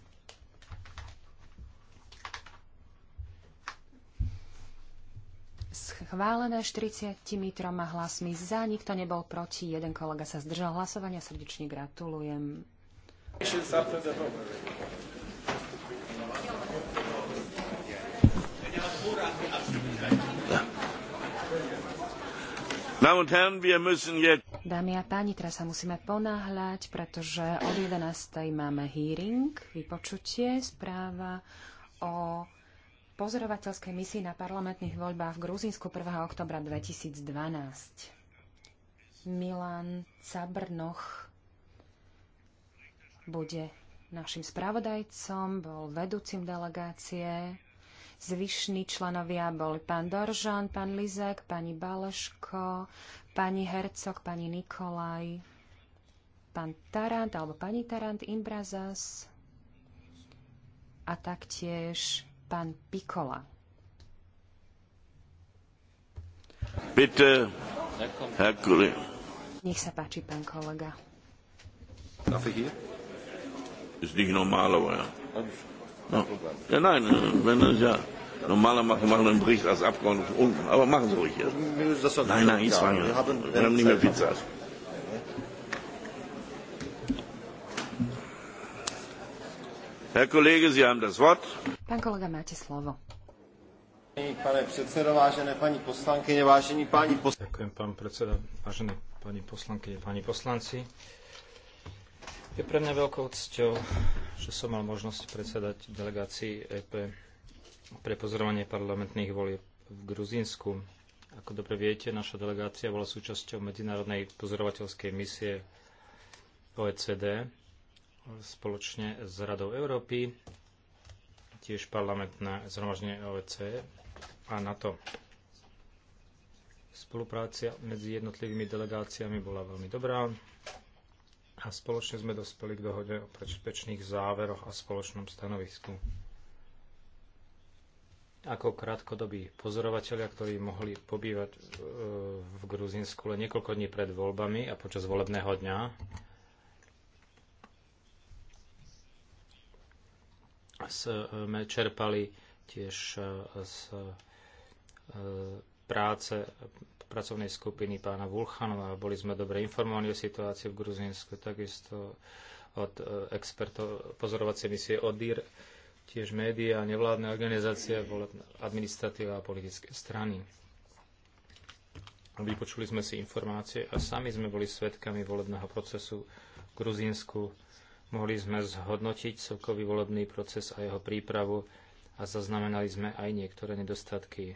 Speaker 2: schválené 43 hlasmi za, nikto nebol proti, jeden kolega sa zdržal hlasovania, srdečne gratulujem. Dámy a páni, teraz sa musíme ponáhľať, pretože od 11. máme hearing, vypočutie, správa o pozorovateľskej misii na parlamentných voľbách v Gruzínsku 1. oktobra 2012. Milan Cabrnoch bude našim spravodajcom, bol vedúcim delegácie. Zvyšní členovia boli pán Doržan, pán Lizek, pani Baleško, pani Hercog, pani Nikolaj, pán Tarant alebo pani Tarant Imbrazas a taktiež pán Pikola.
Speaker 1: Bitte, Herr Kollege.
Speaker 2: Nech sa páči, pán kolega.
Speaker 1: Darf ich hier? Ist nicht normal, aber ja. No. Ja, nein, äh, wenn das ja normaler machen, machen einen Bericht als Abgeordneter unten. Aber machen Sie ruhig jetzt.
Speaker 3: Nein, nein, ich fange. Wir haben nicht mehr Pizza.
Speaker 1: Herr Kollege, Sie haben das Wort.
Speaker 2: Pán kolega, máte slovo. Pane predsedo, vážené pani poslankyne,
Speaker 5: vážení páni poslanci. Ďakujem, pán predseda, vážené pani poslankyne, páni poslanci. Je pre mňa veľkou cťou, že som mal možnosť predsedať delegácii EP pre pozorovanie parlamentných volieb v Gruzínsku. Ako dobre viete, naša delegácia bola súčasťou medzinárodnej pozorovateľskej misie OECD spoločne s Radou Európy, tiež parlamentné zhromaždenie OEC a NATO. Spolupráca medzi jednotlivými delegáciami bola veľmi dobrá a spoločne sme dospeli k dohode o prečpečných záveroch a spoločnom stanovisku. Ako krátkodobí pozorovatelia, ktorí mohli pobývať e, v Gruzinsku len niekoľko dní pred voľbami a počas volebného dňa, sme čerpali tiež e, z e, práce pracovnej skupiny pána Vulchanova. Boli sme dobre informovaní o situácii v Gruzínsku, takisto od e, expertov pozorovacie misie ODIR, tiež médiá, nevládne organizácie, administratíva a politické strany. Vypočuli sme si informácie a sami sme boli svedkami volebného procesu v Gruzínsku Mohli sme zhodnotiť celkový volebný proces a jeho prípravu a zaznamenali sme aj niektoré nedostatky. E,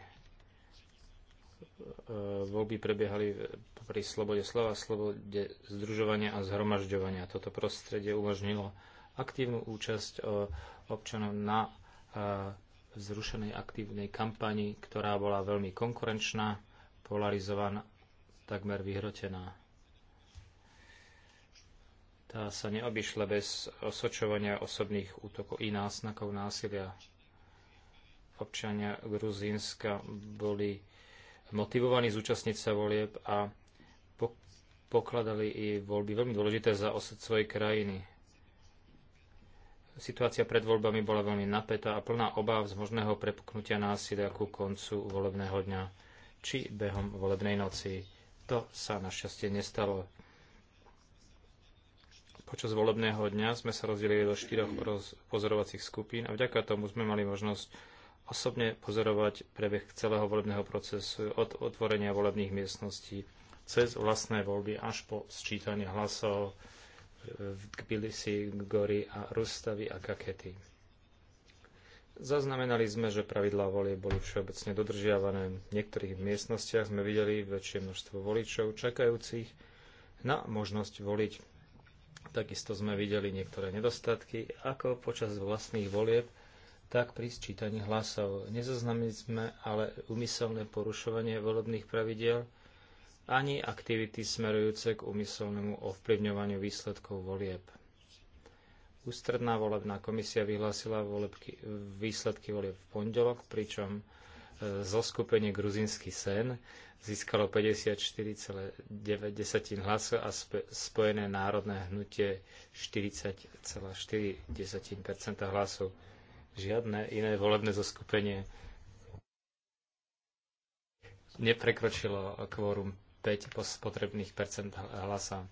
Speaker 5: voľby prebiehali pri slobode slova, slobode združovania a zhromažďovania. Toto prostredie umožnilo aktívnu účasť e, občanov na e, zrušenej aktívnej kampani, ktorá bola veľmi konkurenčná, polarizovaná, takmer vyhrotená. Tá sa neobyšla bez osočovania osobných útokov i násnakov násilia. Občania Gruzínska boli motivovaní zúčastniť sa volieb a pokladali i voľby veľmi dôležité za osud svojej krajiny. Situácia pred voľbami bola veľmi napätá a plná obáv z možného prepuknutia násilia ku koncu volebného dňa či behom volebnej noci. To sa našťastie nestalo. Počas volebného dňa sme sa rozdelili do štyroch pozorovacích skupín a vďaka tomu sme mali možnosť osobne pozorovať prebeh celého volebného procesu od otvorenia volebných miestností cez vlastné voľby až po sčítanie hlasov v Tbilisi, Gori a Rustavi a Kakety. Zaznamenali sme, že pravidlá volie boli všeobecne dodržiavané. V niektorých miestnostiach sme videli väčšie množstvo voličov čakajúcich na možnosť voliť Takisto sme videli niektoré nedostatky, ako počas vlastných volieb, tak pri sčítaní hlasov. Nezaznamenali sme ale umyselné porušovanie volebných pravidiel ani aktivity smerujúce k umyselnému ovplyvňovaniu výsledkov volieb. Ústredná volebná komisia vyhlásila volebky, výsledky volieb v pondelok, pričom zoskupenie Gruzínsky sen získalo 54,9 hlasov a Spojené národné hnutie 40,4 hlasov. Žiadne iné volebné zoskupenie neprekročilo kvórum 5 potrebných percent hlasa.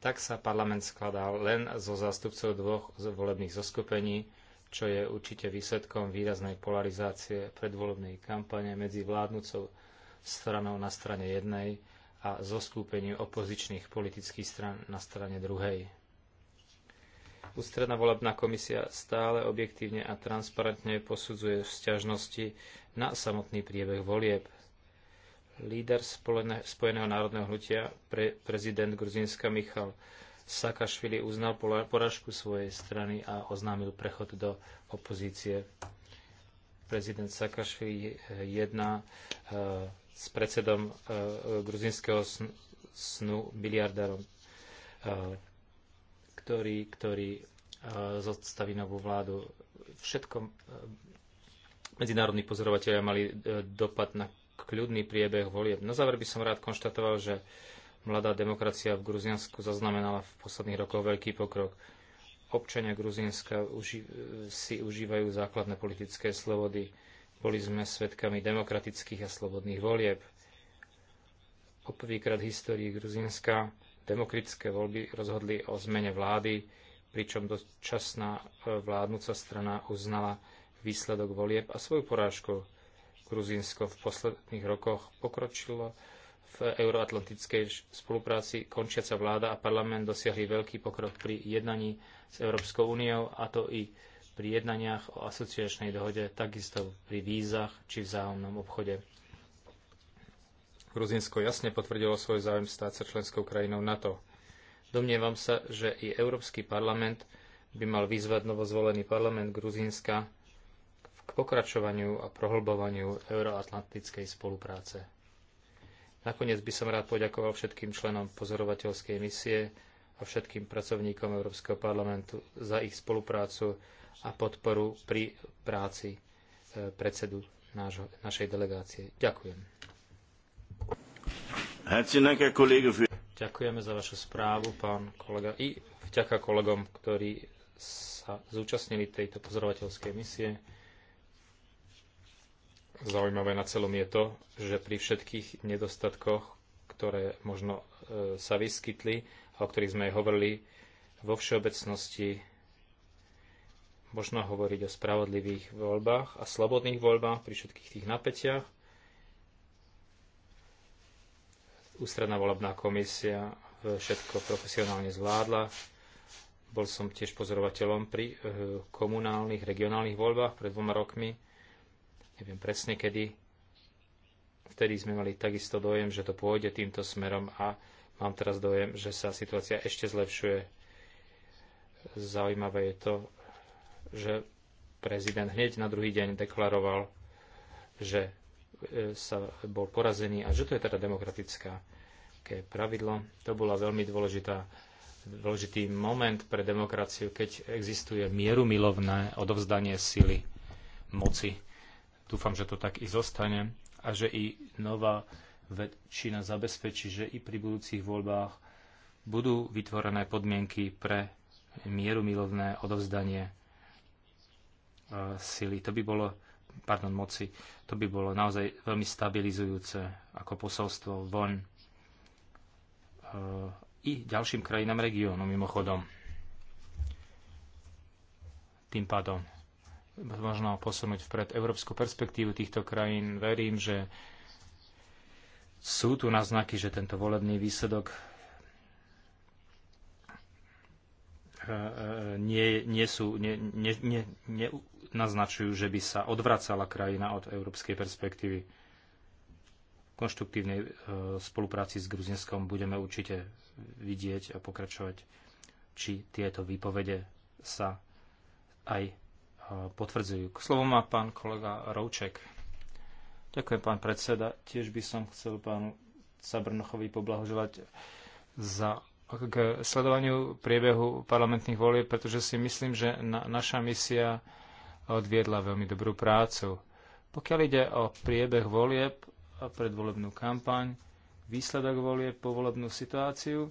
Speaker 5: Tak sa parlament skladal len zo zástupcov dvoch volebných zoskupení, čo je určite výsledkom výraznej polarizácie predvolebnej kampane medzi vládnúcou stranou na strane jednej a zoskúpením opozičných politických stran na strane druhej. Ústredná volebná komisia stále objektívne a transparentne posudzuje vzťažnosti na samotný priebeh volieb. Líder Spojeného národného hnutia, pre, prezident Gruzínska Michal Sakašvili uznal poražku svojej strany a oznámil prechod do opozície. Prezident Sakašvili jedná e, s predsedom e, gruzinského snu miliardárom, e, ktorý, ktorý zostaví novú vládu. Všetko medzinárodní pozorovateľia mali dopad na kľudný priebeh volieb. Na záver by som rád konštatoval, že Mladá demokracia v Gruziansku zaznamenala v posledných rokoch veľký pokrok. Občania Gruzienska uži- si užívajú základné politické slobody. Boli sme svedkami demokratických a slobodných volieb. Poprvýkrát v histórii Gruzienska demokratické voľby rozhodli o zmene vlády, pričom dočasná e, vládnúca strana uznala výsledok volieb a svoju porážku. Gruzínsko v posledných rokoch pokročilo v euroatlantickej spolupráci končiaca vláda a parlament dosiahli veľký pokrok pri jednaní s Európskou úniou, a to i pri jednaniach o asociačnej dohode, takisto pri vízach či vzájomnom obchode. Gruzinsko jasne potvrdilo svoj záujem stať sa členskou krajinou NATO. Domnievam sa, že i Európsky parlament by mal vyzvať novozvolený parlament Gruzínska k pokračovaniu a prohlbovaniu euroatlantickej spolupráce. Nakoniec by som rád poďakoval všetkým členom pozorovateľskej misie a všetkým pracovníkom Európskeho parlamentu za ich spoluprácu a podporu pri práci e, predsedu nášho, našej delegácie. Ďakujem. Ďakujeme za vašu správu, pán kolega, i vďaka kolegom, ktorí sa zúčastnili tejto pozorovateľskej misie zaujímavé na celom je to, že pri všetkých nedostatkoch, ktoré možno e, sa vyskytli a o ktorých sme aj hovorili, vo všeobecnosti možno hovoriť o spravodlivých voľbách a slobodných voľbách pri všetkých tých napätiach. Ústredná volebná komisia všetko profesionálne zvládla. Bol som tiež pozorovateľom pri e, komunálnych, regionálnych voľbách pred dvoma rokmi neviem presne kedy, vtedy sme mali takisto dojem, že to pôjde týmto smerom a mám teraz dojem, že sa situácia ešte zlepšuje. Zaujímavé je to, že prezident hneď na druhý deň deklaroval, že e, sa bol porazený a že to je teda demokratická pravidlo. To bola veľmi dôležitá dôležitý moment pre demokraciu, keď existuje mierumilovné odovzdanie sily, moci. Dúfam, že to tak i zostane a že i nová väčšina zabezpečí, že i pri budúcich voľbách budú vytvorené podmienky pre mierumilovné odovzdanie e, sily. To by bolo, pardon, moci, to by bolo naozaj veľmi stabilizujúce ako posolstvo voň e, i ďalším krajinám regiónu mimochodom. Tým pádom možno posunúť vpred európsku perspektívu týchto krajín. Verím, že sú tu náznaky, že tento volebný výsledok e, e, nie, nie sú, nie, nie, nie, nie naznačujú, že by sa odvracala krajina od európskej perspektívy. V konštruktívnej e, spolupráci s Gruzinskom budeme určite vidieť a pokračovať, či tieto výpovede sa aj potvrdzujú. Slovo má pán kolega Rouček. Ďakujem, pán predseda. Tiež by som chcel pánu Sabrnochovi poblahoželať za k sledovaniu priebehu parlamentných volieb, pretože si myslím, že na, naša misia odviedla veľmi dobrú prácu. Pokiaľ ide o priebeh volieb a predvolebnú kampaň, výsledok volieb, povolebnú situáciu,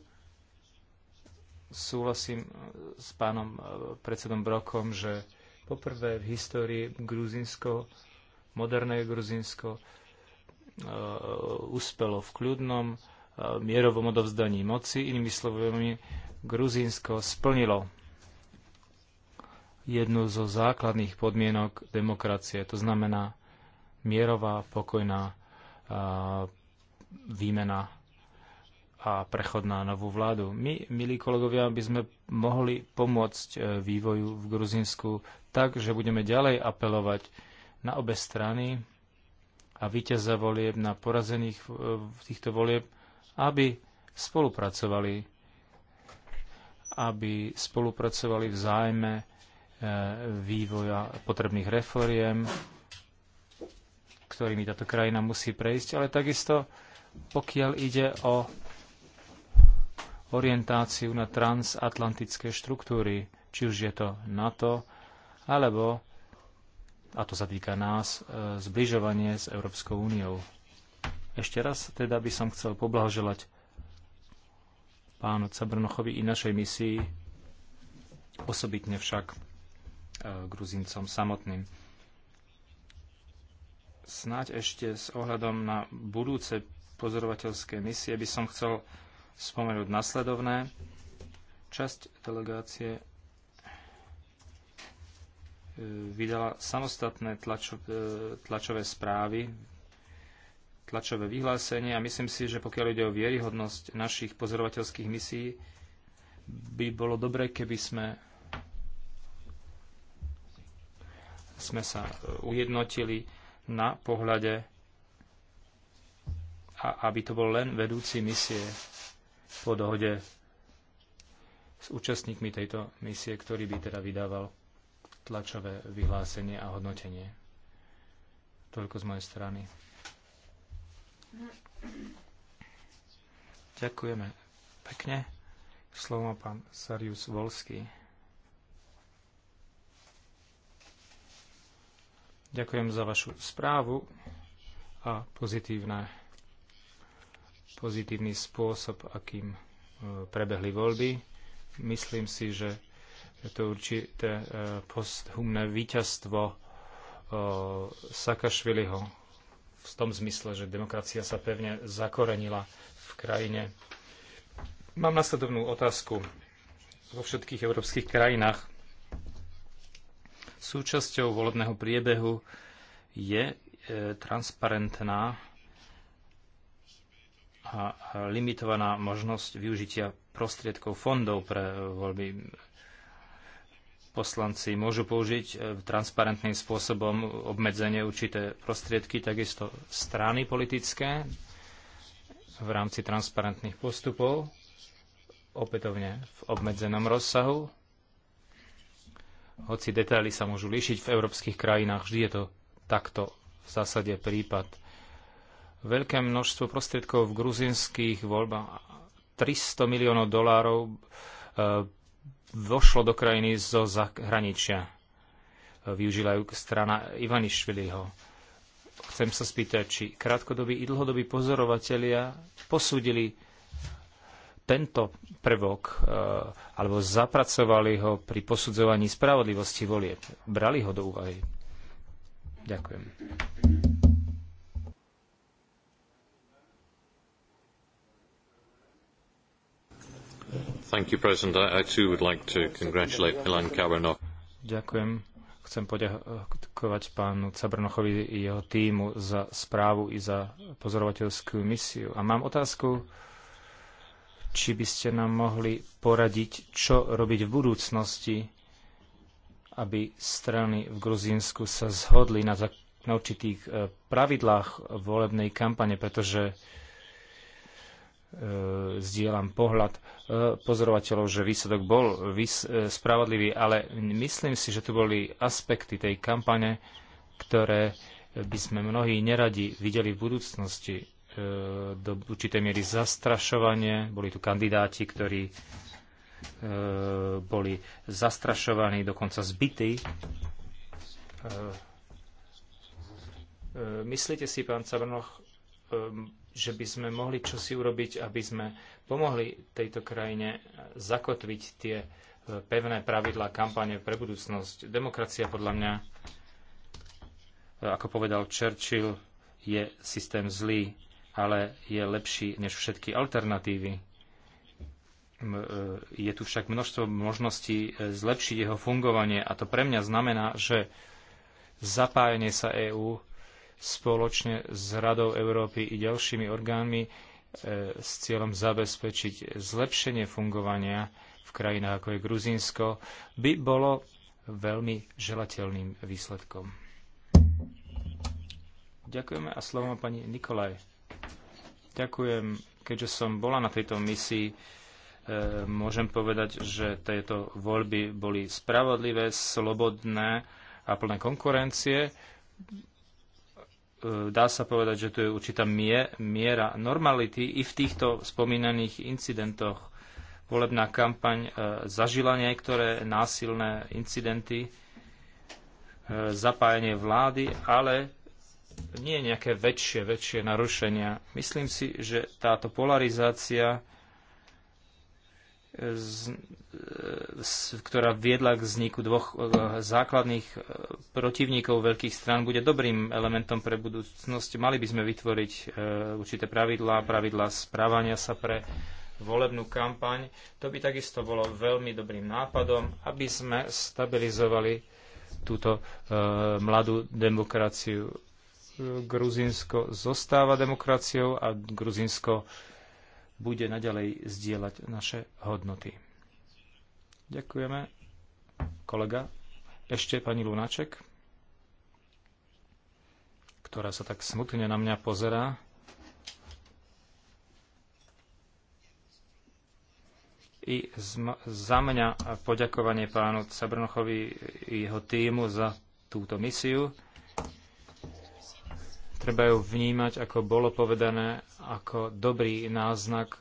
Speaker 5: súhlasím s pánom predsedom Brokom, že Poprvé v histórii Gruzinsko, moderné Gruzinsko, uspelo e, v kľudnom e, mierovom odovzdaní moci. Inými slovami, Gruzínsko splnilo jednu zo základných podmienok demokracie, to znamená mierová, pokojná e, výmena a prechod na novú vládu. My, milí kolegovia, by sme mohli pomôcť vývoju v Gruzinsku tak, že budeme ďalej apelovať na obe strany a víťaza volieb, na porazených v týchto volieb, aby spolupracovali, aby spolupracovali v zájme e, vývoja potrebných reforiem, ktorými táto krajina musí prejsť, ale takisto pokiaľ ide o orientáciu na transatlantické štruktúry, či už je to NATO, alebo, a to sa týka nás, e, zbližovanie s Európskou úniou. Ešte raz teda by som chcel poblahoželať pánu Cabrnochovi i našej misii, osobitne však e, Gruzincom samotným. Snáď ešte s ohľadom na budúce pozorovateľské misie by som chcel spomenúť nasledovné. Časť delegácie vydala samostatné tlačo, e, tlačové správy, tlačové vyhlásenie a myslím si, že pokiaľ ide o vieryhodnosť našich pozorovateľských misií, by bolo dobré, keby sme sme sa e, ujednotili na pohľade a aby to bol len vedúci misie po dohode s účastníkmi tejto misie, ktorý by teda vydával tlačové vyhlásenie a hodnotenie. Toľko z mojej strany. Ďakujeme pekne. Slovo má pán Sarius Volský. Ďakujem za vašu správu a pozitívne, pozitívny spôsob, akým eh, prebehli voľby. Myslím si, že je to určité e, posthumné víťazstvo e, Sakašviliho v tom zmysle, že demokracia sa pevne zakorenila v krajine. Mám nasledovnú otázku. Vo všetkých európskych krajinách súčasťou volebného priebehu je e, transparentná a limitovaná možnosť využitia prostriedkov fondov pre voľby poslanci môžu použiť e, transparentným spôsobom obmedzenie určité prostriedky, takisto strany politické v rámci transparentných postupov, opätovne v obmedzenom rozsahu. Hoci detaily sa môžu líšiť v európskych krajinách, vždy je to takto v zásade prípad. Veľké množstvo prostriedkov v gruzinských voľbách, 300 miliónov dolárov, e, vošlo do krajiny zo zahraničia. Využila ju strana Ivanišviliho. Chcem sa spýtať, či krátkodobí i dlhodobí pozorovatelia posúdili tento prvok e, alebo zapracovali ho pri posudzovaní spravodlivosti volieb. Brali ho do úvahy. Ďakujem. Thank you, President. I, I too would like to congratulate Milan Ďakujem. Chcem poďakovať pánu Cabrnochovi i jeho týmu za správu i za pozorovateľskú misiu. A mám otázku, či by ste nám mohli poradiť, čo robiť v budúcnosti, aby strany v Gruzínsku sa zhodli na, na určitých e, pravidlách volebnej kampane, pretože E, zdieľam pohľad e, pozorovateľov, že výsledok bol e, spravodlivý, ale myslím si, že tu boli aspekty tej kampane, ktoré by sme mnohí neradi videli v budúcnosti. Do určitej miery zastrašovanie, boli tu kandidáti, ktorí boli zastrašovaní, dokonca zbytí. Myslíte si, pán Cabrnoch, že by sme mohli čosi urobiť, aby sme pomohli tejto krajine zakotviť tie e, pevné pravidlá kampane pre budúcnosť. Demokracia podľa mňa, e, ako povedal Churchill, je systém zlý, ale je lepší než všetky alternatívy. E, je tu však množstvo možností zlepšiť jeho fungovanie a to pre mňa znamená, že zapájanie sa EÚ spoločne s Radou Európy i ďalšími orgánmi e, s cieľom zabezpečiť zlepšenie fungovania v krajinách ako je Gruzínsko, by bolo veľmi želateľným výsledkom. Ďakujeme a slovo pani Nikolaj. Ďakujem, keďže som bola na tejto misii, e, môžem povedať, že tieto voľby boli spravodlivé, slobodné a plné konkurencie E, dá sa povedať, že tu je určitá miera normality i v týchto spomínaných incidentoch. Volebná kampaň e, zažila niektoré násilné incidenty, e, zapájanie vlády, ale nie nejaké väčšie, väčšie narušenia. Myslím si, že táto polarizácia ktorá viedla k vzniku dvoch e, základných e, protivníkov veľkých strán, bude dobrým elementom pre budúcnosť. Mali by sme vytvoriť e, určité pravidlá, pravidlá správania sa pre volebnú kampaň. To by takisto bolo veľmi dobrým nápadom, aby sme stabilizovali túto mladú demokraciu. Gruzinsko zostáva demokraciou a Gruzinsko bude naďalej zdieľať naše hodnoty. Ďakujeme. Kolega, ešte pani Lunáček, ktorá sa tak smutne na mňa pozerá. I za mňa poďakovanie pánu Cabrnochovi i jeho týmu za túto misiu. Treba ju vnímať, ako bolo povedané, ako dobrý náznak e,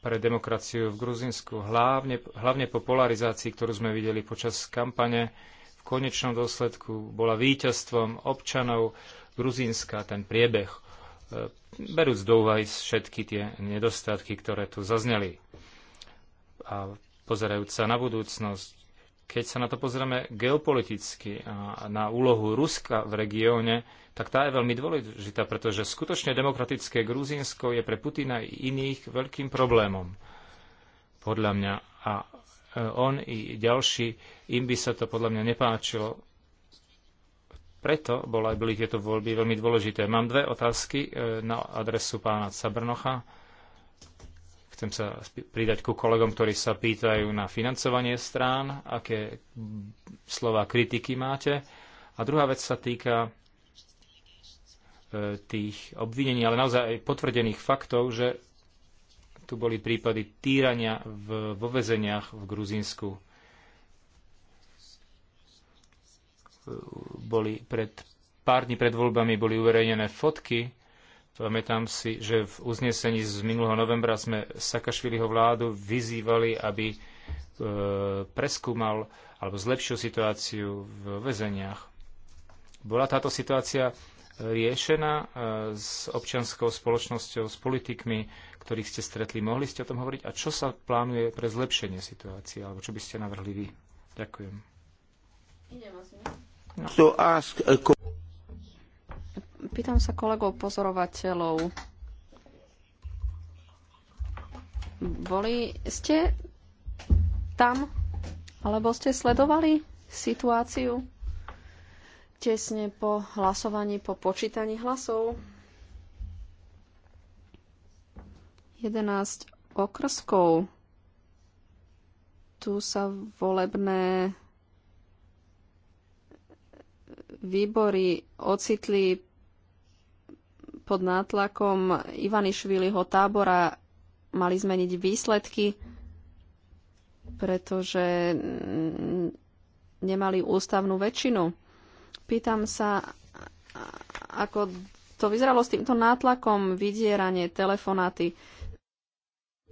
Speaker 5: pre demokraciu v Gruzinsku, hlavne, hlavne po polarizácii, ktorú sme videli počas kampane, v konečnom dôsledku bola víťazstvom občanov Gruzinska ten priebeh, e, berúc do úvahy všetky tie nedostatky, ktoré tu zazneli. A pozerajúc sa na budúcnosť, keď sa na to pozrieme geopoliticky a na úlohu Ruska v regióne, tak tá je veľmi dôležitá, pretože skutočne demokratické Gruzínsko je pre Putina i iných veľkým problémom, podľa mňa. A e, on i ďalší, im by sa to podľa mňa nepáčilo. Preto bola, boli tieto voľby veľmi dôležité. Mám dve otázky e, na adresu pána Cabrnocha Chcem sa pridať ku kolegom, ktorí sa pýtajú na financovanie strán, aké slova kritiky máte. A druhá vec sa týka e, tých obvinení, ale naozaj aj potvrdených faktov, že tu boli prípady týrania v, vo vezeniach v Gruzínsku. E, boli pred, pár dní pred voľbami boli uverejnené fotky Pamätám si, že v uznesení z minulého novembra sme Sakašviliho vládu vyzývali, aby e, preskúmal alebo zlepšil situáciu v väzeniach. Bola táto situácia e, riešená e, s občianskou spoločnosťou, s politikmi, ktorých ste stretli? Mohli ste o tom hovoriť? A čo sa plánuje pre zlepšenie situácie? Alebo čo by ste navrhli vy? Ďakujem. No.
Speaker 4: Pýtam sa kolegov pozorovateľov. Boli ste tam, alebo ste sledovali situáciu tesne po hlasovaní, po počítaní hlasov? 11 okrskov. Tu sa volebné výbory ocitli pod nátlakom Ivanišviliho tábora mali zmeniť výsledky, pretože nemali ústavnú väčšinu. Pýtam sa, ako to vyzeralo s týmto nátlakom, vydieranie, telefonáty.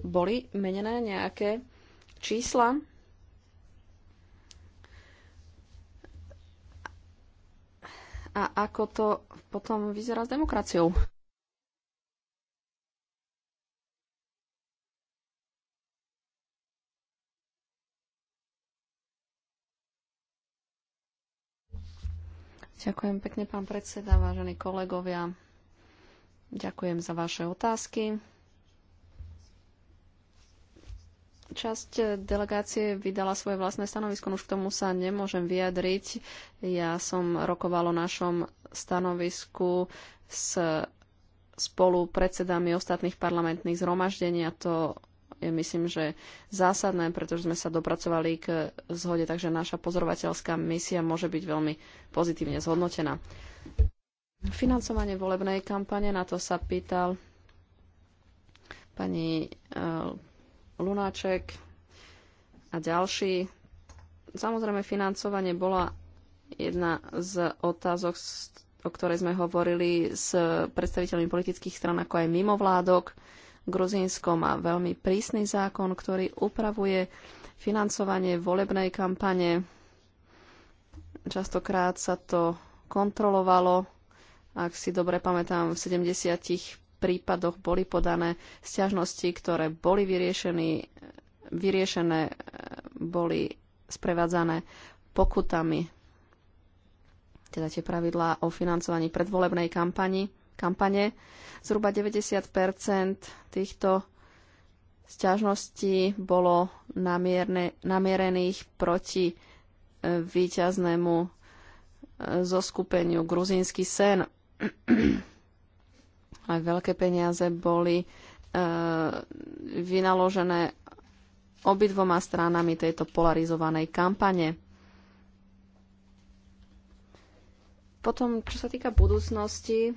Speaker 4: Boli menené nejaké čísla? a ako to potom vyzerá s demokraciou. Ďakujem pekne, pán predseda, vážení kolegovia. Ďakujem za vaše otázky. Časť eh, delegácie vydala svoje vlastné stanovisko, no už k tomu sa nemôžem vyjadriť. Ja som rokoval o našom stanovisku s spolu predsedami ostatných parlamentných zhromaždení a to je myslím, že zásadné, pretože sme sa dopracovali k zhode, takže naša pozorovateľská misia môže byť veľmi pozitívne zhodnotená. Financovanie volebnej kampane, na to sa pýtal pani eh, Lunáček a ďalší. Samozrejme, financovanie bola jedna z otázok, o ktorej sme hovorili s predstaviteľmi politických stran, ako aj mimovládok. Gruzínsko má veľmi prísny zákon, ktorý upravuje financovanie volebnej kampane. Častokrát sa to kontrolovalo, ak si dobre pamätám, v 70 prípadoch boli podané sťažnosti, ktoré boli vyriešené, vyriešené boli sprevádzané pokutami. Teda tie pravidlá o financovaní predvolebnej kampani, kampane. Zhruba 90 týchto sťažností bolo namierne, namierených proti e, výťaznému e, zoskupeniu Gruzínsky sen aj veľké peniaze boli e, vynaložené obidvoma stranami tejto polarizovanej kampane. Potom, čo sa týka budúcnosti,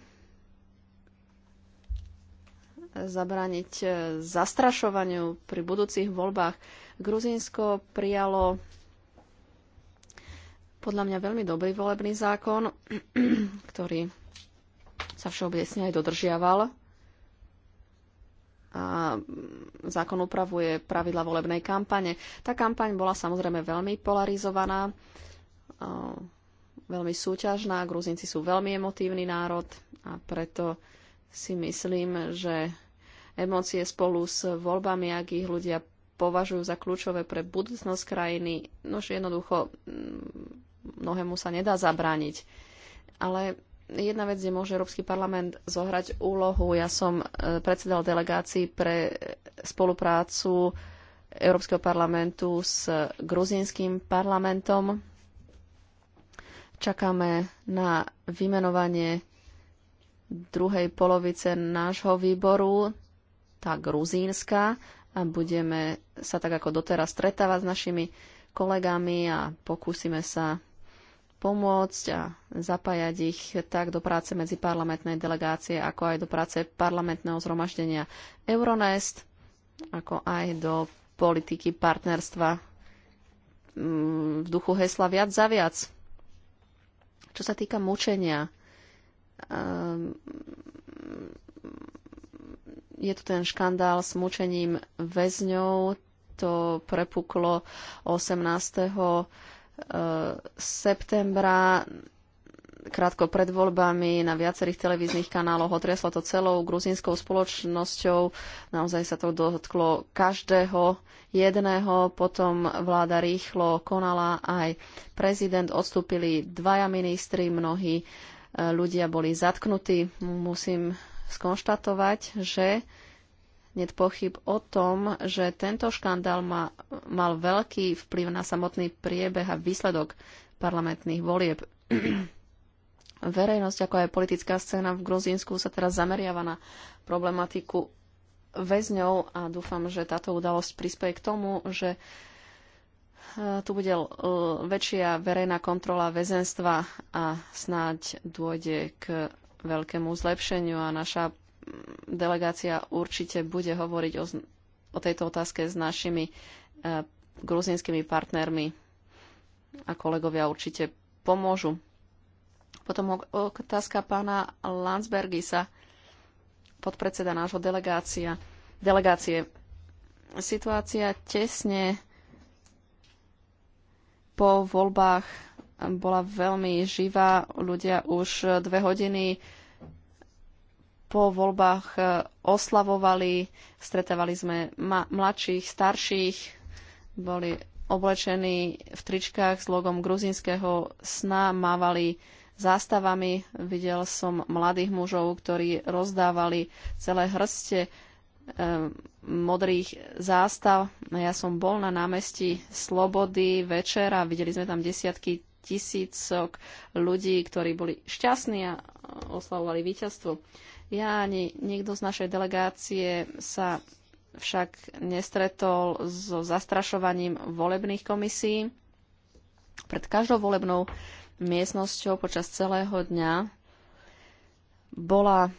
Speaker 4: zabrániť e, zastrašovaniu pri budúcich voľbách. Gruzínsko prijalo podľa mňa veľmi dobrý volebný zákon, ktorý sa všeobecne aj dodržiaval. A zákon upravuje pravidla volebnej kampane. Tá kampaň bola samozrejme veľmi polarizovaná, veľmi súťažná. Gruzinci sú veľmi emotívny národ a preto si myslím, že emócie spolu s voľbami, ak ich ľudia považujú za kľúčové pre budúcnosť krajiny, nož jednoducho mnohému sa nedá zabrániť. Ale jedna vec, kde môže Európsky parlament zohrať úlohu. Ja som e, predsedal delegácii pre spoluprácu Európskeho parlamentu s gruzínskym parlamentom. Čakáme na vymenovanie druhej polovice nášho výboru, tá gruzínska, a budeme sa tak ako doteraz stretávať s našimi kolegami a pokúsime sa pomôcť a zapájať ich tak do práce medzi parlamentnej delegácie, ako aj do práce parlamentného zhromaždenia Euronest, ako aj do politiky partnerstva mm, v duchu hesla viac za viac. Čo sa týka mučenia, ehm, je tu ten škandál s mučením väzňov, to prepuklo 18 septembra krátko pred voľbami na viacerých televíznych kanáloch. Otriaslo to celou gruzinskou spoločnosťou. Naozaj sa to dotklo každého jedného. Potom vláda rýchlo konala aj prezident. Odstúpili dvaja ministri, mnohí eh, ľudia boli zatknutí. Musím skonštatovať, že net pochyb o tom, že tento škandál ma, mal veľký vplyv na samotný priebeh a výsledok parlamentných volieb. Verejnosť, ako aj politická scéna v Gruzínsku sa teraz zameriava na problematiku väzňov a dúfam, že táto udalosť prispieje k tomu, že e, tu bude e, väčšia verejná kontrola väzenstva a snáď dôjde k veľkému zlepšeniu a naša delegácia určite bude hovoriť o, o tejto otázke s našimi e, gruzinskými partnermi a kolegovia určite pomôžu. Potom otázka pána Landsbergisa, podpredseda nášho delegácia, delegácie. Situácia tesne po voľbách bola veľmi živá. Ľudia už dve hodiny po voľbách e, oslavovali, stretávali sme mladších, starších, boli oblečení v tričkách s logom gruzinského sna, mávali zástavami. Videl som mladých mužov, ktorí rozdávali celé hrste e, modrých zástav. No ja som bol na námestí Slobody večera, videli sme tam desiatky tisícok ľudí, ktorí boli šťastní a oslavovali víťazstvo. Ja ani nikto z našej delegácie sa však nestretol so zastrašovaním volebných komisí. Pred každou volebnou miestnosťou počas celého dňa bola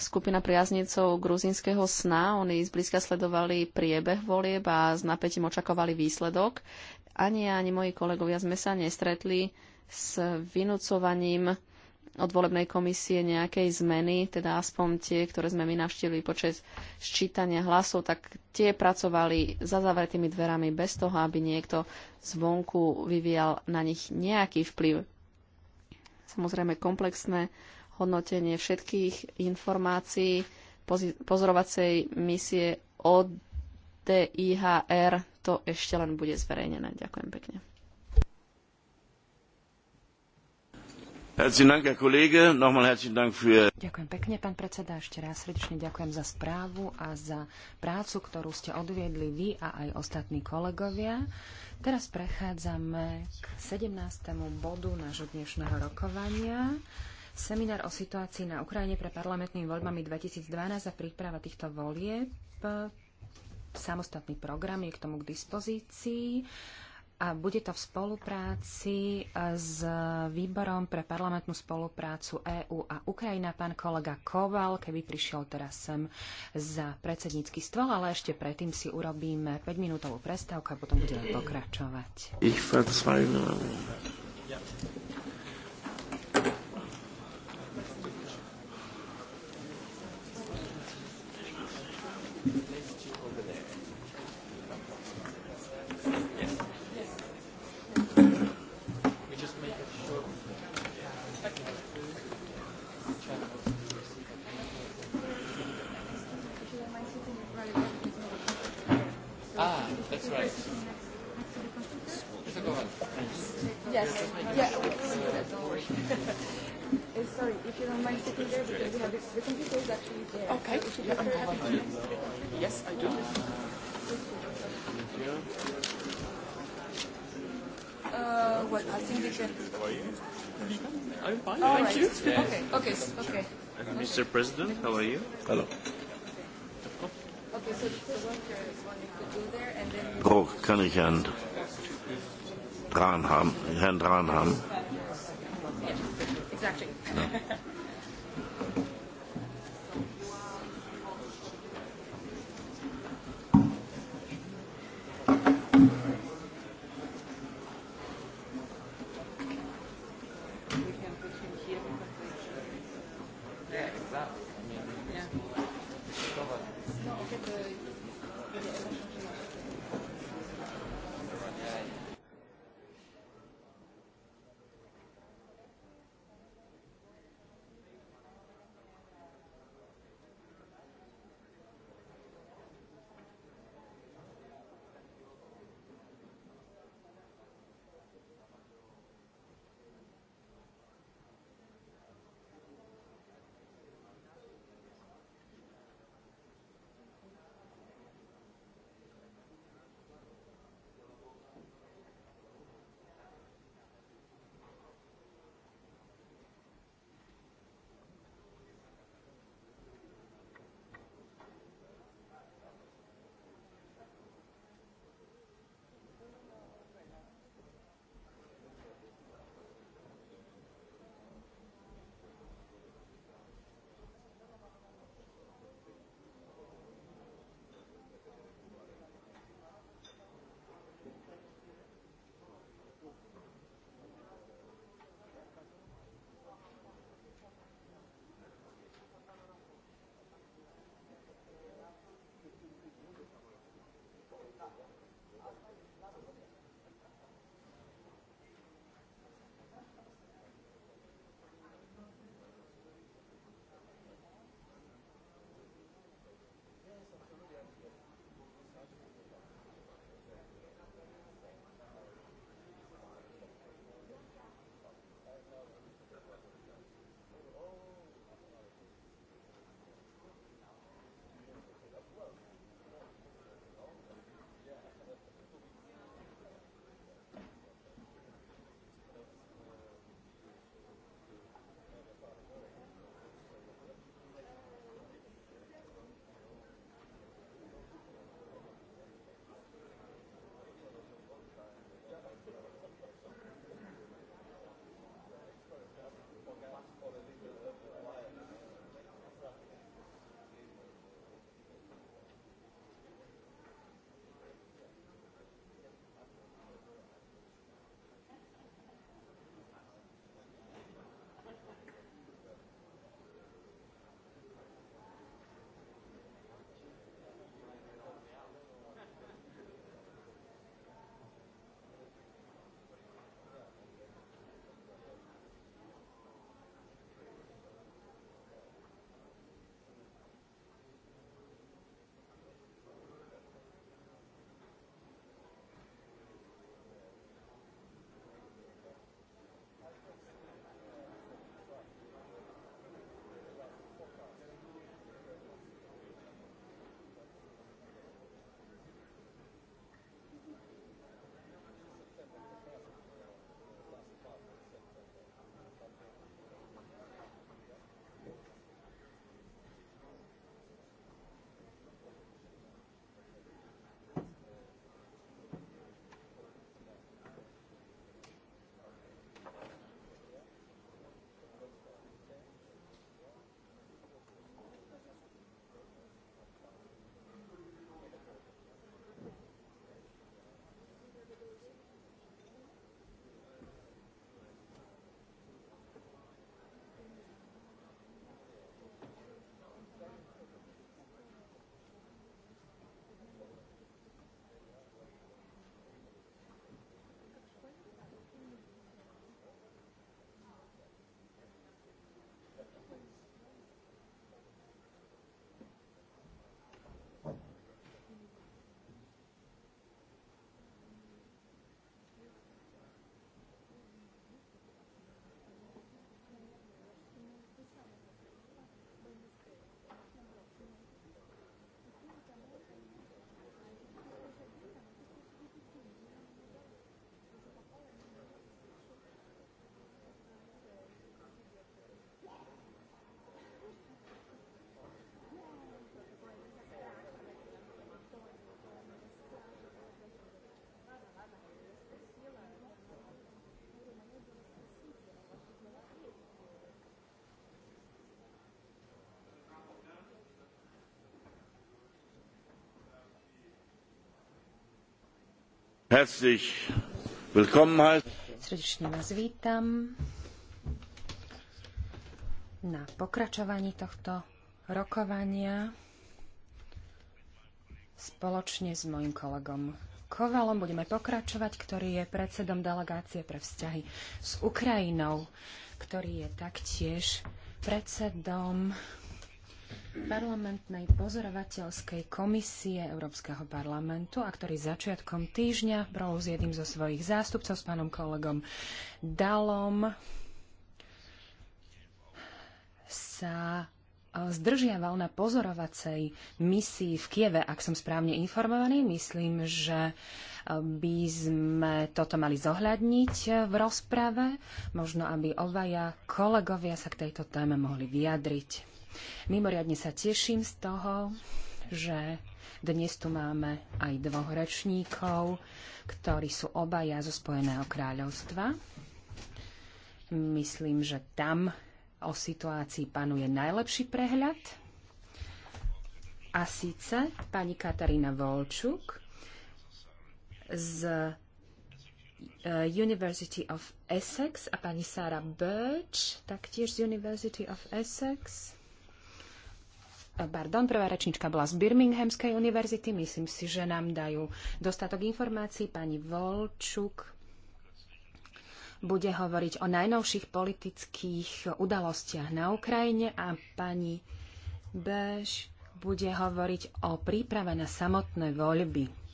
Speaker 4: skupina priaznicov gruzinského sna. Oni zblízka sledovali priebeh volieb a s napätím očakovali výsledok. Ani ja, ani moji kolegovia sme sa nestretli s vynúcovaním od volebnej komisie nejakej zmeny, teda aspoň tie, ktoré sme my navštívili počas sčítania hlasov, tak tie pracovali za zavretými dverami bez toho, aby niekto zvonku vyvíjal na nich nejaký vplyv. Samozrejme komplexné hodnotenie všetkých informácií pozorovacej misie od DIHR to ešte len bude zverejnené. Ďakujem pekne.
Speaker 1: Ďakujem
Speaker 2: pekne, pán predseda. Ešte raz srdečne ďakujem za správu a za prácu, ktorú ste odviedli vy a aj ostatní kolegovia. Teraz prechádzame k 17. bodu nášho dnešného rokovania. Seminár o situácii na Ukrajine pre parlamentnými voľbami 2012 a príprava týchto volieb. Samostatný program je k tomu k dispozícii a bude to v spolupráci e, s Výborom pre parlamentnú spoluprácu EÚ a Ukrajina. Pán kolega Koval, keby prišiel teraz sem za predsednícky stôl, ale ešte predtým si urobíme 5-minútovú prestávku a potom budeme pokračovať.
Speaker 1: Ich
Speaker 3: Yes. Yeah. uh,
Speaker 4: sorry, if you don't mind sitting there, because we have the, computer is actually there. Okay. So yeah, I'm happy to. Yes, I do. Uh, what? I think we can.
Speaker 3: I'm fine. Thank right. you.
Speaker 1: Yeah. Okay.
Speaker 4: Okay. Okay.
Speaker 1: Mr. President, how are you? Hello. Okay,
Speaker 3: so the worker is wanting to do there, and then. Brok, kann ich an. Dranham, Herrn Dranham. Yes, exactly. No.
Speaker 1: Herzlich willkommen
Speaker 2: Srdečne vás vítam na pokračovaní tohto rokovania spoločne s mojim kolegom Kovalom. Budeme pokračovať, ktorý je predsedom delegácie pre vzťahy s Ukrajinou, ktorý je taktiež predsedom parlamentnej pozorovateľskej komisie Európskeho parlamentu a ktorý začiatkom týždňa bol s jedným zo svojich zástupcov, s pánom kolegom Dalom, sa e, zdržiaval na pozorovacej misii v Kieve, ak som správne informovaný. Myslím, že e, by sme toto mali zohľadniť e, v rozprave, možno aby obaja kolegovia sa k tejto téme mohli vyjadriť. Mimoriadne sa teším z toho, že dnes tu máme aj dvoch rečníkov, ktorí sú obaja zo Spojeného kráľovstva. Myslím, že tam o situácii panuje najlepší prehľad. A síce pani Katarína Volčuk z eh, University of Essex a pani Sara Birch, taktiež z University of Essex. Pardon, prvá rečnička bola z Birminghamskej univerzity. Myslím si, že nám dajú dostatok informácií. Pani Volčuk bude hovoriť o najnovších politických udalostiach na Ukrajine a pani Bež bude hovoriť o príprave na samotné voľby.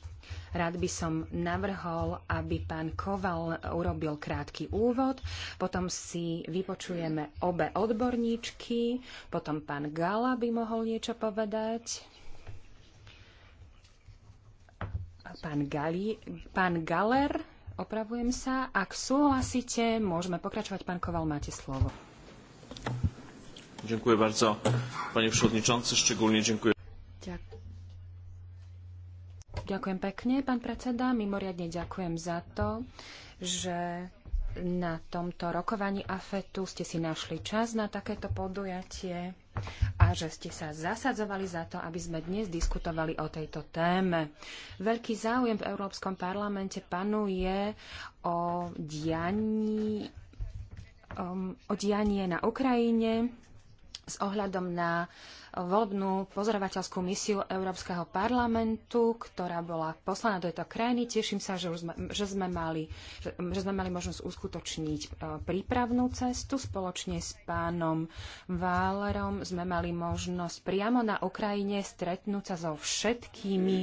Speaker 2: Rád by som navrhol, aby pán Koval urobil krátky úvod, potom si vypočujeme obe odborníčky, potom pán Gala by mohol niečo povedať. Pán, Gali, pán Galer, opravujem sa. Ak súhlasíte, môžeme pokračovať. Pán Koval, máte slovo.
Speaker 1: Dziękuję bardzo, panie przewodniczący. Szczególnie dziękuję.
Speaker 2: Ďakujem Ďakujem pekne, pán predseda. Mimoriadne ďakujem za to, že na tomto rokovaní AFETu ste si našli čas na takéto podujatie a že ste sa zasadzovali za to, aby sme dnes diskutovali o tejto téme. Veľký záujem v Európskom parlamente panuje o dianí, um, o dianie na Ukrajine s ohľadom na voľbnú pozorovateľskú misiu Európskeho parlamentu, ktorá bola poslaná do tejto krajiny. Teším sa, že, už sme, že, sme mali, že, že sme mali možnosť uskutočniť e, prípravnú cestu. Spoločne s pánom Válerom sme mali možnosť priamo na Ukrajine stretnúť sa so všetkými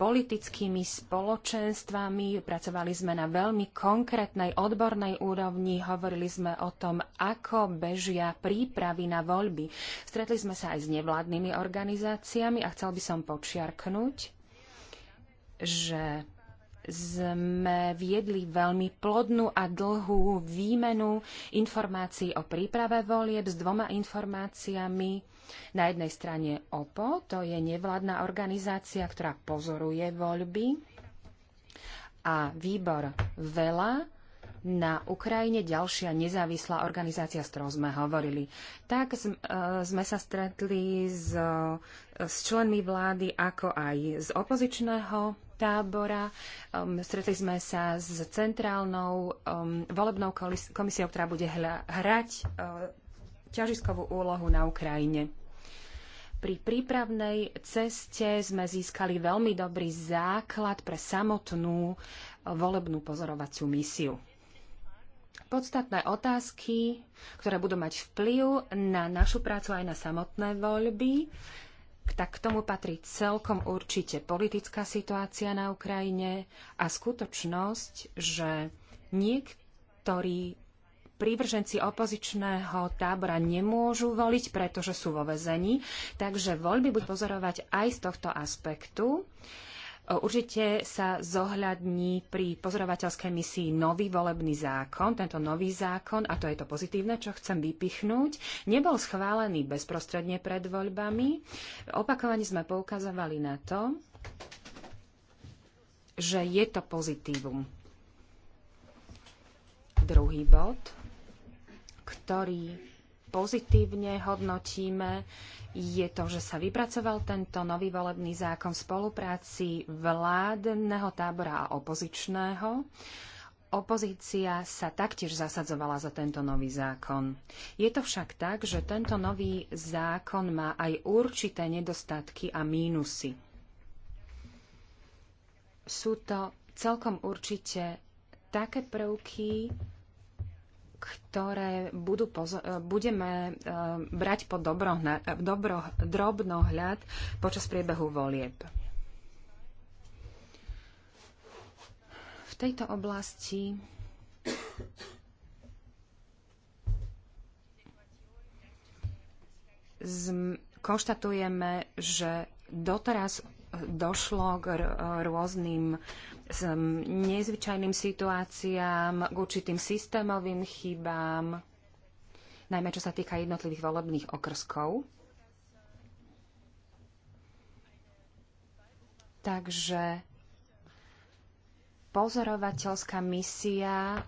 Speaker 2: politickými spoločenstvami, pracovali sme na veľmi konkrétnej odbornej úrovni, hovorili sme o tom, ako bežia prípravy na voľby. Stretli sme sa aj s nevládnymi organizáciami a chcel by som počiarknúť, že sme viedli veľmi plodnú a dlhú výmenu informácií o príprave volieb s dvoma informáciami na jednej strane OPO, to je nevládna organizácia, ktorá pozoruje voľby a výbor VELA, na Ukrajine ďalšia nezávislá organizácia, s ktorou sme hovorili. Tak e, sme sa stretli s, e, s členmi vlády, ako aj z opozičného tábora. Stretli sme sa s centrálnou volebnou komisiou, ktorá bude hľa, hrať e, ťažiskovú úlohu na Ukrajine. Pri prípravnej ceste sme získali veľmi dobrý základ pre samotnú eh, volebnú pozorovaciu misiu. Podstatné otázky, ktoré budú mať vplyv na našu prácu aj na samotné voľby, tak k tomu patrí celkom určite politická situácia na Ukrajine a skutočnosť, že niektorí prívrženci opozičného tábora nemôžu voliť, pretože sú vo vezení. Takže voľby budú pozorovať aj z tohto aspektu. Určite sa zohľadní pri pozorovateľskej misii nový volebný zákon, tento nový zákon, a to je to pozitívne, čo chcem vypichnúť, nebol schválený bezprostredne pred voľbami. Opakovane sme poukazovali na to, že je to pozitívum. Druhý bod ktorý pozitívne hodnotíme, je to, že sa vypracoval tento nový volebný zákon v spolupráci vládneho tábora a opozičného. Opozícia sa taktiež zasadzovala za tento nový zákon. Je to však tak, že tento nový zákon má aj určité nedostatky a mínusy. Sú to celkom určite také prvky, ktoré budú e, budeme e, brať pod e, dobro, dobro, hľad počas priebehu volieb. V tejto oblasti konštatujeme, že doteraz došlo k rôznym nezvyčajným situáciám, k určitým systémovým chybám, najmä čo sa týka jednotlivých volebných okrskov. Takže pozorovateľská misia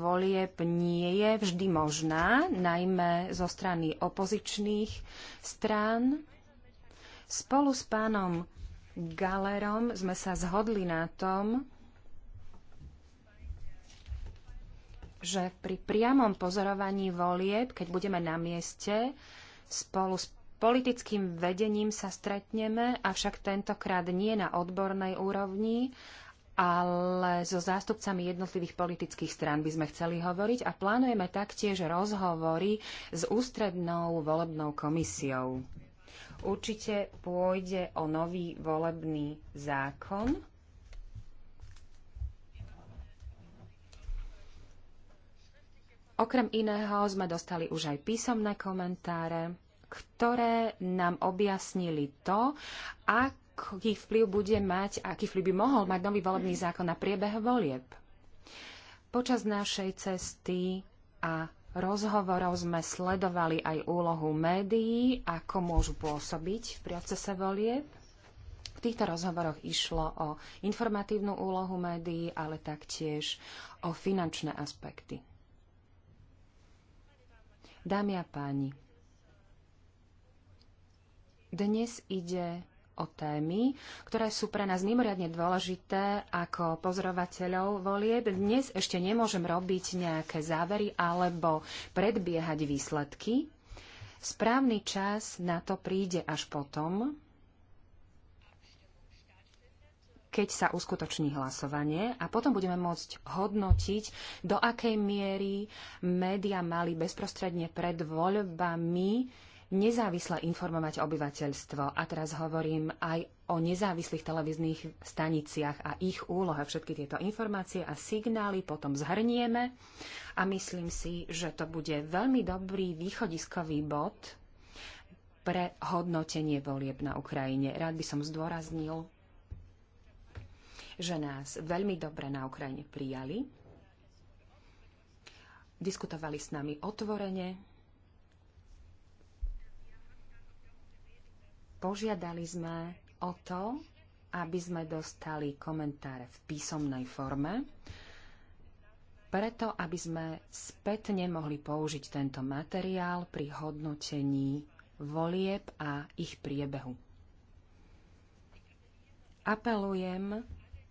Speaker 2: volieb nie je vždy možná, najmä zo strany opozičných strán. Spolu s pánom Galerom sme sa zhodli na tom, že pri priamom pozorovaní volieb, keď budeme na mieste, spolu s politickým vedením sa stretneme, avšak tentokrát nie na odbornej úrovni, ale so zástupcami jednotlivých politických strán by sme chceli hovoriť a plánujeme taktiež rozhovory s ústrednou volebnou komisiou. Určite pôjde o nový volebný zákon. Okrem iného sme dostali už aj písomné komentáre, ktoré nám objasnili to, aký vplyv bude mať, aký vplyv by mohol mať nový volebný zákon na priebeh volieb. Počas našej cesty a rozhovorov sme sledovali aj úlohu médií, ako môžu pôsobiť v procese volieb. V týchto rozhovoroch išlo o informatívnu úlohu médií, ale taktiež o finančné aspekty. Dámy a páni, dnes ide o témy, ktoré sú pre nás mimoriadne dôležité ako pozorovateľov volieb. Dnes ešte nemôžem robiť nejaké závery alebo predbiehať výsledky. Správny čas na to príde až potom, keď sa uskutoční hlasovanie a potom budeme môcť hodnotiť, do akej miery média mali bezprostredne pred voľbami nezávisle informovať obyvateľstvo. A teraz hovorím aj o nezávislých televíznych staniciach a ich úlohe. Všetky tieto informácie a signály potom zhrnieme a myslím si, že to bude veľmi dobrý východiskový bod pre hodnotenie volieb na Ukrajine. Rád by som zdôraznil, že nás veľmi dobre na Ukrajine prijali, diskutovali s nami otvorene, Požiadali sme o to, aby sme dostali komentáre v písomnej forme, preto aby sme spätne mohli použiť tento materiál pri hodnotení volieb a ich priebehu. Apelujem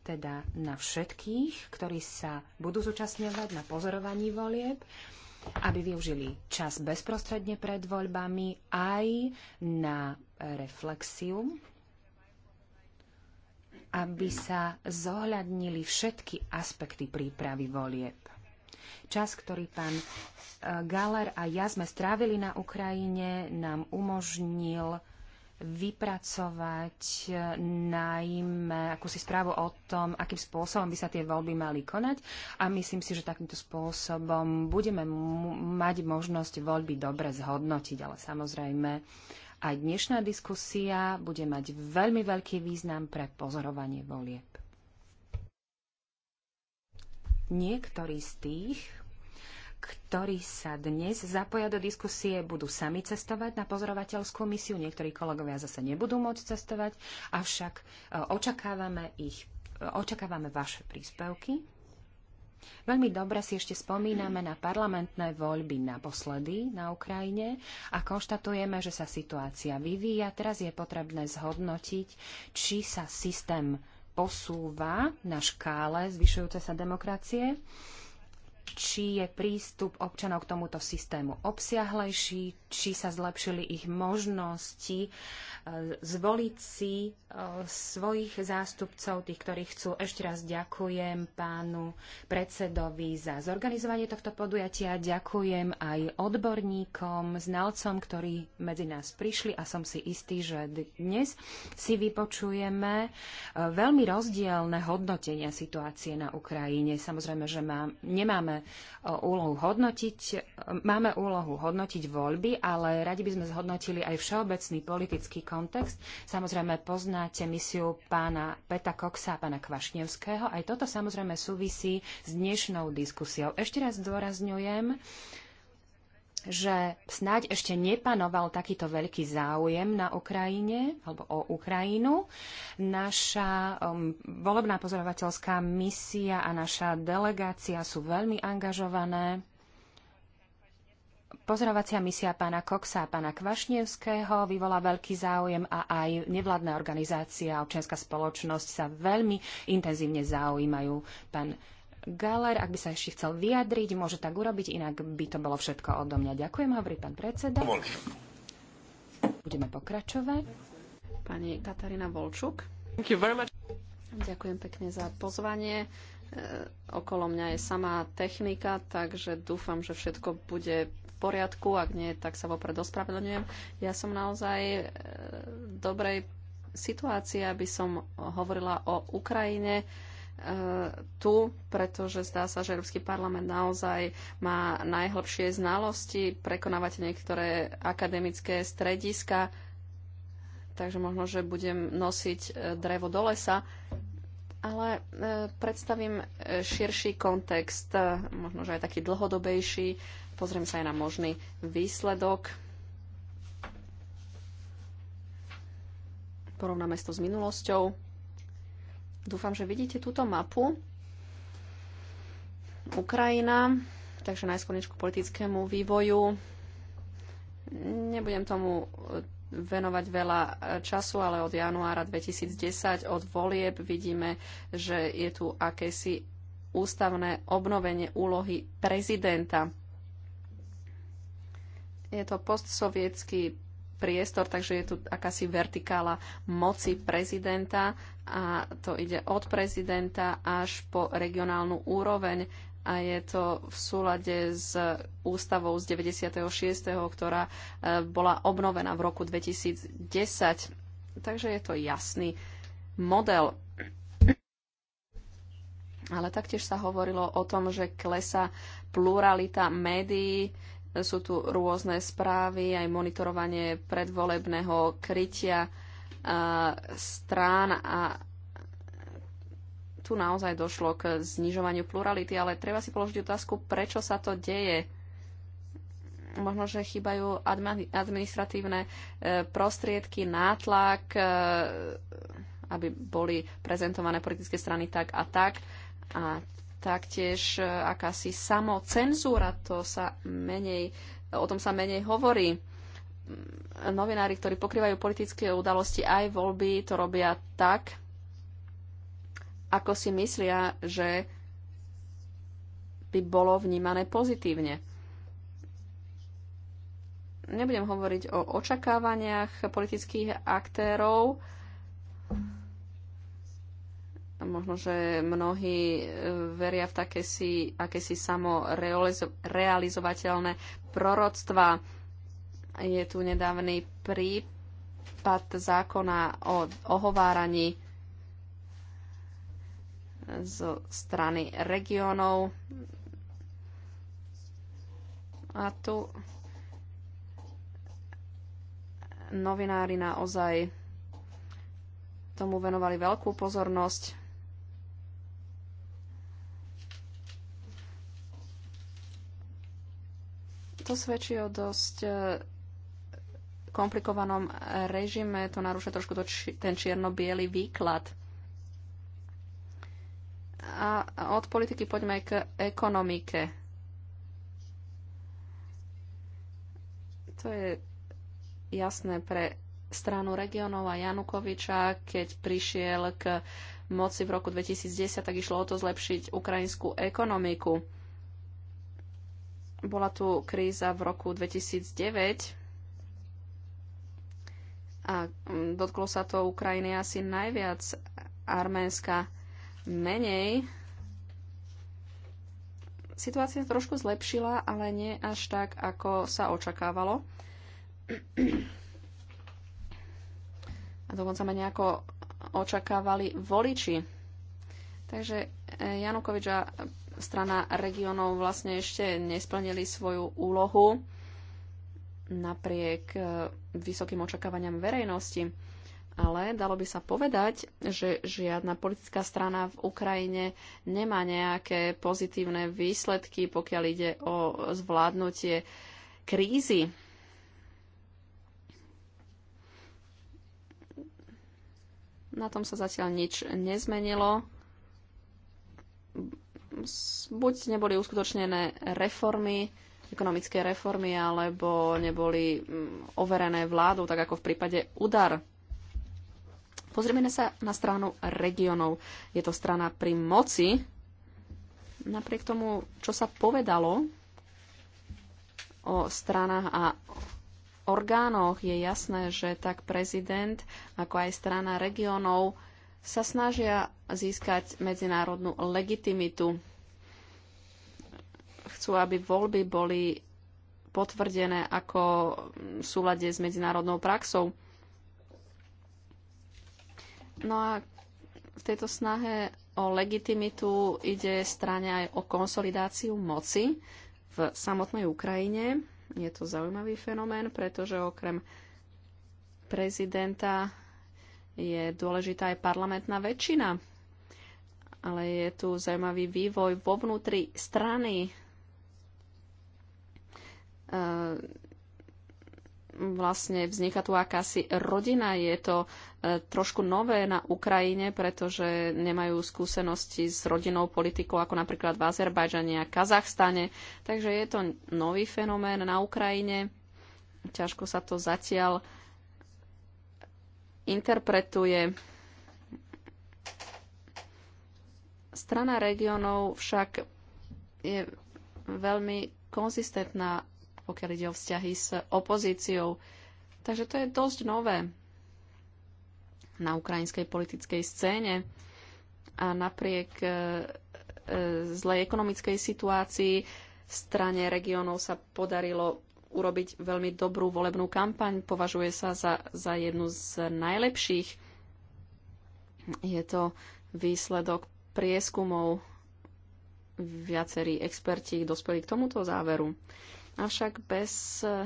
Speaker 2: teda na všetkých, ktorí sa budú zúčastňovať na pozorovaní volieb, aby využili čas bezprostredne pred voľbami aj na reflexiu, aby sa zohľadnili všetky aspekty prípravy volieb. Čas, ktorý pán e, Galer a ja sme strávili na Ukrajine, nám umožnil vypracovať e, najmä akúsi správu o tom, akým spôsobom by sa tie voľby mali konať a myslím si, že takýmto spôsobom budeme mať možnosť voľby dobre zhodnotiť, ale samozrejme aj dnešná diskusia bude mať veľmi veľký význam pre pozorovanie volieb. Niektorí z tých, ktorí sa dnes zapoja do diskusie, budú sami cestovať na pozorovateľskú misiu, niektorí kolegovia zase nebudú môcť cestovať, avšak e, očakávame ich e, očakávame vaše príspevky. Veľmi dobre si ešte spomíname na parlamentné voľby naposledy na Ukrajine a konštatujeme, že sa situácia vyvíja. Teraz je potrebné zhodnotiť, či sa systém posúva na škále zvyšujúce sa demokracie, či je prístup občanov k tomuto systému obsiahlejší, či sa zlepšili ich možnosti e, zvoliť si e, svojich zástupcov, tých, ktorých chcú. Ešte raz ďakujem pánu predsedovi za zorganizovanie tohto podujatia. Ďakujem aj odborníkom, znalcom, ktorí medzi nás prišli a som si istý, že dnes si vypočujeme e, veľmi rozdielne hodnotenia situácie na Ukrajine. Samozrejme, že má, nemáme úlohu hodnotiť, máme úlohu hodnotiť voľby, ale radi by sme zhodnotili aj všeobecný politický kontext. Samozrejme poznáte misiu pána Peta Koxa a pána Kvašnevského. Aj toto samozrejme súvisí s dnešnou diskusiou. Ešte raz zdôrazňujem, že snáď ešte nepanoval takýto veľký záujem na Ukrajine alebo o Ukrajinu. Naša um, volebná pozorovateľská misia a naša delegácia sú veľmi angažované Pozorovacia misia pána Coxa a pána Kvašnevského vyvolá veľký záujem a aj nevládna organizácia a občianská spoločnosť sa veľmi intenzívne zaujímajú. Pán Galer, ak by sa ešte chcel vyjadriť, môže tak urobiť, inak by to bolo všetko odo mňa.
Speaker 4: Ďakujem, hovorí pán predseda. Budeme pokračovať. Pani Katarína Volčuk. Ďakujem pekne za pozvanie e, okolo mňa je samá technika, takže dúfam, že všetko bude poriadku, ak nie, tak sa vopred ospravedlňujem. Ja som naozaj e, v dobrej situácii, aby som hovorila o Ukrajine e, tu, pretože zdá sa, že Európsky parlament naozaj má najhlbšie znalosti, prekonávate niektoré akademické strediska, takže možno, že budem nosiť e, drevo do lesa ale e, predstavím e, širší kontext, e, možno, že aj taký dlhodobejší. Pozriem sa aj na možný výsledok. Porovnáme to s minulosťou. Dúfam, že vidíte túto mapu. Ukrajina, takže najskôr k politickému vývoju. Nebudem tomu venovať veľa e, času, ale od januára 2010, od volieb vidíme, že je tu akési ústavné obnovenie úlohy prezidenta. Je to postsovietský priestor, takže je tu akási vertikála moci prezidenta a to ide od prezidenta až po regionálnu úroveň a je to v súlade s ústavou z 96., ktorá e, bola obnovená v roku 2010. Takže je to jasný model. Ale taktiež sa hovorilo o tom, že klesa pluralita médií, sú tu rôzne správy, aj monitorovanie predvolebného krytia e, strán a tu naozaj došlo k znižovaniu plurality, ale treba si položiť otázku, prečo sa to deje. Možno, že chýbajú administratívne e, prostriedky, nátlak, e, aby boli prezentované politické strany tak a tak. A taktiež e, akási samocenzúra, to sa menej, o tom sa menej hovorí. Novinári, ktorí pokrývajú politické udalosti aj voľby, to robia tak, ako si myslia, že by bolo vnímané pozitívne. Nebudem hovoriť o očakávaniach politických aktérov. Možno, že mnohí e, veria v takési, akési samorealizovateľné proroctva. Je tu nedávny prípad zákona o ohováraní zo strany regiónov. A tu novinári naozaj tomu venovali veľkú pozornosť. to svedčí o dosť e, komplikovanom režime, to narúša trošku to či, ten čierno-biely výklad. A od politiky poďme k ekonomike. To je jasné pre stranu regionov a Janukoviča, keď prišiel k moci v roku 2010, tak išlo o to zlepšiť ukrajinskú ekonomiku. Bola tu kríza v roku 2009 a dotklo sa to Ukrajiny asi najviac Arménska menej. Situácia sa trošku zlepšila, ale nie až tak, ako sa očakávalo. A dokonca ma nejako očakávali voliči. Takže eh, Janukovič a strana regionov vlastne ešte nesplnili svoju úlohu napriek eh, vysokým očakávaniam verejnosti ale dalo by sa povedať, že žiadna politická strana v Ukrajine nemá nejaké pozitívne výsledky, pokiaľ ide o zvládnutie krízy. Na tom sa zatiaľ nič nezmenilo. Buď neboli uskutočnené reformy, ekonomické reformy, alebo neboli mm, overené vládou, tak ako v prípade UDAR. Pozrieme sa na stranu regionov. Je to strana pri moci. Napriek tomu, čo sa povedalo o stranách a orgánoch, je jasné, že tak prezident, ako aj strana regionov sa snažia získať medzinárodnú legitimitu. Chcú, aby voľby boli potvrdené ako v súlade s medzinárodnou praxou. No a v tejto snahe o legitimitu ide strane aj o konsolidáciu moci v samotnej Ukrajine. Je to zaujímavý fenomén, pretože okrem prezidenta je dôležitá aj parlamentná väčšina. Ale je tu zaujímavý vývoj vo vnútri strany. Ehm, vlastne vzniká tu akási rodina. Je to e, trošku nové na Ukrajine, pretože nemajú skúsenosti s rodinnou politikou, ako napríklad v Azerbajdžane a Kazachstane. Takže je to nový fenomén na Ukrajine. Ťažko sa to zatiaľ interpretuje. Strana regionov však je veľmi konzistentná pokiaľ ide o vzťahy s opozíciou. Takže to je dosť nové na ukrajinskej politickej scéne a napriek e, e, zlej ekonomickej situácii strane regiónov sa podarilo urobiť veľmi dobrú volebnú kampaň. Považuje sa za, za jednu z najlepších. Je to výsledok prieskumov. Viacerí experti dospeli k tomuto záveru. Avšak bez eh,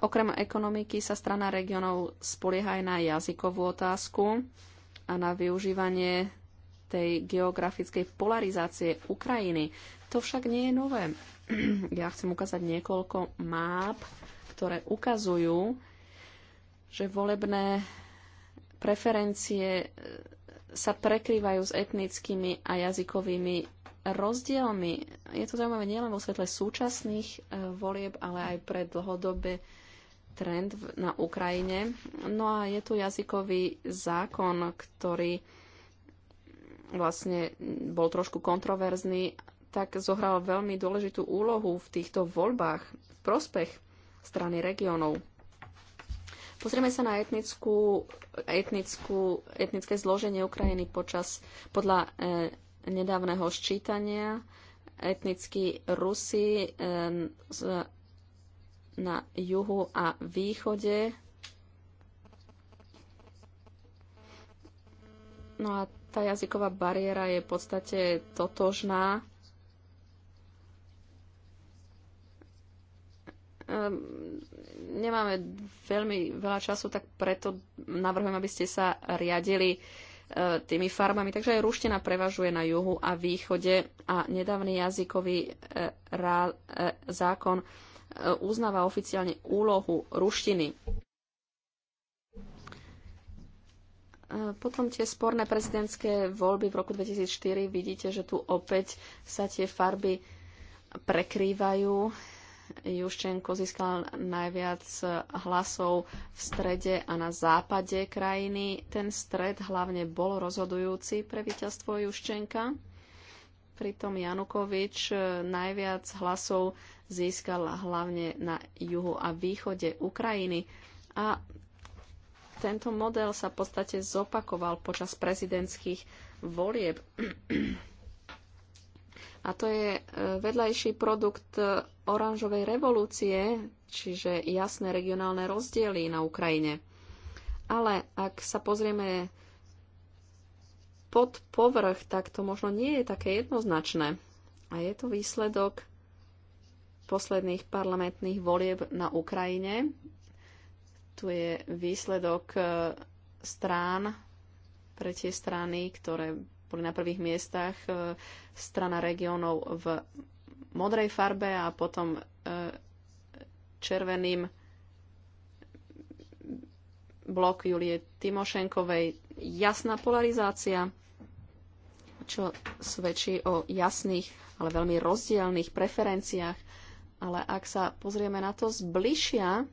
Speaker 4: Okrem ekonomiky sa strana regionov spolieha aj na jazykovú otázku a na využívanie tej geografickej polarizácie Ukrajiny. To však nie je nové. Ja chcem ukázať niekoľko map, ktoré ukazujú, že volebné preferencie eh, sa prekrývajú s etnickými a jazykovými rozdielmi. Je to zaujímavé nielen vo svetle súčasných e, volieb, ale aj pre dlhodobé trend na Ukrajine. No a je tu jazykový zákon, ktorý vlastne bol trošku kontroverzný, tak zohral veľmi dôležitú úlohu v týchto voľbách v prospech strany regionov. Pozrieme sa na etnickú, etnickú, etnické zloženie Ukrajiny počas, podľa e, nedávneho ščítania etnickí Rusi eh, na juhu a východe. No a tá jazyková bariéra je v podstate totožná. Ehm, nemáme veľmi veľa času, tak preto navrhujem, aby ste sa riadili tými farbami. Takže aj ruština prevažuje na juhu a východe a nedávny jazykový e, rá, e, zákon e, uznáva oficiálne úlohu ruštiny. Potom tie sporné prezidentské voľby v roku 2004, vidíte, že tu opäť sa tie farby prekrývajú. Juščenko získal najviac hlasov v strede a na západe krajiny. Ten stred hlavne bol rozhodujúci pre víťazstvo Juščenka. Pritom Janukovič najviac hlasov získal hlavne na juhu a východe Ukrajiny. A tento model sa v podstate zopakoval počas prezidentských volieb. A to je e, vedľajší produkt e, oranžovej revolúcie, čiže jasné regionálne rozdiely na Ukrajine. Ale ak sa pozrieme pod povrch, tak to možno nie je také jednoznačné. A je to výsledok posledných parlamentných volieb na Ukrajine. Tu je výsledok e, strán pre tie strany, ktoré boli na prvých miestach e, strana regiónov v modrej farbe a potom e, červeným blok Julie Timošenkovej. Jasná polarizácia, čo svedčí o jasných, ale veľmi rozdielných preferenciách. Ale ak sa pozrieme na to zbližšia,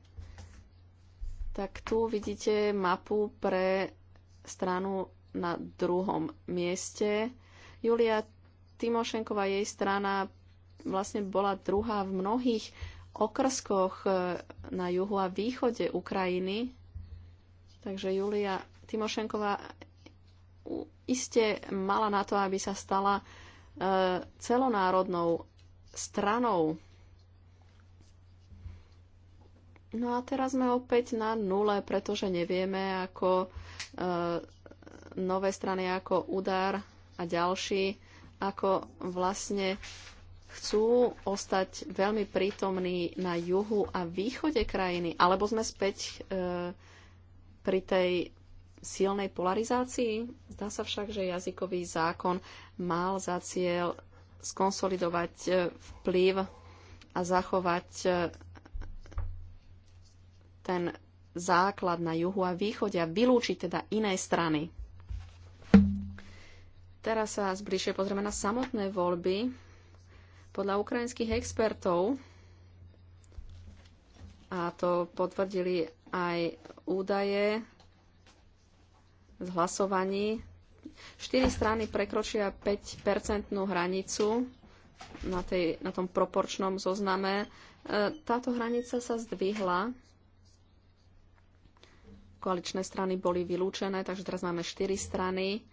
Speaker 4: tak tu vidíte mapu pre stranu na druhom mieste. Julia Timošenková, jej strana vlastne bola druhá v mnohých okrskoch e, na juhu a východe Ukrajiny. Takže Julia Timošenková iste mala na to, aby sa stala e, celonárodnou stranou. No a teraz sme opäť na nule, pretože nevieme, ako e, nové strany ako Udar a ďalší, ako vlastne chcú ostať veľmi prítomní na juhu a východe krajiny, alebo sme späť e, pri tej silnej polarizácii. Zdá sa však, že jazykový zákon mal za cieľ skonsolidovať e, vplyv a zachovať e, ten základ na juhu a východe a vylúčiť teda iné strany. Teraz sa bližšie pozrieme na samotné voľby. Podľa ukrajinských expertov, a to potvrdili aj údaje z hlasovaní, štyri strany prekročia 5-percentnú hranicu na, tej, na tom proporčnom zozname. E, táto hranica sa zdvihla koaličné strany boli vylúčené, takže teraz máme štyri strany,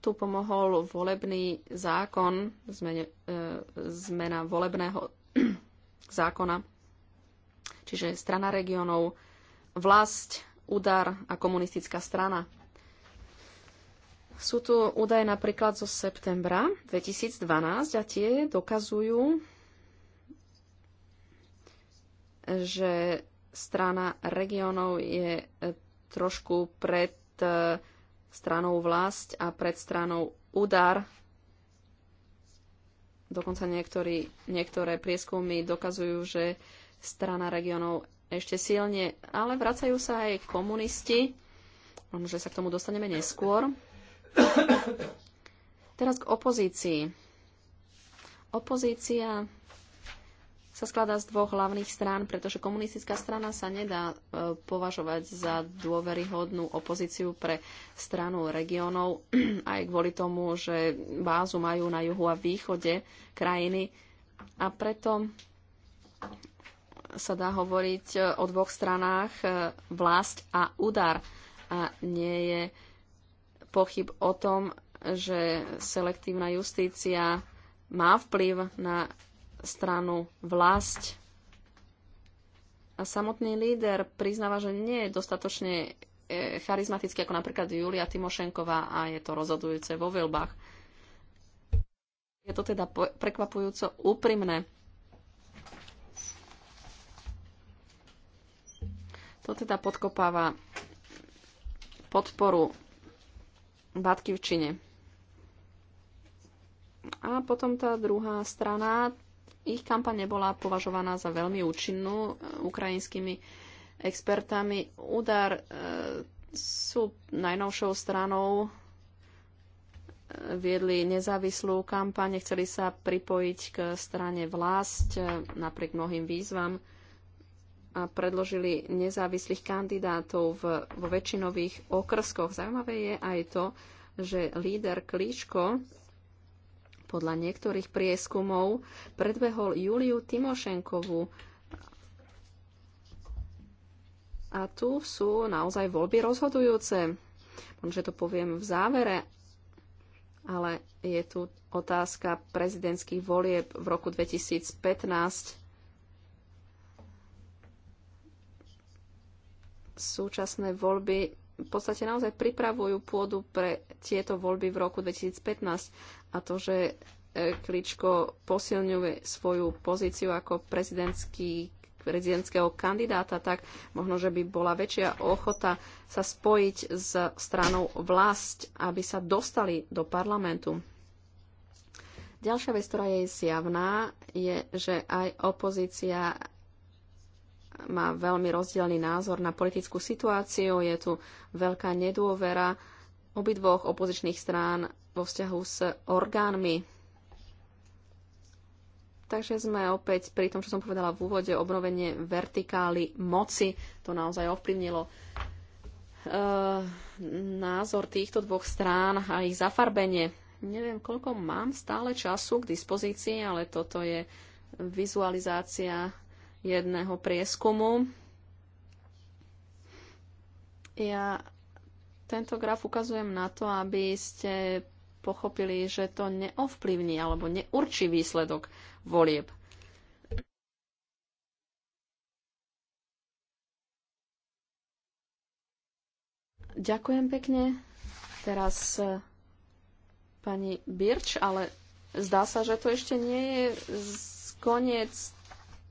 Speaker 4: tu pomohol volebný zákon, zmene, e, zmena volebného zákona, čiže strana regionov, vlast, udar a komunistická strana. Sú tu údaje napríklad zo septembra 2012 a tie dokazujú, že strana regionov je trošku pred e, stranou vlast a pred stranou udar. Dokonca niektorí, niektoré prieskumy dokazujú, že strana regionov ešte silne, ale vracajú sa aj komunisti. Možno, že sa k tomu dostaneme neskôr. Teraz k opozícii. Opozícia sa skladá z dvoch hlavných strán, pretože komunistická strana sa nedá e, považovať za dôveryhodnú opozíciu pre stranu regiónov, aj kvôli tomu, že bázu majú na juhu a východe krajiny. A preto sa dá hovoriť e, o dvoch stranách e, vlast a udar. A nie je pochyb o tom, že selektívna justícia má vplyv na stranu vlast. A samotný líder priznáva, že nie je dostatočne e, charizmatický ako napríklad Julia Timošenková a je to rozhodujúce vo voľbách. Je to teda prekvapujúco úprimné. To teda podkopáva podporu Batky v Čine. A potom tá druhá strana, ich kampaň nebola považovaná za veľmi účinnú e, ukrajinskými expertami. Udar e, sú najnovšou stranou e, viedli nezávislú kampaň, chceli sa pripojiť k strane vlast napriek mnohým výzvam a predložili nezávislých kandidátov v, vo väčšinových okrskoch. Zaujímavé je aj to, že líder Klíčko podľa niektorých prieskumov predbehol Juliu Timošenkovu. A tu sú naozaj voľby rozhodujúce. Možno, že to poviem v závere, ale je tu otázka prezidentských volieb v roku 2015. Súčasné voľby v podstate naozaj pripravujú pôdu pre tieto voľby v roku 2015 a to, že e, Kličko posilňuje svoju pozíciu ako prezidentský prezidentského kandidáta, tak možno, že by bola väčšia ochota sa spojiť s stranou vlast, aby sa dostali do parlamentu. Ďalšia vec, ktorá je zjavná, je, že aj opozícia má veľmi rozdielný názor na politickú situáciu. Je tu veľká nedôvera obidvoch opozičných strán vo vzťahu s orgánmi. Takže sme opäť pri tom, čo som povedala v úvode, obnovenie vertikály moci. To naozaj ovplyvnilo e, názor týchto dvoch strán a ich zafarbenie. Neviem, koľko mám stále času k dispozícii, ale toto je vizualizácia jedného prieskumu. Ja tento graf ukazujem na to, aby ste pochopili, že to neovplyvní alebo neurčí výsledok volieb. Ďakujem pekne. Teraz e, pani Birč, ale zdá sa, že to ešte nie je koniec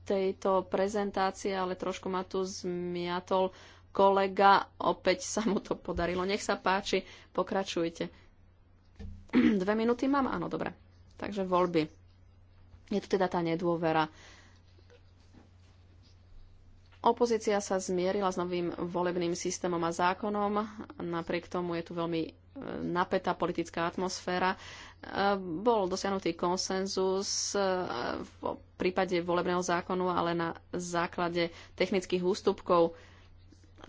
Speaker 4: tejto prezentácie, ale trošku ma tu zmiatol kolega. Opäť sa mu to podarilo. Nech sa páči, pokračujte. Dve minúty mám? Áno, dobre. Takže voľby. Je tu teda tá nedôvera. Opozícia sa zmierila s novým volebným systémom a zákonom. Napriek tomu je tu veľmi e, napätá politická atmosféra. E, bol dosiahnutý konsenzus e, v prípade volebného zákonu, ale na základe technických ústupkov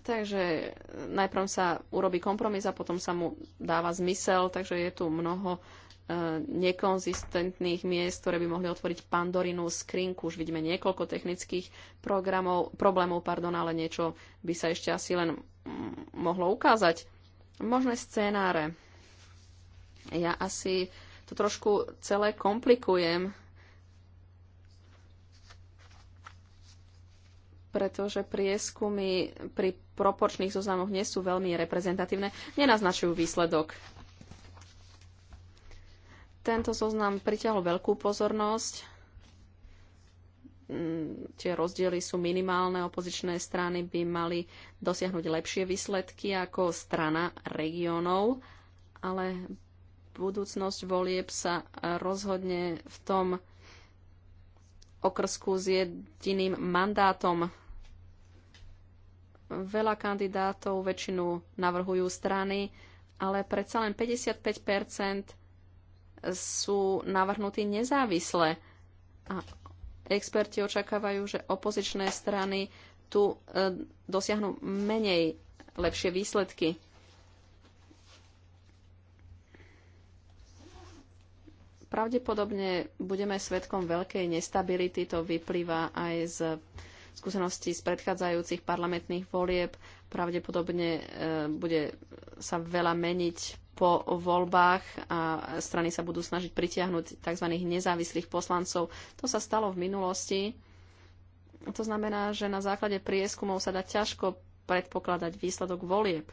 Speaker 4: Takže najprv sa urobí kompromis a potom sa mu dáva zmysel, takže je tu mnoho e, nekonzistentných miest, ktoré by mohli otvoriť pandorinu skrinku. Už vidíme niekoľko technických programov, problémov, pardon, ale niečo by sa ešte asi len mohlo ukázať. Možné scénáre. Ja asi to trošku celé komplikujem, pretože prieskumy pri proporčných zoznamoch nie sú veľmi reprezentatívne, nenaznačujú výsledok. Tento zoznam priťahol veľkú pozornosť. Mm, tie rozdiely sú minimálne. Opozičné strany by mali dosiahnuť lepšie výsledky ako strana regiónov, ale budúcnosť volieb sa rozhodne v tom okrsku s jediným mandátom veľa kandidátov, väčšinu navrhujú strany, ale predsa len 55 sú navrhnutí nezávisle. A experti očakávajú, že opozičné strany tu e, dosiahnu menej lepšie výsledky. Pravdepodobne budeme svetkom veľkej nestability, to vyplýva aj z skúsenosti z predchádzajúcich parlamentných volieb. Pravdepodobne e, bude sa veľa meniť po voľbách a strany sa budú snažiť pritiahnuť tzv. nezávislých poslancov. To sa stalo v minulosti. To znamená, že na základe prieskumov sa dá ťažko predpokladať výsledok volieb.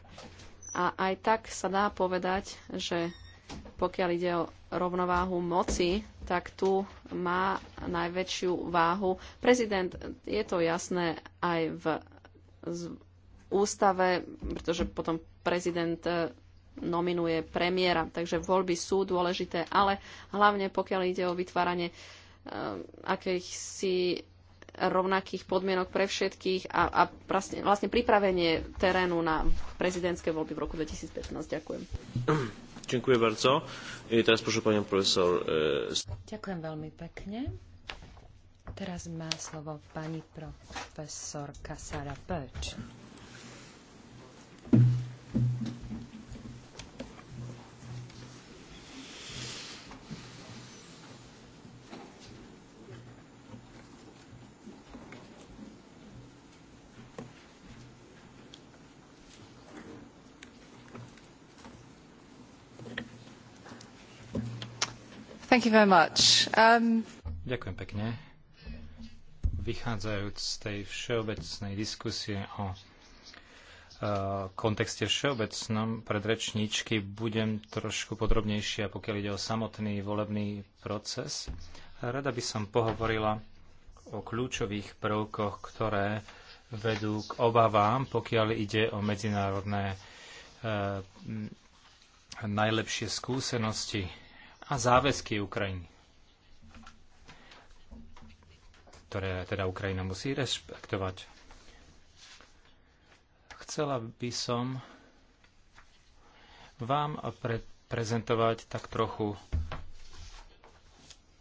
Speaker 4: A aj tak sa dá povedať, že pokiaľ ide o rovnováhu moci, tak tu má najväčšiu váhu prezident. Je to jasné aj v ústave, pretože potom prezident e, nominuje premiéra. Takže voľby sú dôležité, ale hlavne pokiaľ ide o vytváranie e, akýchsi rovnakých podmienok pre všetkých a, a vlastne, vlastne pripravenie terénu na prezidentské voľby v roku 2015. Ďakujem.
Speaker 5: Dziękuję bardzo. I teraz proszę panią profesor. E,
Speaker 4: Ďakujem veľmi pekne. Teraz má
Speaker 2: slovo pani profesor Sara Pöč. Um,
Speaker 5: Ďakujem pekne. Vychádzajúc z tej všeobecnej diskusie o uh, kontexte všeobecnom predrečníčky budem trošku podrobnejšia, pokiaľ ide o samotný volebný proces. Rada by som pohovorila o kľúčových prvkoch, ktoré vedú k obavám, pokiaľ ide o medzinárodné e, najlepšie skúsenosti a záväzky Ukrajiny, ktoré teda Ukrajina musí rešpektovať. Chcela by som vám pre, prezentovať tak trochu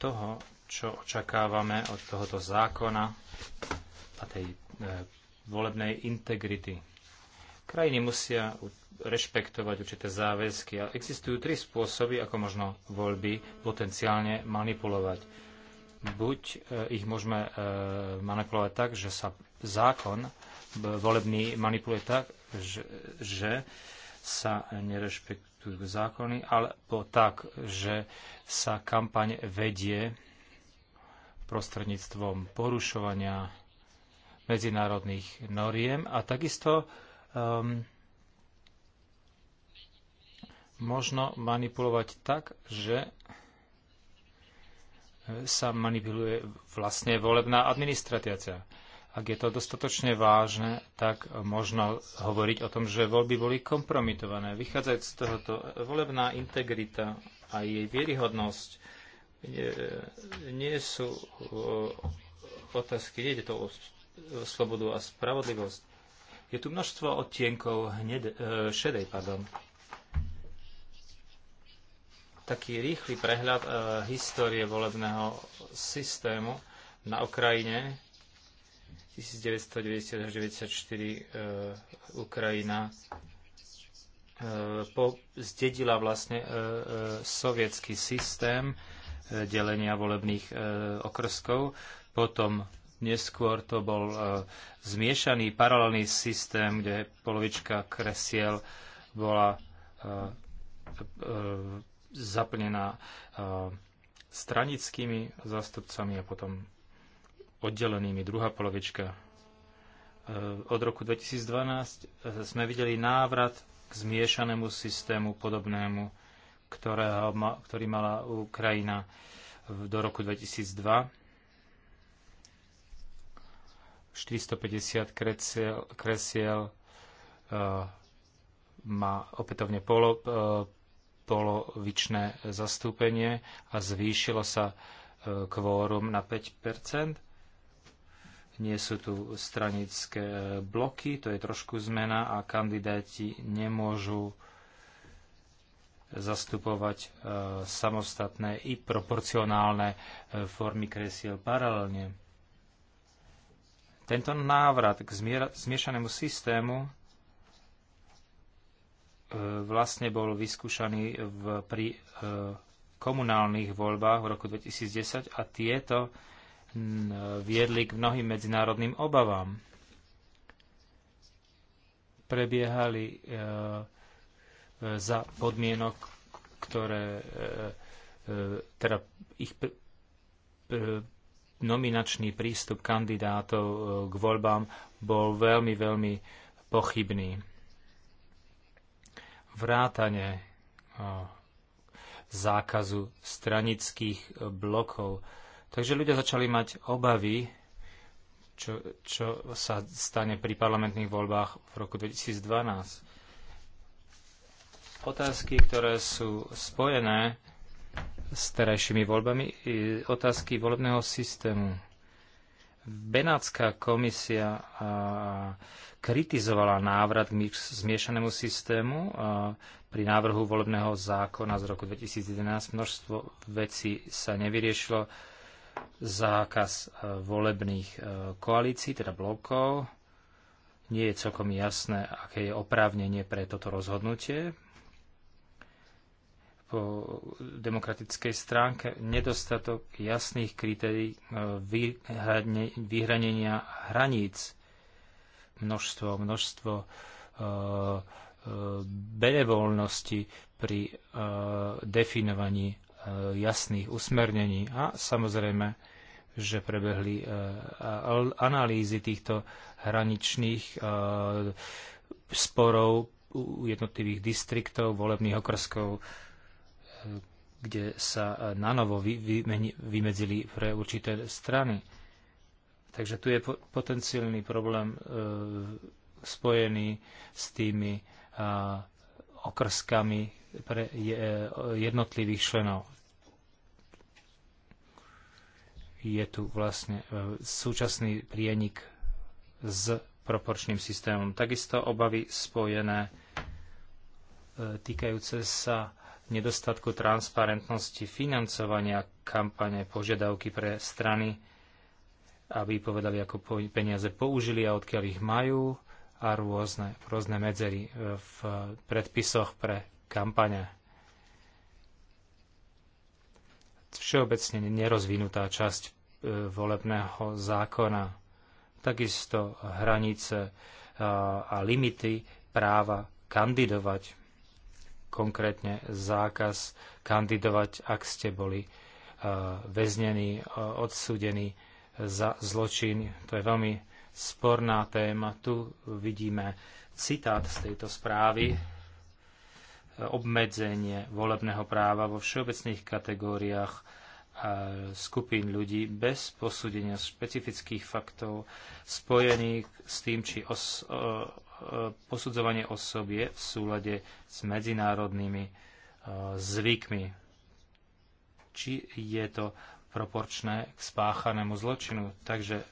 Speaker 5: toho, čo očakávame od tohoto zákona a tej e, volebnej integrity. Krajiny musia rešpektovať určité záväzky a existujú tri spôsoby, ako možno voľby potenciálne manipulovať. Buď e, ich môžeme e, manipulovať tak, že sa zákon volebný manipuluje tak, že, že sa nerešpektujú zákony, alebo tak, že sa kampaň vedie prostredníctvom porušovania medzinárodných noriem a takisto um, možno manipulovať tak, že sa manipuluje vlastne volebná administratícia. Ak je to dostatočne vážne, tak možno hovoriť o tom, že voľby boli kompromitované. Vychádzajúc z tohoto, volebná integrita a jej vieryhodnosť nie, nie sú otázky, nie je to o slobodu a spravodlivosť. Je tu množstvo odtienkov hned, e, šedej. Pardon. Taký rýchly prehľad e, histórie volebného systému na Ukrajine 1990 e, Ukrajina Ukrajina e, po, zdedila vlastne e, e, sovietský systém delenia volebných e, okrskov, potom Neskôr to bol e, zmiešaný paralelný systém, kde polovička kresiel bola e, e, zaplnená stranickými zástupcami a potom oddelenými. Druhá polovička od roku 2012 sme videli návrat k zmiešanému systému podobnému, ktorého, ktorý mala Ukrajina do roku 2002 450 kresiel, kresiel má opätovne polo, e, polovičné zastúpenie a zvýšilo sa e, kvórum na 5 Nie sú tu stranické e, bloky, to je trošku zmena a kandidáti nemôžu zastupovať samostatné i proporcionálne formy kresiel paralelne tento návrat k zmiešanému systému e, vlastne bol vyskúšaný v, pri e, komunálnych voľbách v roku 2010 a tieto viedli k mnohým medzinárodným obavám. Prebiehali e, za podmienok, ktoré teda ich nominačný prístup kandidátov e, k voľbám bol veľmi, veľmi pochybný. Vrátane e, zákazu stranických e, blokov. Takže ľudia začali mať obavy, čo, čo sa stane pri parlamentných voľbách v roku 2012. Otázky, ktoré sú spojené s terajšími voľbami otázky volebného systému. Benátska komisia kritizovala návrat k zmiešanému systému pri návrhu volebného zákona z roku 2011. Množstvo vecí sa nevyriešilo. Zákaz e, volebných e, koalícií, teda blokov. Nie je celkom jasné, aké je oprávnenie pre toto rozhodnutie po demokratickej stránke nedostatok jasných kritérií e, vyhranenia hraníc. Množstvo, množstvo e, e, benevoľnosti pri definovaní jasných usmernení a samozrejme, že prebehli analýzy týchto hraničných sporov jednotlivých distriktov, volebných okrskov, kde sa e, nanovo vymedzili pre určité strany. Takže tu je potenciálny problém e, spojený s tými e, okrskami pre jednotlivých členov. Je tu vlastne súčasný prienik s proporčným systémom. Takisto obavy spojené týkajúce sa nedostatku transparentnosti financovania kampane, požiadavky pre strany, aby povedali, ako peniaze použili a odkiaľ ich majú a rôzne, rôzne medzery e, v predpisoch pre kampane. Všeobecne nerozvinutá časť e, volebného zákona, takisto hranice a limity práva kandidovať konkrétne zákaz kandidovať, ak ste boli uh, väznení, uh, odsúdení za zločin. To je veľmi sporná téma. Tu vidíme citát z tejto správy. Obmedzenie volebného práva vo všeobecných kategóriách uh, skupín ľudí bez posúdenia špecifických faktov spojených s tým, či os, E, posudzovanie osob je v súlade s medzinárodnými e, zvykmi. Či je to proporčné k spáchanému zločinu. Takže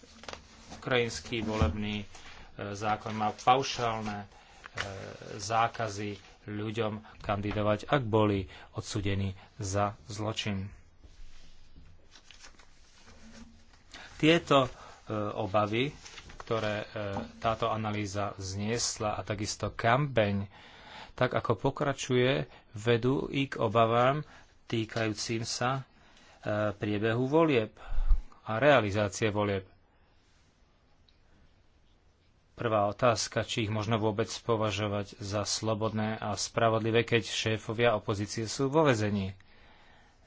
Speaker 5: ukrajinský volebný e, zákon má paušálne zákazy ľuďom kandidovať, ak boli odsudení za zločin. Tieto obavy ktoré e, táto analýza zniesla a takisto kampeň tak ako pokračuje, vedú i k obavám týkajúcim sa e, priebehu volieb a realizácie volieb. Prvá otázka, či ich možno vôbec považovať za slobodné a spravodlivé, keď šéfovia opozície sú vo vezení.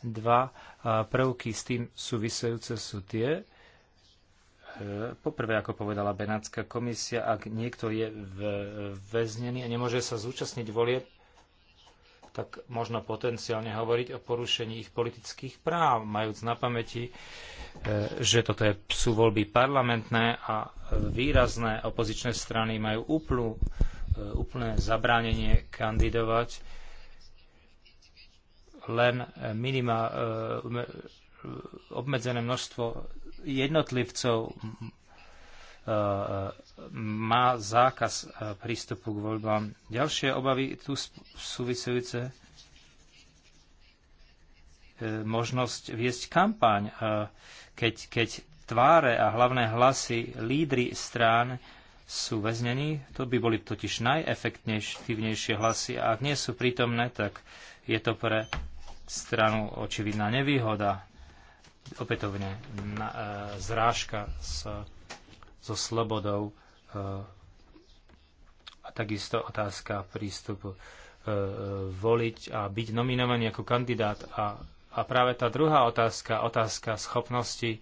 Speaker 5: Dva prvky s tým súvisejúce sú tie, E, poprvé, ako povedala Benátska komisia, ak niekto je väznený a nemôže sa zúčastniť volieb, tak možno potenciálne hovoriť o porušení ich politických práv, majúc na pamäti, e, že toto je, sú voľby parlamentné a e, výrazné opozičné strany majú úplnú, úplné zabránenie kandidovať len minima, obmedzené množstvo jednotlivcov má zákaz e, prístupu k voľbám. Ďalšie obavy tu súvisujúce e, možnosť viesť kampaň, e, keď, keď tváre a hlavné hlasy lídry strán sú väznení, to by boli totiž najefektívnejšie hlasy a ak nie sú prítomné, tak je to pre stranu očividná nevýhoda opätovne na, e, zrážka s, so slobodou e, a takisto otázka prístupu e, e, voliť a byť nominovaný ako kandidát. A, a práve tá druhá otázka, otázka schopnosti e,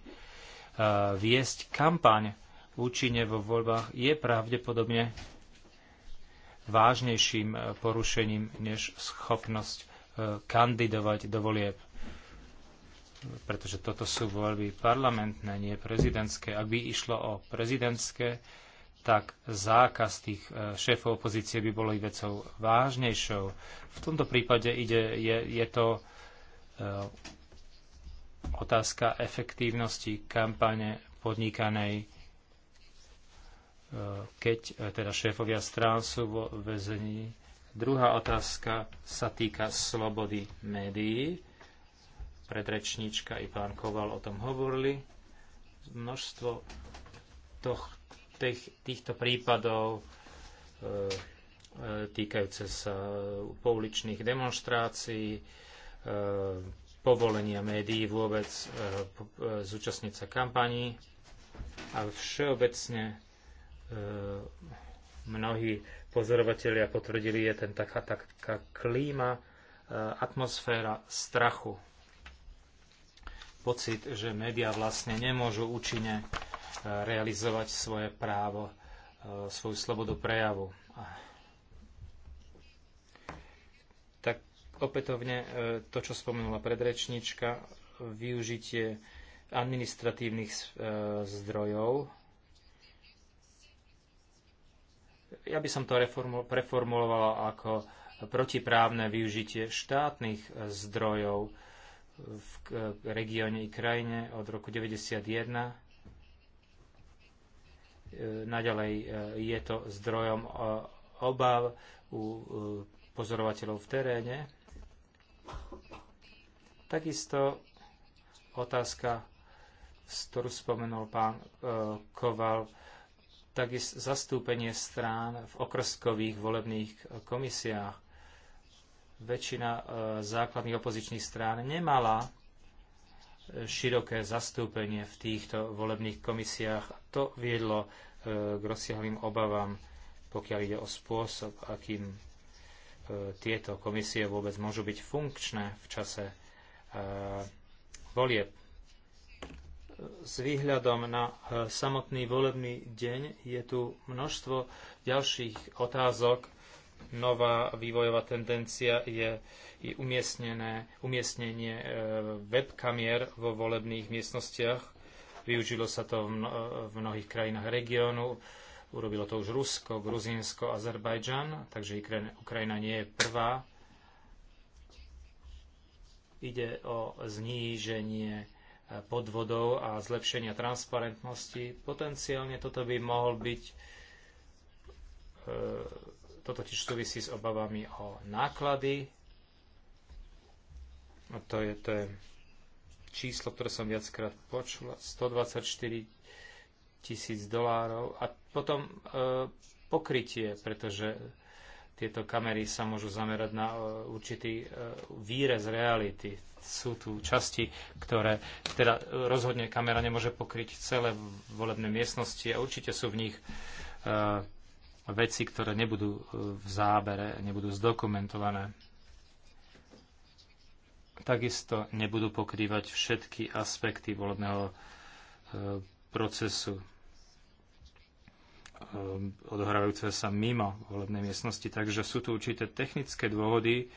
Speaker 5: viesť kampaň účinne vo voľbách, je pravdepodobne vážnejším e, porušením než schopnosť e, kandidovať do volieb pretože toto sú voľby parlamentné, nie prezidentské. Ak by išlo o prezidentské, tak zákaz tých e, šéfov opozície by bolo vecou vážnejšou. V tomto prípade ide, je, je to e, otázka efektívnosti kampane podnikanej, e, keď teda šéfovia strán sú vo väzení. Druhá otázka sa týka slobody médií predrečníčka i pán Koval o tom hovorili. Množstvo toch, tých, týchto prípadov e, e týkajúce sa pouličných demonstrácií, e, povolenia médií vôbec e, e zúčastniť sa kampaní a všeobecne e, mnohí pozorovatelia potvrdili, je ten taká, taká klíma, atmosféra strachu pocit, že médiá vlastne nemôžu účinne e, realizovať svoje právo, e, svoju slobodu prejavu. Tak opätovne e, to, čo spomenula predrečníčka, využitie administratívnych zdrojov. Ja by som to preformulovala ako protiprávne využitie štátnych zdrojov, v regióne i krajine od roku 1991. E, naďalej e, je to zdrojom e, obav u pozorovateľov v teréne. Takisto otázka, z ktorú spomenul pán Koval, takisto zastúpenie strán v okrskových volebných komisiách väčšina e, základných opozičných strán nemala e, široké zastúpenie v týchto volebných komisiách. To viedlo e, k rozsiahlým obavám, pokiaľ ide o spôsob, akým tieto komisie vôbec môžu byť funkčné v čase volieb. S výhľadom na samotný volebný deň je tu množstvo ďalších otázok, nová vývojová tendencia je i umiestnenie e, webkamier vo volebných miestnostiach. Využilo sa to v mnohých krajinách regiónu. Urobilo to už Rusko, Gruzínsko, Azerbajdžan, takže Ukrajina nie je prvá. Ide o zníženie e, podvodov a zlepšenia transparentnosti. Potenciálne toto by mohol byť e, to totiž súvisí s obavami o náklady. A to je, to je číslo, ktoré som viackrát počula. 124 tisíc dolárov. A potom e, pokrytie, pretože tieto kamery sa môžu zamerať na e, určitý e, výrez reality. Sú tu časti, ktoré teda rozhodne kamera nemôže pokryť celé volebné miestnosti a určite sú v nich e, veci, ktoré nebudú e, v zábere, nebudú zdokumentované. Takisto nebudú pokrývať všetky aspekty volebného e, procesu e, odohrávajúce sa mimo volebnej miestnosti. Takže sú tu určité technické dôvody,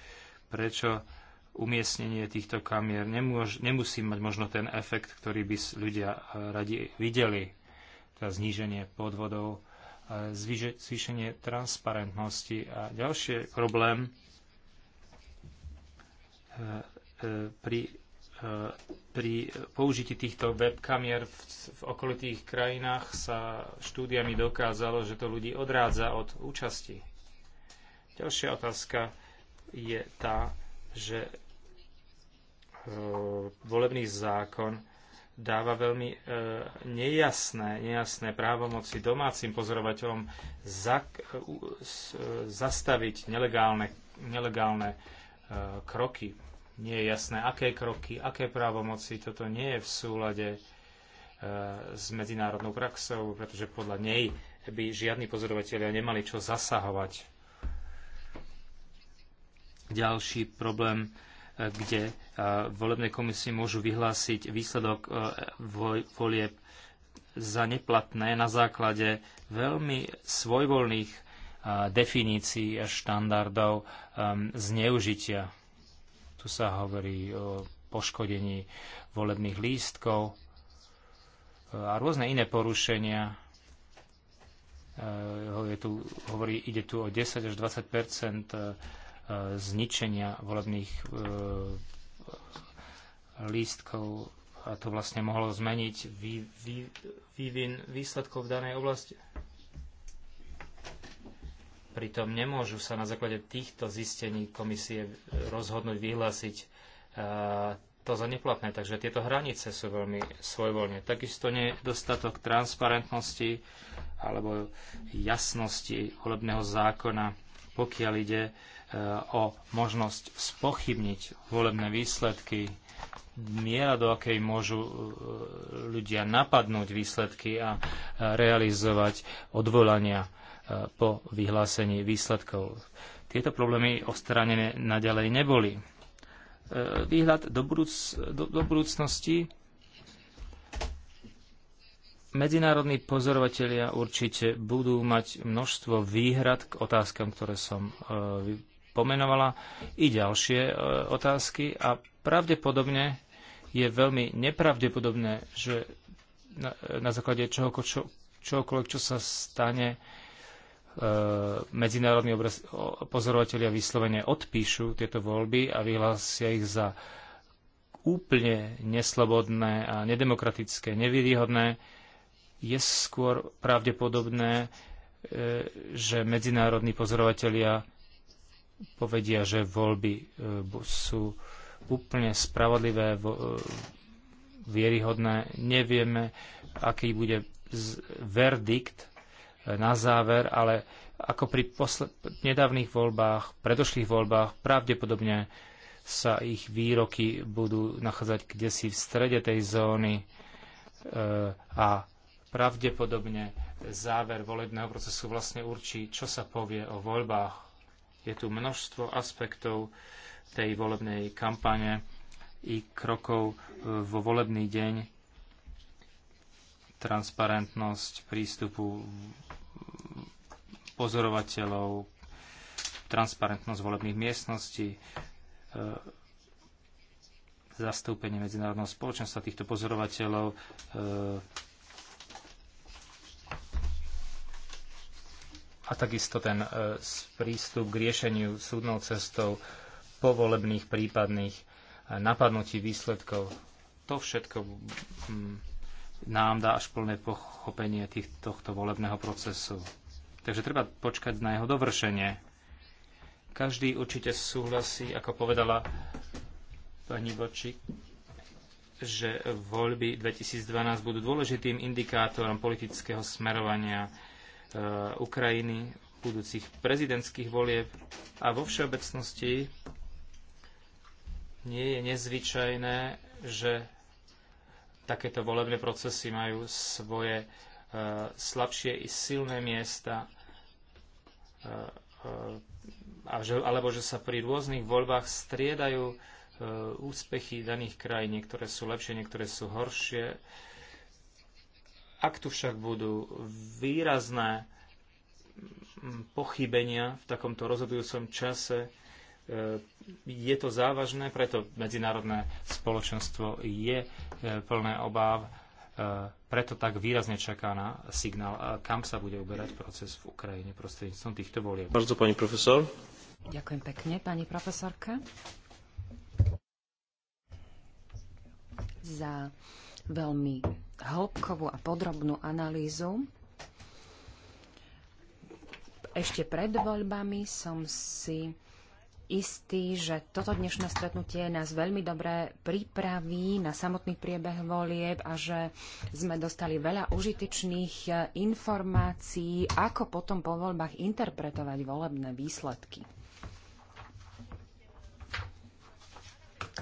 Speaker 5: prečo umiestnenie týchto kamier nemôž, nemusí mať možno ten efekt, ktorý by ľudia radi videli, teda zníženie podvodov zvýšenie transparentnosti. A ďalší problém e, e, pri, e, pri použití týchto webkamier v, v okolitých krajinách sa štúdiami dokázalo, že to ľudí odrádza od účasti. Ďalšia otázka je tá, že volebný zákon dáva veľmi e, nejasné, nejasné právomoci domácim pozorovateľom e, zastaviť nelegálne, nelegálne e, kroky. Nie je jasné, aké kroky, aké právomoci. Toto nie je v súlade e, s medzinárodnou praxou, pretože podľa nej by žiadni pozorovatelia nemali čo zasahovať. Ďalší problém kde volebné komisie môžu vyhlásiť výsledok e, volieb za neplatné na základe veľmi svojvoľných definícií a štandardov e, zneužitia. Tu sa hovorí o poškodení volebných lístkov e, a rôzne iné porušenia. Je tu, hovorí, ide tu o 10 až 20 zničenia volebných e, lístkov a to vlastne mohlo zmeniť vý, vý, vývin výsledkov v danej oblasti. Pritom nemôžu sa na základe týchto zistení komisie rozhodnúť vyhlásiť e, to za neplatné. Takže tieto hranice sú veľmi svojvoľne. Takisto nedostatok transparentnosti alebo jasnosti volebného zákona, pokiaľ ide o možnosť spochybniť volebné výsledky, miera, do akej môžu e, ľudia napadnúť výsledky a e, realizovať odvolania e, po vyhlásení výsledkov. Tieto problémy ostranené naďalej neboli. Výhľad do, budúc, do, do budúcnosti medzinárodní pozorovatelia určite budú mať množstvo výhrad k otázkam, ktoré som pomenovala, i ďalšie e, otázky a pravdepodobne je veľmi nepravdepodobné, že na, na základe čoho, čo, čohokoľvek, čo sa stane, e, medzinárodní obraz, o, pozorovatelia vyslovene odpíšu tieto voľby a vyhlásia ich za úplne neslobodné a nedemokratické, nevýhodné. Je skôr pravdepodobné, e, že medzinárodní pozorovatelia povedia, že voľby e, sú úplne spravodlivé, e, vieryhodné. Nevieme, aký bude verdikt e, na záver, ale ako pri posled- nedávnych voľbách, predošlých voľbách, pravdepodobne sa ich výroky budú nachádzať kde si v strede tej zóny e, a pravdepodobne záver volebného procesu vlastne určí, čo sa povie o voľbách je tu množstvo aspektov tej volebnej kampane i krokov vo volebný deň, transparentnosť prístupu pozorovateľov, transparentnosť volebných miestností, e, zastúpenie medzinárodného spoločenstva týchto pozorovateľov, e, a takisto ten e, prístup k riešeniu súdnou cestou povolebných prípadných e, napadnutí výsledkov. To všetko mm, nám dá až plné pochopenie tých, tohto volebného procesu. Takže treba počkať na jeho dovršenie. Každý určite súhlasí, ako povedala pani Boči, že voľby 2012 budú dôležitým indikátorom politického smerovania Eh, Ukrajiny, budúcich prezidentských volieb a vo všeobecnosti nie je nezvyčajné, že takéto volebné procesy majú svoje eh, slabšie i silné miesta, eh, alebo že sa pri rôznych voľbách striedajú úspechy daných krajín, niektoré sú lepšie, niektoré sú horšie ak tu však budú výrazné pochybenia v takomto rozhodujúcom čase, e, je to závažné, preto medzinárodné spoločenstvo je e, plné obáv, e, preto tak výrazne čaká na signál, kam sa bude uberať proces v Ukrajine prostredníctvom týchto volieb. Bardzo, pani profesor.
Speaker 2: Ďakujem pekne, pani profesorka, za veľmi hĺbkovú a podrobnú analýzu. Ešte pred voľbami som si istý, že toto dnešné stretnutie nás veľmi dobre pripraví na samotný priebeh volieb a že sme dostali veľa užitečných eh, informácií, ako potom po voľbách interpretovať volebné výsledky.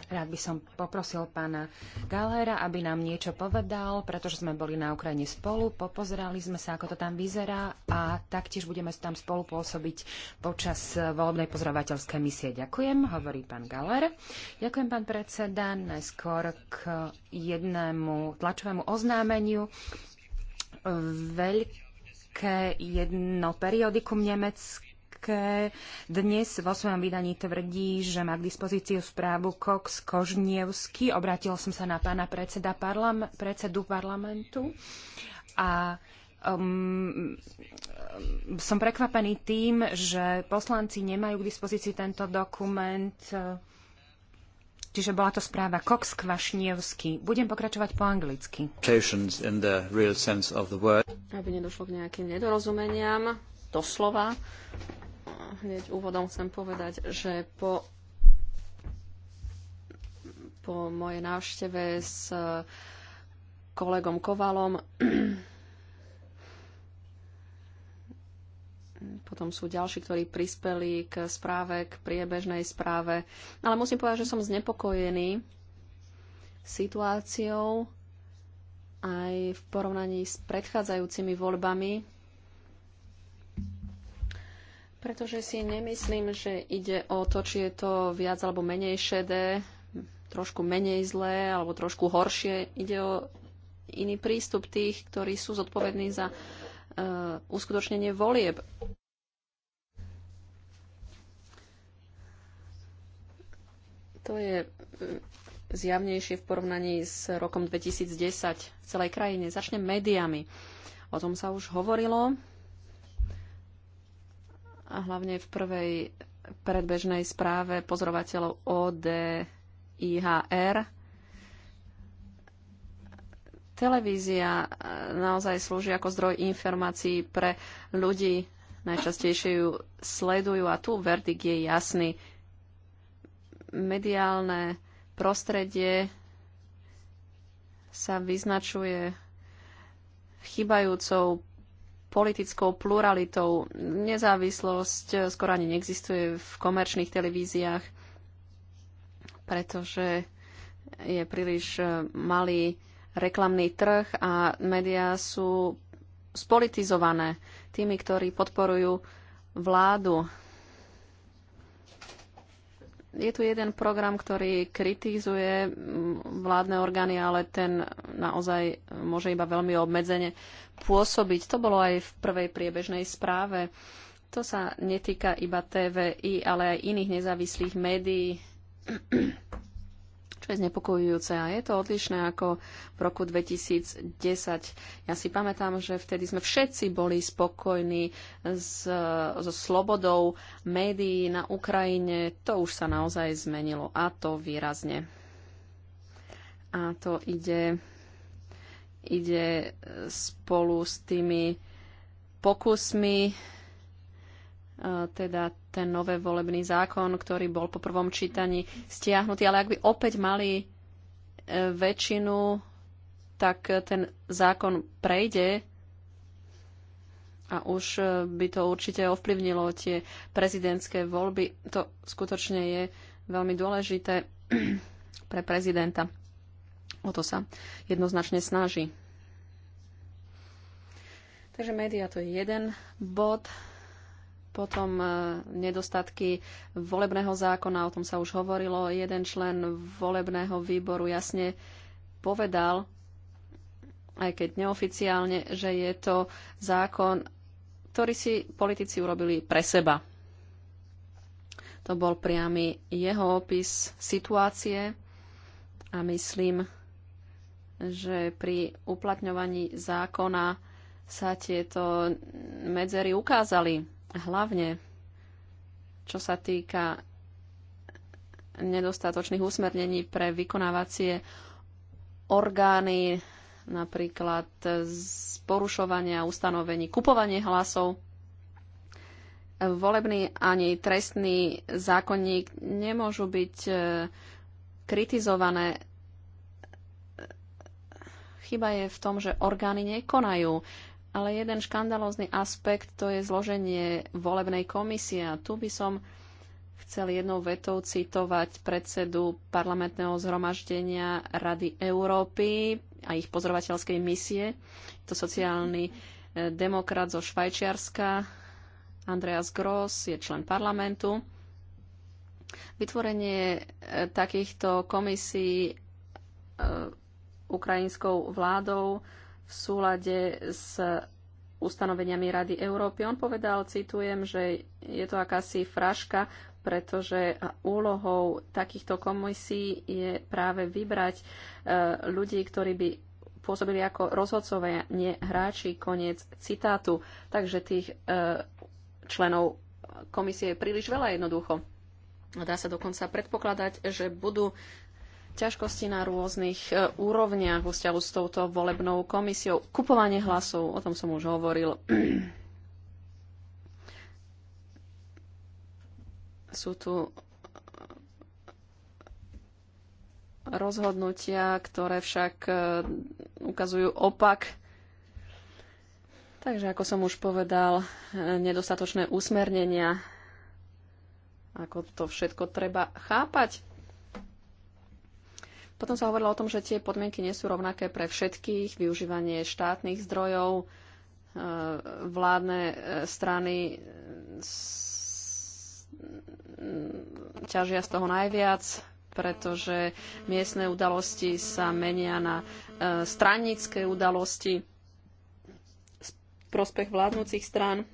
Speaker 2: Rád by som poprosil pána Galera, aby nám niečo povedal, pretože sme boli na Ukrajine spolu, popozerali sme sa, ako to tam vyzerá a taktiež budeme tam spolu pôsobiť počas volebnej pozorovateľskej misie. Ďakujem, hovorí pán Galer. Ďakujem, pán predseda. Najskôr k jednému tlačovému oznámeniu. Veľké jedno periodikum nemecké Kotke Dnes vo svojom vydaní tvrdí, že má k dispozíciu správu Cox Kožnievsky. Obrátil som sa na pána predseda parlam- predsedu parlamentu a Um, som prekvapený tým, že poslanci nemajú k dispozícii tento dokument. Čiže bola to správa Cox
Speaker 4: Kvašnievsky. Budem pokračovať po anglicky. Aby nedošlo k nejakým nedorozumeniam, doslova, hneď úvodom chcem povedať, že po, po mojej návšteve s kolegom Kovalom potom sú ďalší, ktorí prispeli k správe, k priebežnej správe. Ale musím povedať, že som znepokojený situáciou aj v porovnaní s predchádzajúcimi voľbami pretože si nemyslím, že ide o to, či je to viac alebo menej šedé, trošku menej zlé alebo trošku horšie. Ide o iný prístup tých, ktorí sú zodpovední za uh, uskutočnenie volieb. To je mm, zjavnejšie v porovnaní s rokom 2010 v celej krajine. Začnem médiami. O tom sa už hovorilo a hlavne v prvej predbežnej správe pozorovateľov ODIHR. Televízia e, naozaj slúži ako zdroj informácií pre ľudí. Najčastejšie ju sledujú a tu verdikt je jasný. Mediálne prostredie sa vyznačuje chybajúcou politickou pluralitou. Nezávislosť skoro ani neexistuje v komerčných televíziách, pretože je príliš e, malý reklamný trh a médiá sú spolitizované tými, ktorí podporujú vládu je tu jeden program, ktorý kritizuje mm, vládne orgány, ale ten naozaj môže iba veľmi obmedzene pôsobiť. To bolo aj v prvej priebežnej správe. To sa netýka iba TVI, ale aj iných nezávislých médií čo je znepokojujúce a je to odlišné ako v roku 2010. Ja si pamätám, že vtedy sme všetci boli spokojní s, so slobodou médií na Ukrajine. To už sa naozaj zmenilo a to výrazne. A to ide, ide spolu s tými pokusmi Eh, teda ten nové volebný zákon, ktorý bol po prvom čítaní stiahnutý, ale ak by opäť mali eh, väčšinu, tak eh, ten zákon prejde a už by to určite ovplyvnilo tie prezidentské voľby. To skutočne je veľmi dôležité pre prezidenta. O to sa jednoznačne snaží. Takže média to je jeden bod. Potom e, nedostatky volebného zákona, o tom sa už hovorilo. Jeden člen volebného výboru jasne povedal, aj keď neoficiálne, že je to zákon, ktorý si politici urobili pre seba. To bol priamy jeho opis situácie a myslím, že pri uplatňovaní zákona sa tieto medzery ukázali Hlavne, čo sa týka nedostatočných usmernení pre vykonávacie orgány, napríklad z porušovania ustanovení, kupovanie hlasov. Volebný ani trestný zákonník nemôžu byť e, kritizované. Chyba je v tom, že orgány nekonajú. Ale jeden škandalózny aspekt to je zloženie volebnej komisie. A tu by som chcel jednou vetou citovať predsedu parlamentného zhromaždenia Rady Európy a ich pozorovateľskej misie. To sociálny e, demokrat zo Švajčiarska, Andreas Gross, je člen parlamentu. Vytvorenie e, takýchto komisí e, ukrajinskou vládou v súlade s ustanoveniami Rady Európy. On povedal, citujem, že je to akási fraška, pretože úlohou takýchto komisí je práve vybrať e, ľudí, ktorí by pôsobili ako rozhodcovia, nie hráči, koniec citátu. Takže tých e, členov komisie je príliš veľa jednoducho. Dá sa dokonca predpokladať, že budú ťažkosti na rôznych e, úrovniach vo vzťahu s touto volebnou komisiou. Kupovanie hlasov, o tom som už hovoril. Sú tu e, rozhodnutia, ktoré však e, ukazujú opak Takže, ako som už povedal, nedostatočné usmernenia, ako to všetko treba chápať. Potom sa hovorilo o tom, že tie podmienky nie sú rovnaké pre všetkých, využívanie štátnych zdrojov, e, vládne e, strany e, ťažia z toho najviac, pretože miestne udalosti sa menia na stranické udalosti prospech vládnúcich strán.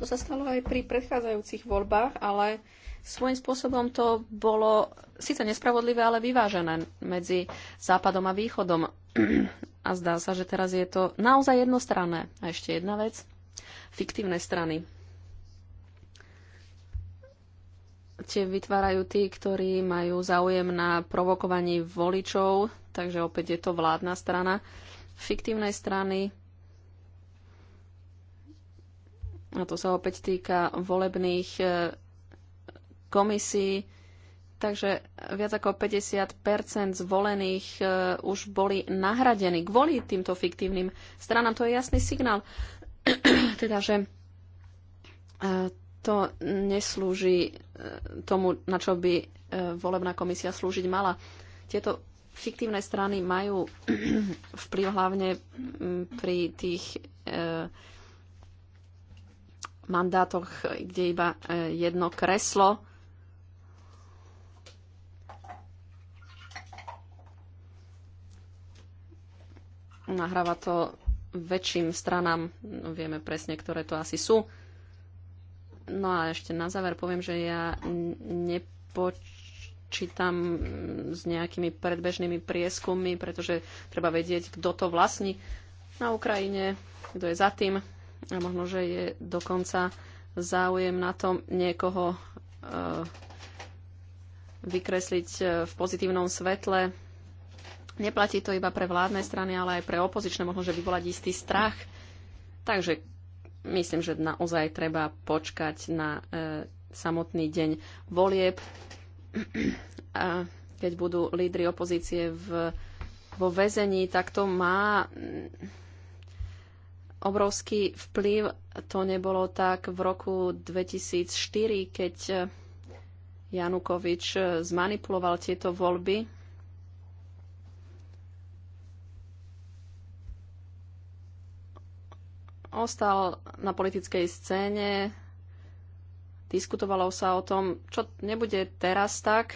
Speaker 4: To sa stalo aj pri predchádzajúcich voľbách, ale Svojím spôsobom to bolo síce nespravodlivé, ale vyvážené medzi západom a východom. A zdá sa, že teraz je to naozaj jednostranné. A ešte jedna vec. Fiktívne strany. Tie vytvárajú tí, ktorí majú záujem na provokovaní voličov, takže opäť je to vládna strana. Fiktívnej strany a to sa opäť týka volebných eh, komisii, takže viac ako 50 zvolených e, už boli nahradení kvôli týmto fiktívnym stranám. To je jasný signál, teda, že e, to neslúži e, tomu, na čo by volebná komisia slúžiť mala. Tieto fiktívne strany majú vplyv hlavne pri tých mandátoch, kde iba jedno kreslo Nahráva to väčším stranám, vieme presne, ktoré to asi sú. No a ešte na záver poviem, že ja nepočítam s nejakými predbežnými prieskummi, pretože treba vedieť, kto to vlastní na Ukrajine, kto je za tým a možno, že je dokonca záujem na tom niekoho e, vykresliť eh, v pozitívnom svetle Neplatí to iba pre vládne strany, ale aj pre opozičné, možno, že vyvolať istý strach. Takže myslím, že naozaj treba počkať na e, samotný deň volieb. A keď budú lídry opozície v, vo väzení, tak to má mm, obrovský vplyv. To nebolo tak v roku 2004, keď e, Janukovič e, zmanipuloval tieto voľby ostal na politickej scéne, diskutovalo sa o tom, čo nebude teraz tak,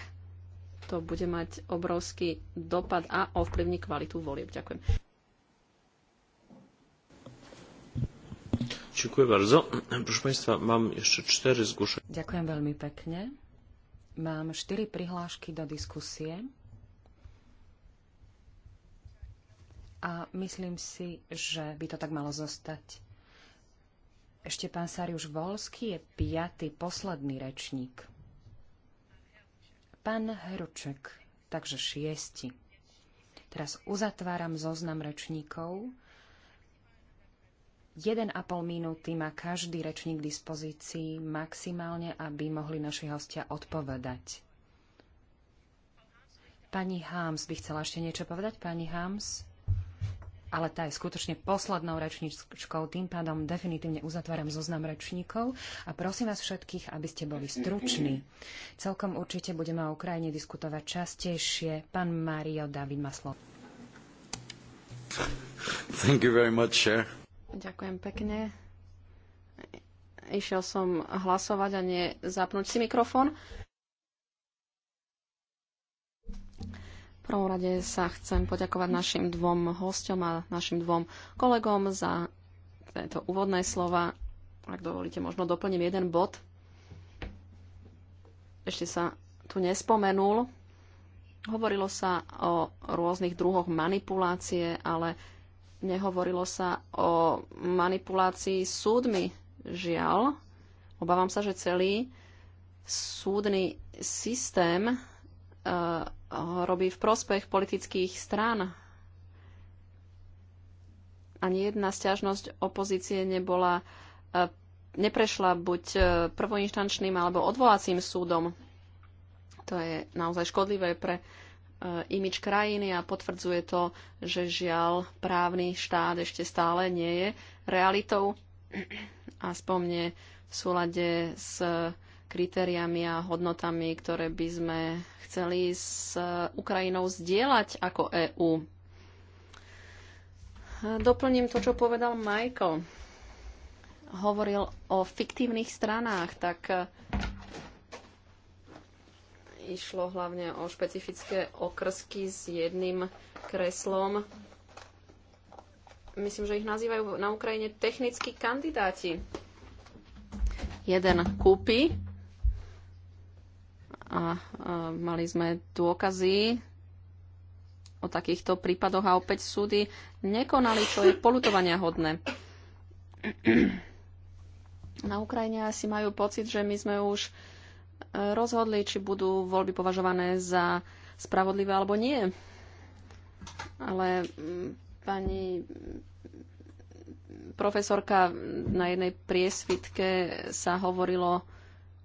Speaker 4: to bude mať obrovský dopad a ovplyvní kvalitu volieb. Ďakujem.
Speaker 5: Ďakujem bardzo. Proszę Państwa, mám ešte 4 zgłoszenia.
Speaker 4: Ďakujem veľmi
Speaker 2: pekne. Mám štyri prihlášky do diskusie. A myslím si, že by to tak malo zostať. Ešte pán Sariuš Volský je piaty, posledný rečník. Pán Heruček, takže šiesti. Teraz uzatváram zoznam rečníkov. 1,5 minúty má každý rečník k dispozícii maximálne, aby mohli naši hostia odpovedať. Pani Hams by chcela ešte niečo povedať? Pani Hams? ale tá je skutočne poslednou rečničkou, tým pádom definitívne uzatváram zoznam rečníkov a prosím vás všetkých, aby ste boli struční. Celkom určite budeme o Ukrajine diskutovať častejšie. Pán Mario David
Speaker 4: Maslo.
Speaker 1: Thank you very much, sir.
Speaker 4: Ďakujem pekne. Išiel som hlasovať a nie zapnúť si mikrofón. prvom rade sa chcem poďakovať našim dvom hostom a našim dvom kolegom za tieto úvodné slova. Ak dovolíte, možno doplním jeden bod. Ešte sa tu nespomenul. Hovorilo sa o rôznych druhoch manipulácie, ale nehovorilo sa o manipulácii súdmi. Žiaľ, obávam sa, že celý súdny systém eh, robí v prospech politických strán. Ani jedna stiažnosť opozície nebola, e, neprešla buď e, prvoinštančným alebo odvolacím súdom. To je naozaj škodlivé pre e, imič krajiny a potvrdzuje to, že žiaľ právny štát ešte stále nie je realitou. Aspoň nie v súlade s kritériami a hodnotami, ktoré by sme chceli s Ukrajinou zdieľať ako EÚ. Doplním to, čo povedal Michael. Hovoril o fiktívnych stranách, tak e, išlo hlavne o špecifické okrsky s jedným kreslom. Myslím, že ich nazývajú na Ukrajine technickí kandidáti. Jeden kúpi a, a mali sme dôkazy o takýchto prípadoch a opäť súdy nekonali, čo je polutovania hodné. Na Ukrajine asi majú pocit, že my sme už e, rozhodli, či budú voľby považované za spravodlivé alebo nie. Ale mm, pani profesorka na jednej priesvitke sa hovorilo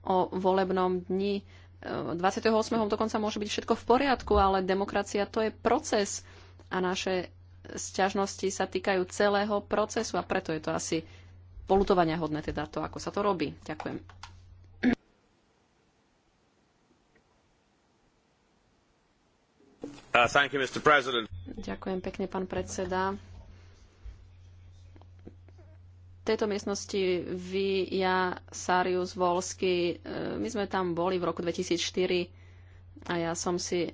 Speaker 4: o volebnom dni 28. dokonca môže byť všetko v poriadku, ale demokracia to je proces a naše sťažnosti sa týkajú celého procesu a preto je to asi polutovania hodné teda to, ako sa to robí. Ďakujem.
Speaker 1: Uh, you,
Speaker 4: Ďakujem pekne, pán predseda tejto miestnosti vy, ja, Sarius Volsky, e, my sme tam boli v roku 2004 a ja som si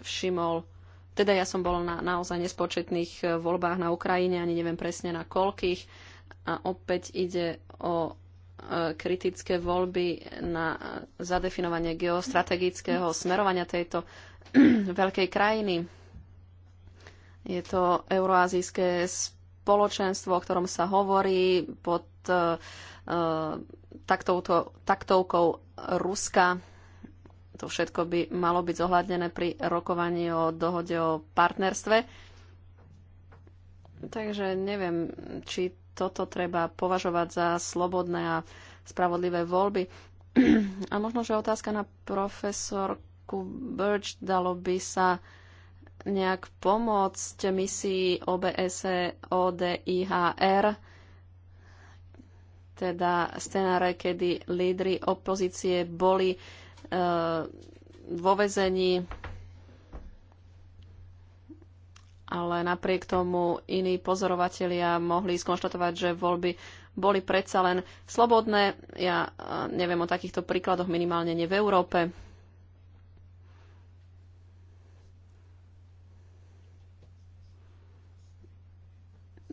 Speaker 4: všimol, teda ja som bol na naozaj nespočetných e, voľbách na Ukrajine, ani neviem presne na koľkých. A opäť ide o e, kritické voľby na zadefinovanie geostrategického smerovania tejto veľkej krajiny. Je to euroazijské sp- spoločenstvo, o ktorom sa hovorí pod e, e taktovkou Ruska. To všetko by malo byť zohľadnené pri rokovaní o dohode o partnerstve. Takže neviem, či toto treba považovať za slobodné a spravodlivé voľby. A možno, že otázka na profesorku Birch, dalo by sa uh, nejak pomôcť misii OBSE ODIHR, teda scenáre, kedy lídry opozície boli e, vo vezení, ale napriek tomu iní pozorovatelia mohli skonštatovať, že voľby boli predsa len slobodné. Ja e, neviem o takýchto príkladoch minimálne nie v Európe.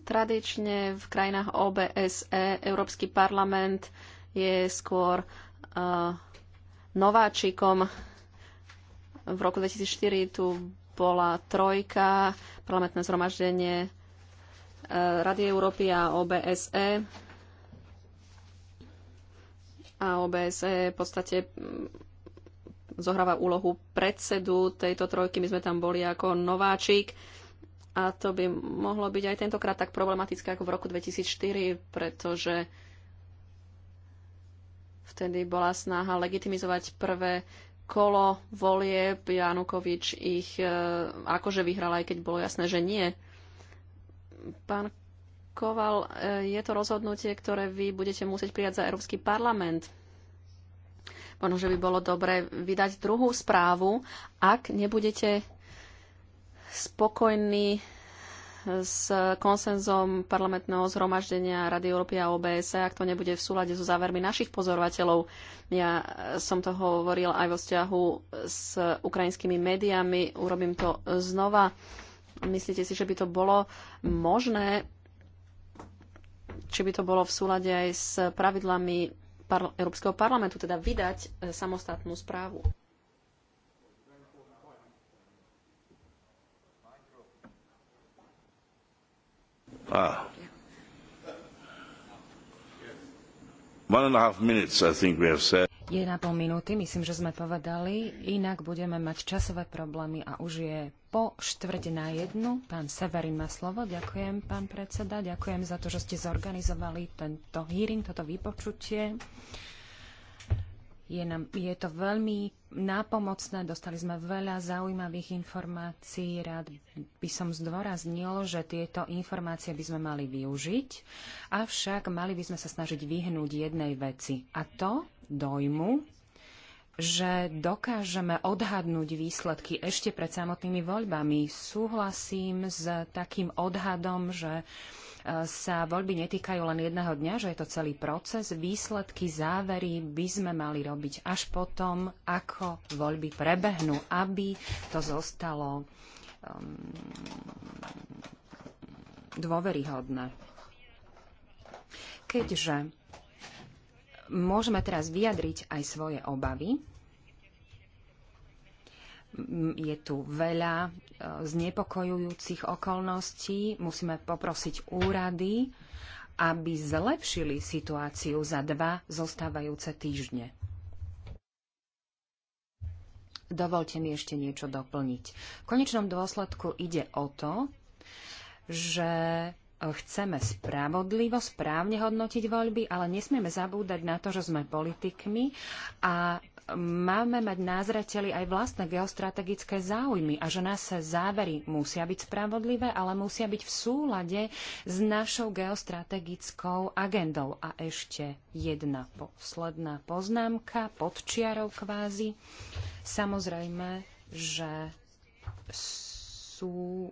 Speaker 4: Tradične v krajinách OBSE Európsky parlament je skôr uh, nováčikom. V roku 2004 tu bola trojka, parlamentné zhromaždenie uh, Rady Európy a OBSE. A OBSE v podstate mm, zohráva úlohu predsedu tejto trojky. My sme tam boli ako nováčik a to by mohlo byť aj tentokrát tak problematické ako v roku 2004, pretože vtedy bola snaha legitimizovať prvé kolo volieb. Janukovič ich e, akože vyhral, aj keď bolo jasné, že nie. Pán Koval, e, je to rozhodnutie, ktoré vy budete musieť prijať za Európsky parlament. Možno, že by bolo dobre vydať druhú správu, ak nebudete spokojní s konsenzom parlamentného zhromaždenia Rady Európy a OBS, e, ak to nebude v súlade so závermi našich pozorovateľov. Ja som to hovoril aj vo vzťahu s ukrajinskými médiami, urobím to znova. Myslíte si, že by to bolo možné, či by to bolo v súlade aj s pravidlami Európskeho parlamentu, teda vydať e, samostatnú správu? Ah.
Speaker 1: One and a half minutes, I think we have said.
Speaker 2: minúty, myslím, že sme povedali. Inak budeme mať časové problémy a už je po štvrť na jednu. Pán Severin má slovo. Ďakujem, pán predseda. Ďakujem za to, že ste zorganizovali tento hearing, toto vypočutie. Je, nám, je to veľmi nápomocné, dostali sme veľa zaujímavých informácií. Rád by som zdôraznil, že tieto informácie by sme mali využiť, avšak mali by sme sa snažiť vyhnúť jednej veci, a to dojmu, že dokážeme odhadnúť výsledky ešte pred samotnými voľbami. Súhlasím s takým odhadom, že sa voľby netýkajú len jedného dňa, že je to celý proces. Výsledky, závery by sme mali robiť až potom, ako voľby prebehnú, aby to zostalo um, dôveryhodné. Keďže môžeme teraz vyjadriť aj svoje obavy, je tu veľa e, znepokojujúcich okolností. Musíme poprosiť úrady, aby zlepšili situáciu za dva zostávajúce týždne. Dovolte mi ešte niečo doplniť. V konečnom dôsledku ide o to, že chceme spravodlivo, správne hodnotiť voľby, ale nesmieme zabúdať na to, že sme politikmi a máme mať na zreteli aj vlastné geostrategické záujmy a že nás závery musia byť spravodlivé, ale musia byť v súlade s našou geostrategickou agendou. A ešte jedna posledná poznámka pod čiarou kvázi. Samozrejme, že sú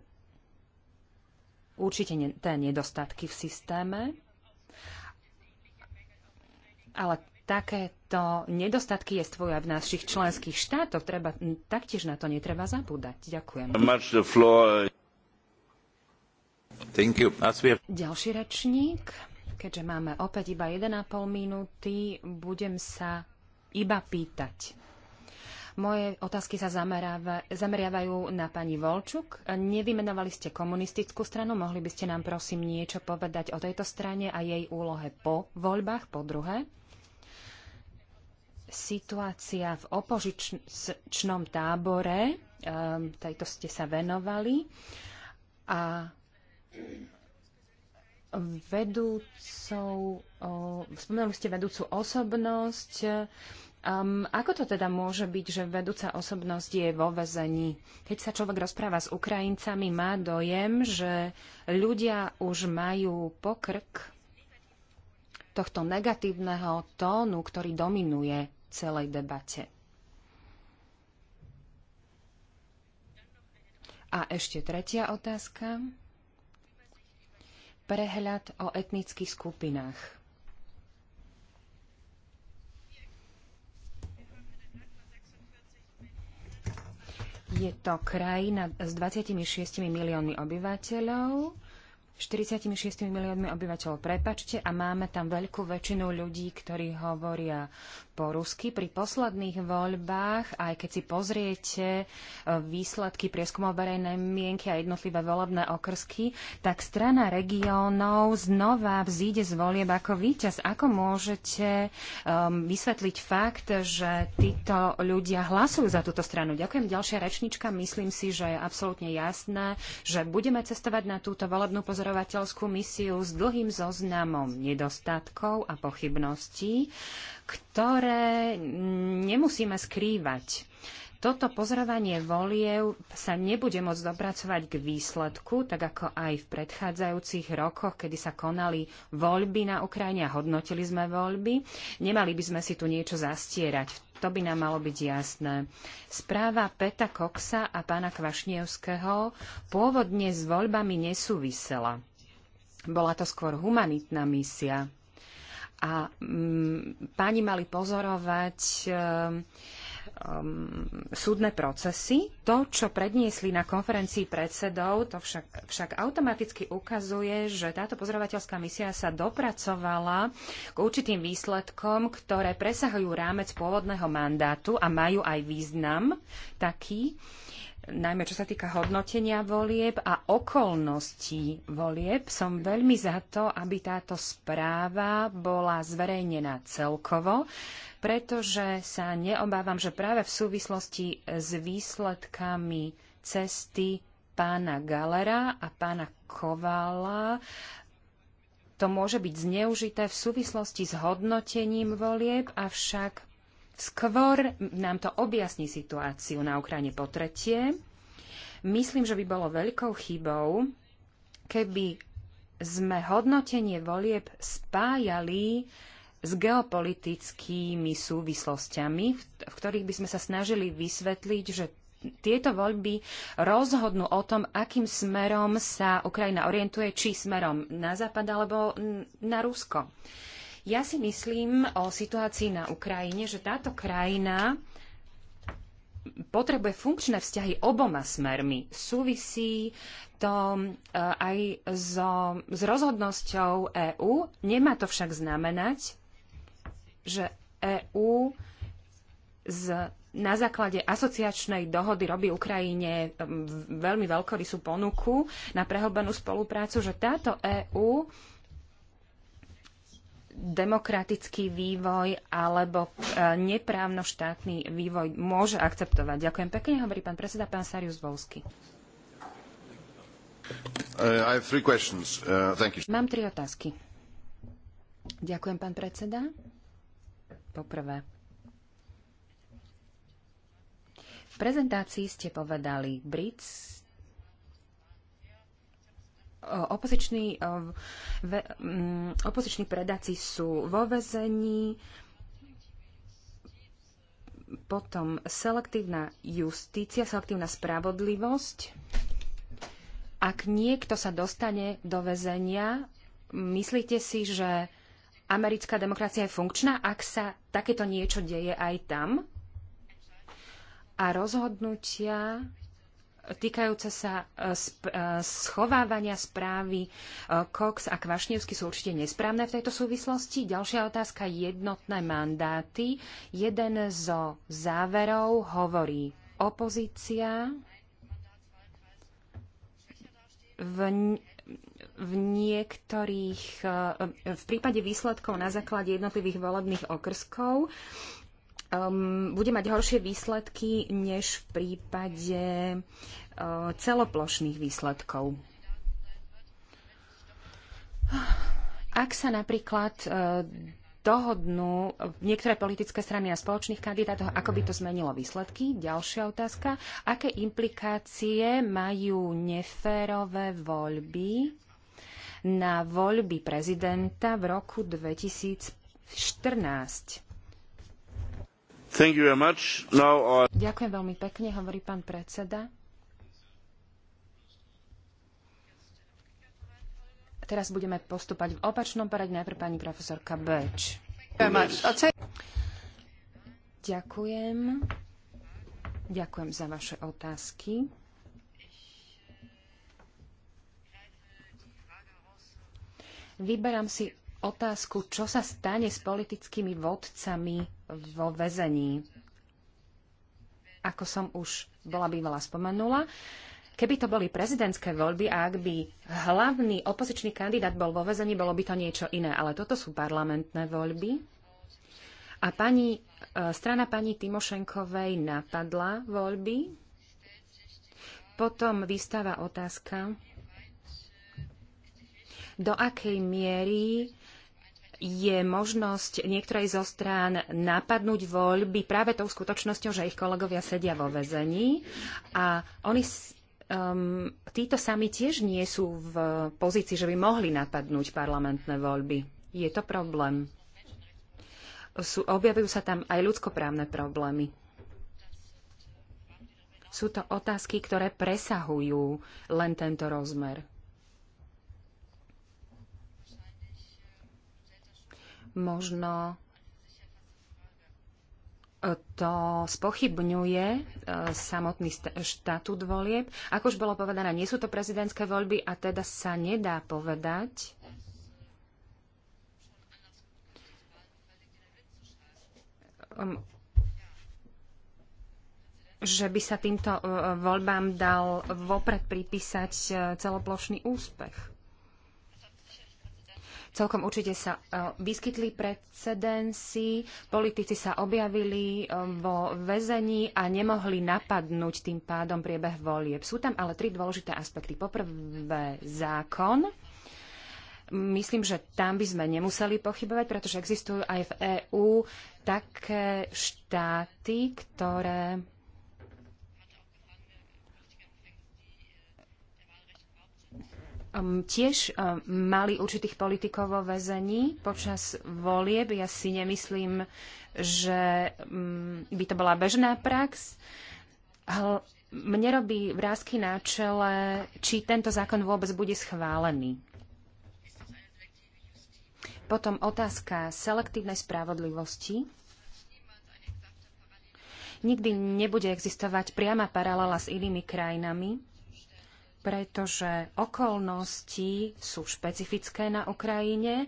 Speaker 2: určite tie nedostatky v systéme, ale takéto nedostatky je stvoja v našich členských štátoch. Treba, taktiež na to netreba zabúdať. Ďakujem. Ďalší rečník, keďže máme opäť iba 1,5 minúty, budem sa iba pýtať. Moje otázky sa zameriavajú na pani Volčuk. Nevymenovali ste komunistickú stranu, mohli by ste nám prosím niečo povedať o tejto strane a jej úlohe po voľbách, po druhé? situácia v opožičnom tábore, ehm, tejto ste sa venovali, a vedúcou, spomenuli ste vedúcu osobnosť. Um, ako to teda môže byť, že vedúca osobnosť je vo väzení? Keď sa človek rozpráva s Ukrajincami, má dojem, že ľudia už majú pokrk tohto negatívneho tónu, ktorý dominuje celej debate. A ešte tretia otázka. Prehľad o etnických skupinách. Je to krajina s 26 miliónmi obyvateľov, 46 miliónmi obyvateľov, prepačte, a máme tam veľkú väčšinu ľudí, ktorí hovoria po rusky pri posledných voľbách, aj keď si pozriete e, výsledky prieskumov verejnej mienky a jednotlivé volebné okrsky, tak strana regiónov znova vzíde z volieb ako víťaz. Ako môžete um, vysvetliť fakt, že títo ľudia hlasujú za túto stranu? Ďakujem. Ďalšia rečnička. Myslím si, že je absolútne jasné, že budeme cestovať na túto volebnú pozorovateľskú misiu s dlhým zoznamom nedostatkov a pochybností, ktoré ktoré nemusíme skrývať. Toto pozorovanie voliev sa nebude môcť dopracovať k výsledku, tak ako aj v predchádzajúcich rokoch, kedy sa konali voľby na Ukrajine a hodnotili sme voľby. Nemali by sme si tu niečo zastierať. To by nám malo byť jasné. Správa Peta Koxa a pána Kvašnievského pôvodne s voľbami nesúvisela. Bola to skôr humanitná misia. A um, páni mali pozorovať um, um, súdne procesy. To, čo predniesli na konferencii predsedov, to však, však automaticky ukazuje, že táto pozorovateľská misia sa dopracovala k určitým výsledkom, ktoré presahujú rámec pôvodného mandátu a majú aj význam taký, uh, najmä čo sa týka hodnotenia volieb a okolností volieb, som veľmi za to, aby táto správa bola zverejnená celkovo, pretože sa neobávam, že práve v súvislosti s výsledkami cesty pána Galera a pána Kovala to môže byť zneužité v súvislosti s hodnotením volieb, avšak skôr nám to objasní situáciu na Ukrajine po tretie. Myslím, že by bolo veľkou chybou, keby sme hodnotenie volieb spájali s geopolitickými súvislostiami, v ktorých by sme sa snažili vysvetliť, že tieto voľby rozhodnú o tom, akým smerom sa Ukrajina orientuje, či smerom na západ alebo na Rusko. Uh, ja si myslím o situácii na Ukrajine, že táto krajina potrebuje funkčné vzťahy oboma smermi. Súvisí to eh, aj so, s rozhodnosťou EÚ. Nemá to však znamenať, že EÚ z, na základe asociačnej dohody robí Ukrajine mm, veľmi veľkorysú ponuku na prehlbenú spoluprácu, že táto EÚ demokratický vývoj alebo e, neprávnoštátny vývoj môže akceptovať. Ďakujem pekne, hovorí pán predseda, pán Sarius Volsky.
Speaker 1: Uh, uh,
Speaker 2: Mám tri otázky. Ďakujem, pán predseda. Poprvé. V prezentácii ste povedali, Brits, opoziční, eh, mm, opoziční predaci sú vo vezení, potom selektívna justícia, selektívna spravodlivosť. Ak niekto sa dostane do väzenia, myslíte si, že americká demokracia je funkčná, ak sa takéto niečo deje aj tam? A rozhodnutia týkajúce sa e, e, schovávania správy e, Cox a Kvašnevsky sú určite nesprávne v tejto súvislosti. Ďalšia otázka, jednotné mandáty. Jeden zo záverov hovorí opozícia v v niektorých, v prípade výsledkov na základe jednotlivých volebných okrskov um, bude mať horšie výsledky než v prípade uh, celoplošných výsledkov. Ak sa napríklad uh, dohodnú niektoré politické strany na spoločných kandidátoch, ako by to zmenilo výsledky? Ďalšia otázka. Aké implikácie majú neférové voľby na voľby prezidenta v roku 2014?
Speaker 1: Ďakujem
Speaker 2: veľmi pekne, hovorí pán predseda. Teraz budeme postupať v opačnom poradí. Najprv pani profesorka Beč. Ďakujem. Ďakujem za vaše otázky. Vyberám si otázku, čo sa stane s politickými vodcami vo väzení. Ako som už bola bývala spomenula, keby to boli prezidentské voľby a ak by hlavný opozičný kandidát bol vo väzení, bolo by to niečo iné. Ale toto sú parlamentné voľby. A pani, e, strana pani Timošenkovej napadla voľby. Potom vystáva otázka, do akej miery je možnosť niektorej zo strán napadnúť voľby práve tou skutočnosťou, že ich kolegovia sedia vo väzení a oni um, títo sami tiež nie sú v pozícii, že by mohli napadnúť parlamentné voľby. Je to problém. Sú, objavujú sa tam aj ľudskoprávne problémy. Sú to otázky, ktoré presahujú len tento rozmer. možno e, to spochybňuje e, samotný štatút volieb. Ako už bolo povedané, nie sú to prezidentské voľby a teda sa nedá povedať, um, že by sa týmto e, voľbám dal vopred pripísať celoplošný úspech. Celkom určite sa e, vyskytli precedensy, politici sa objavili e, vo väzení a nemohli napadnúť tým pádom priebeh volieb. Sú tam ale tri dôležité aspekty. Poprvé zákon. Myslím, že tam by sme nemuseli pochybovať, pretože existujú aj v EÚ také štáty, ktoré Um, tiež um, mali určitých politikov vo väzení počas volieb. Ja si nemyslím, že um, by to bola bežná prax. Mne robí vrázky na čele, či tento zákon vôbec bude schválený. Potom otázka selektívnej spravodlivosti. Nikdy nebude existovať priama paralela s inými krajinami pretože okolnosti sú špecifické na Ukrajine,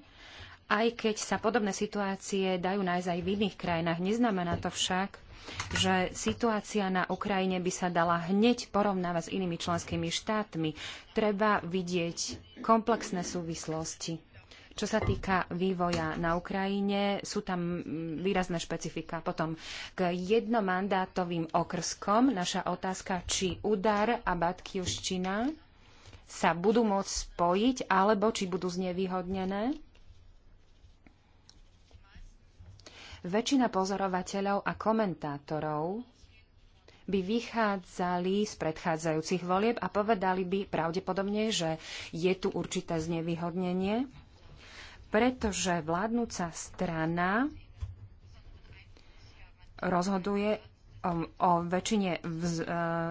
Speaker 2: aj keď sa podobné situácie dajú nájsť aj v iných krajinách. Neznamená to však, že situácia na Ukrajine by sa dala hneď porovnávať s inými členskými štátmi. Treba vidieť komplexné súvislosti. Čo sa týka vývoja na Ukrajine, sú tam mm, výrazné špecifika. Potom k jednomandátovým okrskom naša otázka, či Udar a Batkiuščina sa budú môcť spojiť, alebo či budú znevýhodnené. Väčšina pozorovateľov a komentátorov by vychádzali z predchádzajúcich volieb a povedali by pravdepodobne, že je tu určité znevýhodnenie pretože vládnúca strana rozhoduje o, um, o väčšine vz, e,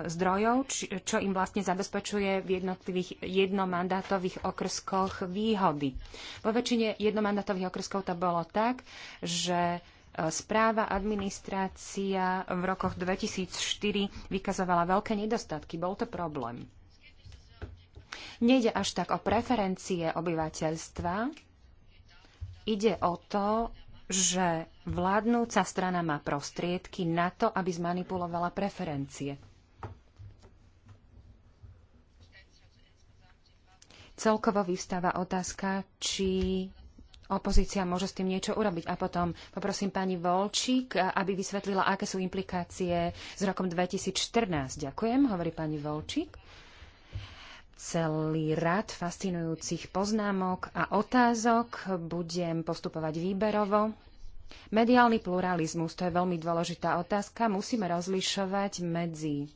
Speaker 2: zdrojov, či, čo im vlastne zabezpečuje v jednotlivých jednomandátových okrskoch výhody. Vo väčšine jednomandátových okrskov to bolo tak, že e, správa administrácia v rokoch 2004 vykazovala veľké nedostatky. Bol to problém. Nejde až tak o preferencie obyvateľstva, Ide o to, že vládnúca strana má prostriedky na to, aby zmanipulovala preferencie. Celkovo vyvstáva otázka, či opozícia môže s tým niečo urobiť. A potom poprosím pani Volčík, aby vysvetlila, aké sú implikácie s rokom 2014. Ďakujem, hovorí pani Volčík celý rad fascinujúcich poznámok a otázok. Budem postupovať výberovo. Mediálny pluralizmus, to je veľmi dôležitá otázka. Musíme rozlišovať medzi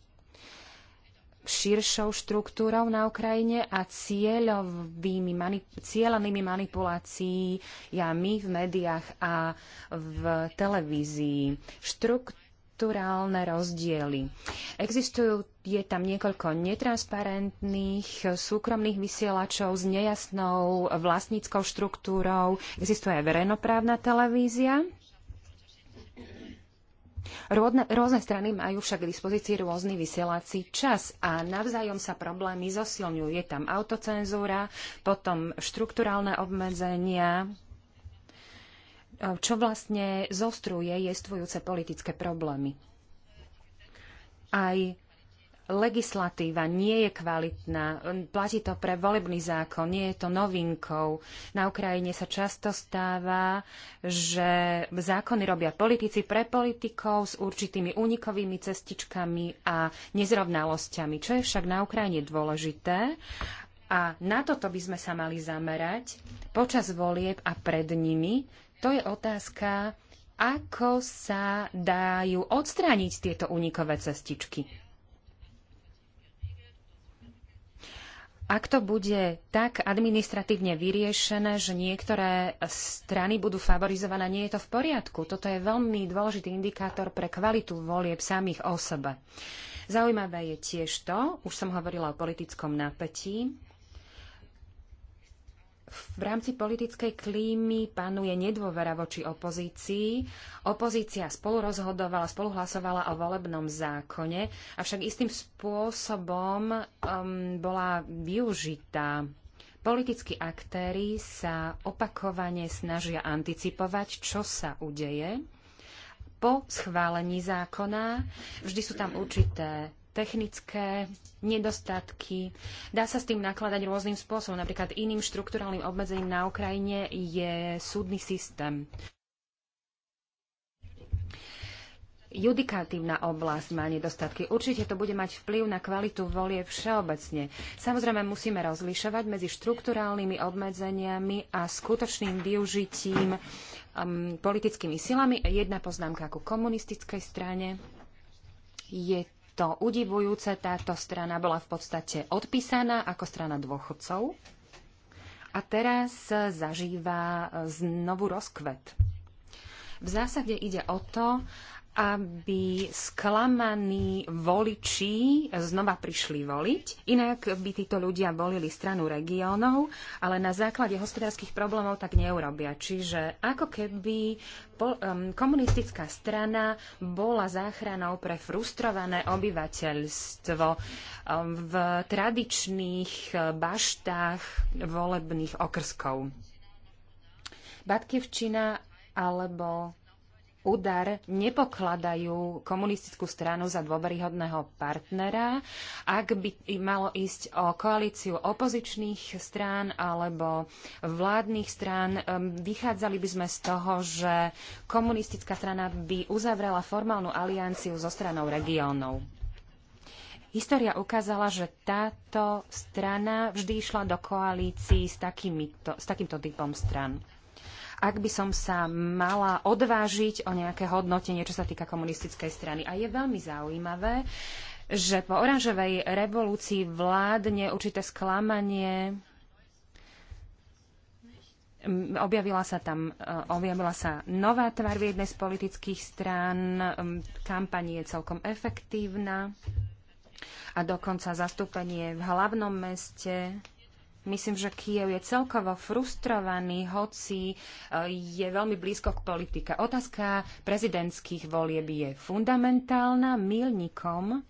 Speaker 2: širšou štruktúrou na Ukrajine a cieľovými cieľanými manipuláciami v médiách a v televízii. Štruk- štruktúrálne rozdiely. Existujú je tam niekoľko netransparentných e, súkromných vysielačov s nejasnou vlastníckou štruktúrou. Existuje aj verejnoprávna televízia. Rôdne, rôzne strany majú však k dispozícii rôzny vysielací čas a navzájom sa problémy zosilňujú. Je tam autocenzúra, potom štruktúrálne obmedzenia, čo vlastne zostruje jestvujúce politické problémy. Aj legislatíva nie je kvalitná, platí to pre volebný zákon, nie je to novinkou. Na Ukrajine sa často stáva, že zákony robia politici pre politikov s určitými únikovými cestičkami a nezrovnalosťami. Čo je však na Ukrajine dôležité, a na toto by sme sa mali zamerať počas volieb a pred nimi, to je otázka, ako sa dajú odstrániť tieto unikové cestičky. Ak to bude tak administratívne vyriešené, že niektoré strany budú favorizované, nie je to v poriadku. Toto je veľmi dôležitý indikátor pre kvalitu volieb samých o sebe. Zaujímavé je tiež to, už som hovorila o politickom napätí, v rámci politickej klímy panuje nedôvera voči opozícii. Opozícia spolu rozhodovala, spolu hlasovala o volebnom zákone, avšak istým spôsobom um, bola využitá. Politickí aktéry sa opakovane snažia anticipovať, čo sa udeje po schválení zákona. Vždy sú tam určité technické nedostatky. Dá sa s tým nakladať rôznym spôsobom. Napríklad iným štruktúrálnym obmedzením na Ukrajine je súdny systém. judikatívna oblasť má nedostatky. Určite to bude mať vplyv na kvalitu volie všeobecne. Samozrejme musíme rozlišovať medzi štruktúrálnymi obmedzeniami a skutočným využitím um, politickými silami. Jedna poznámka ku komunistickej strane. Je to udivujúce. Táto strana bola v podstate odpísaná ako strana dôchodcov a teraz zažíva znovu rozkvet. V zásade ide o to, aby sklamaní voliči znova prišli voliť. Inak by títo ľudia volili stranu regiónov, ale na základe hospodárskych problémov tak neurobia. Čiže ako keby komunistická strana bola záchranou pre frustrované obyvateľstvo v tradičných baštách volebných okrskov. Batkevčina alebo údar nepokladajú komunistickú stranu za dôveryhodného partnera. Ak by malo ísť o koalíciu opozičných strán alebo vládnych strán, vychádzali by sme z toho, že komunistická strana by uzavrela formálnu alianciu so stranou regiónov. História ukázala, že táto strana vždy išla do koalícií s, takýmito, s takýmto typom stran ak by som sa mala odvážiť o nejaké hodnotenie, čo sa týka komunistickej strany. A je veľmi zaujímavé, že po oranžovej revolúcii vládne určité sklamanie. Objavila sa tam, e, objavila sa nová tvár v jednej z politických strán, Kampanie je celkom efektívna a dokonca zastúpenie v hlavnom meste Myslím, že Kiev je celkovo frustrovaný, hoci e, je veľmi blízko k politike. Otázka prezidentských volieb je fundamentálna, milníkom.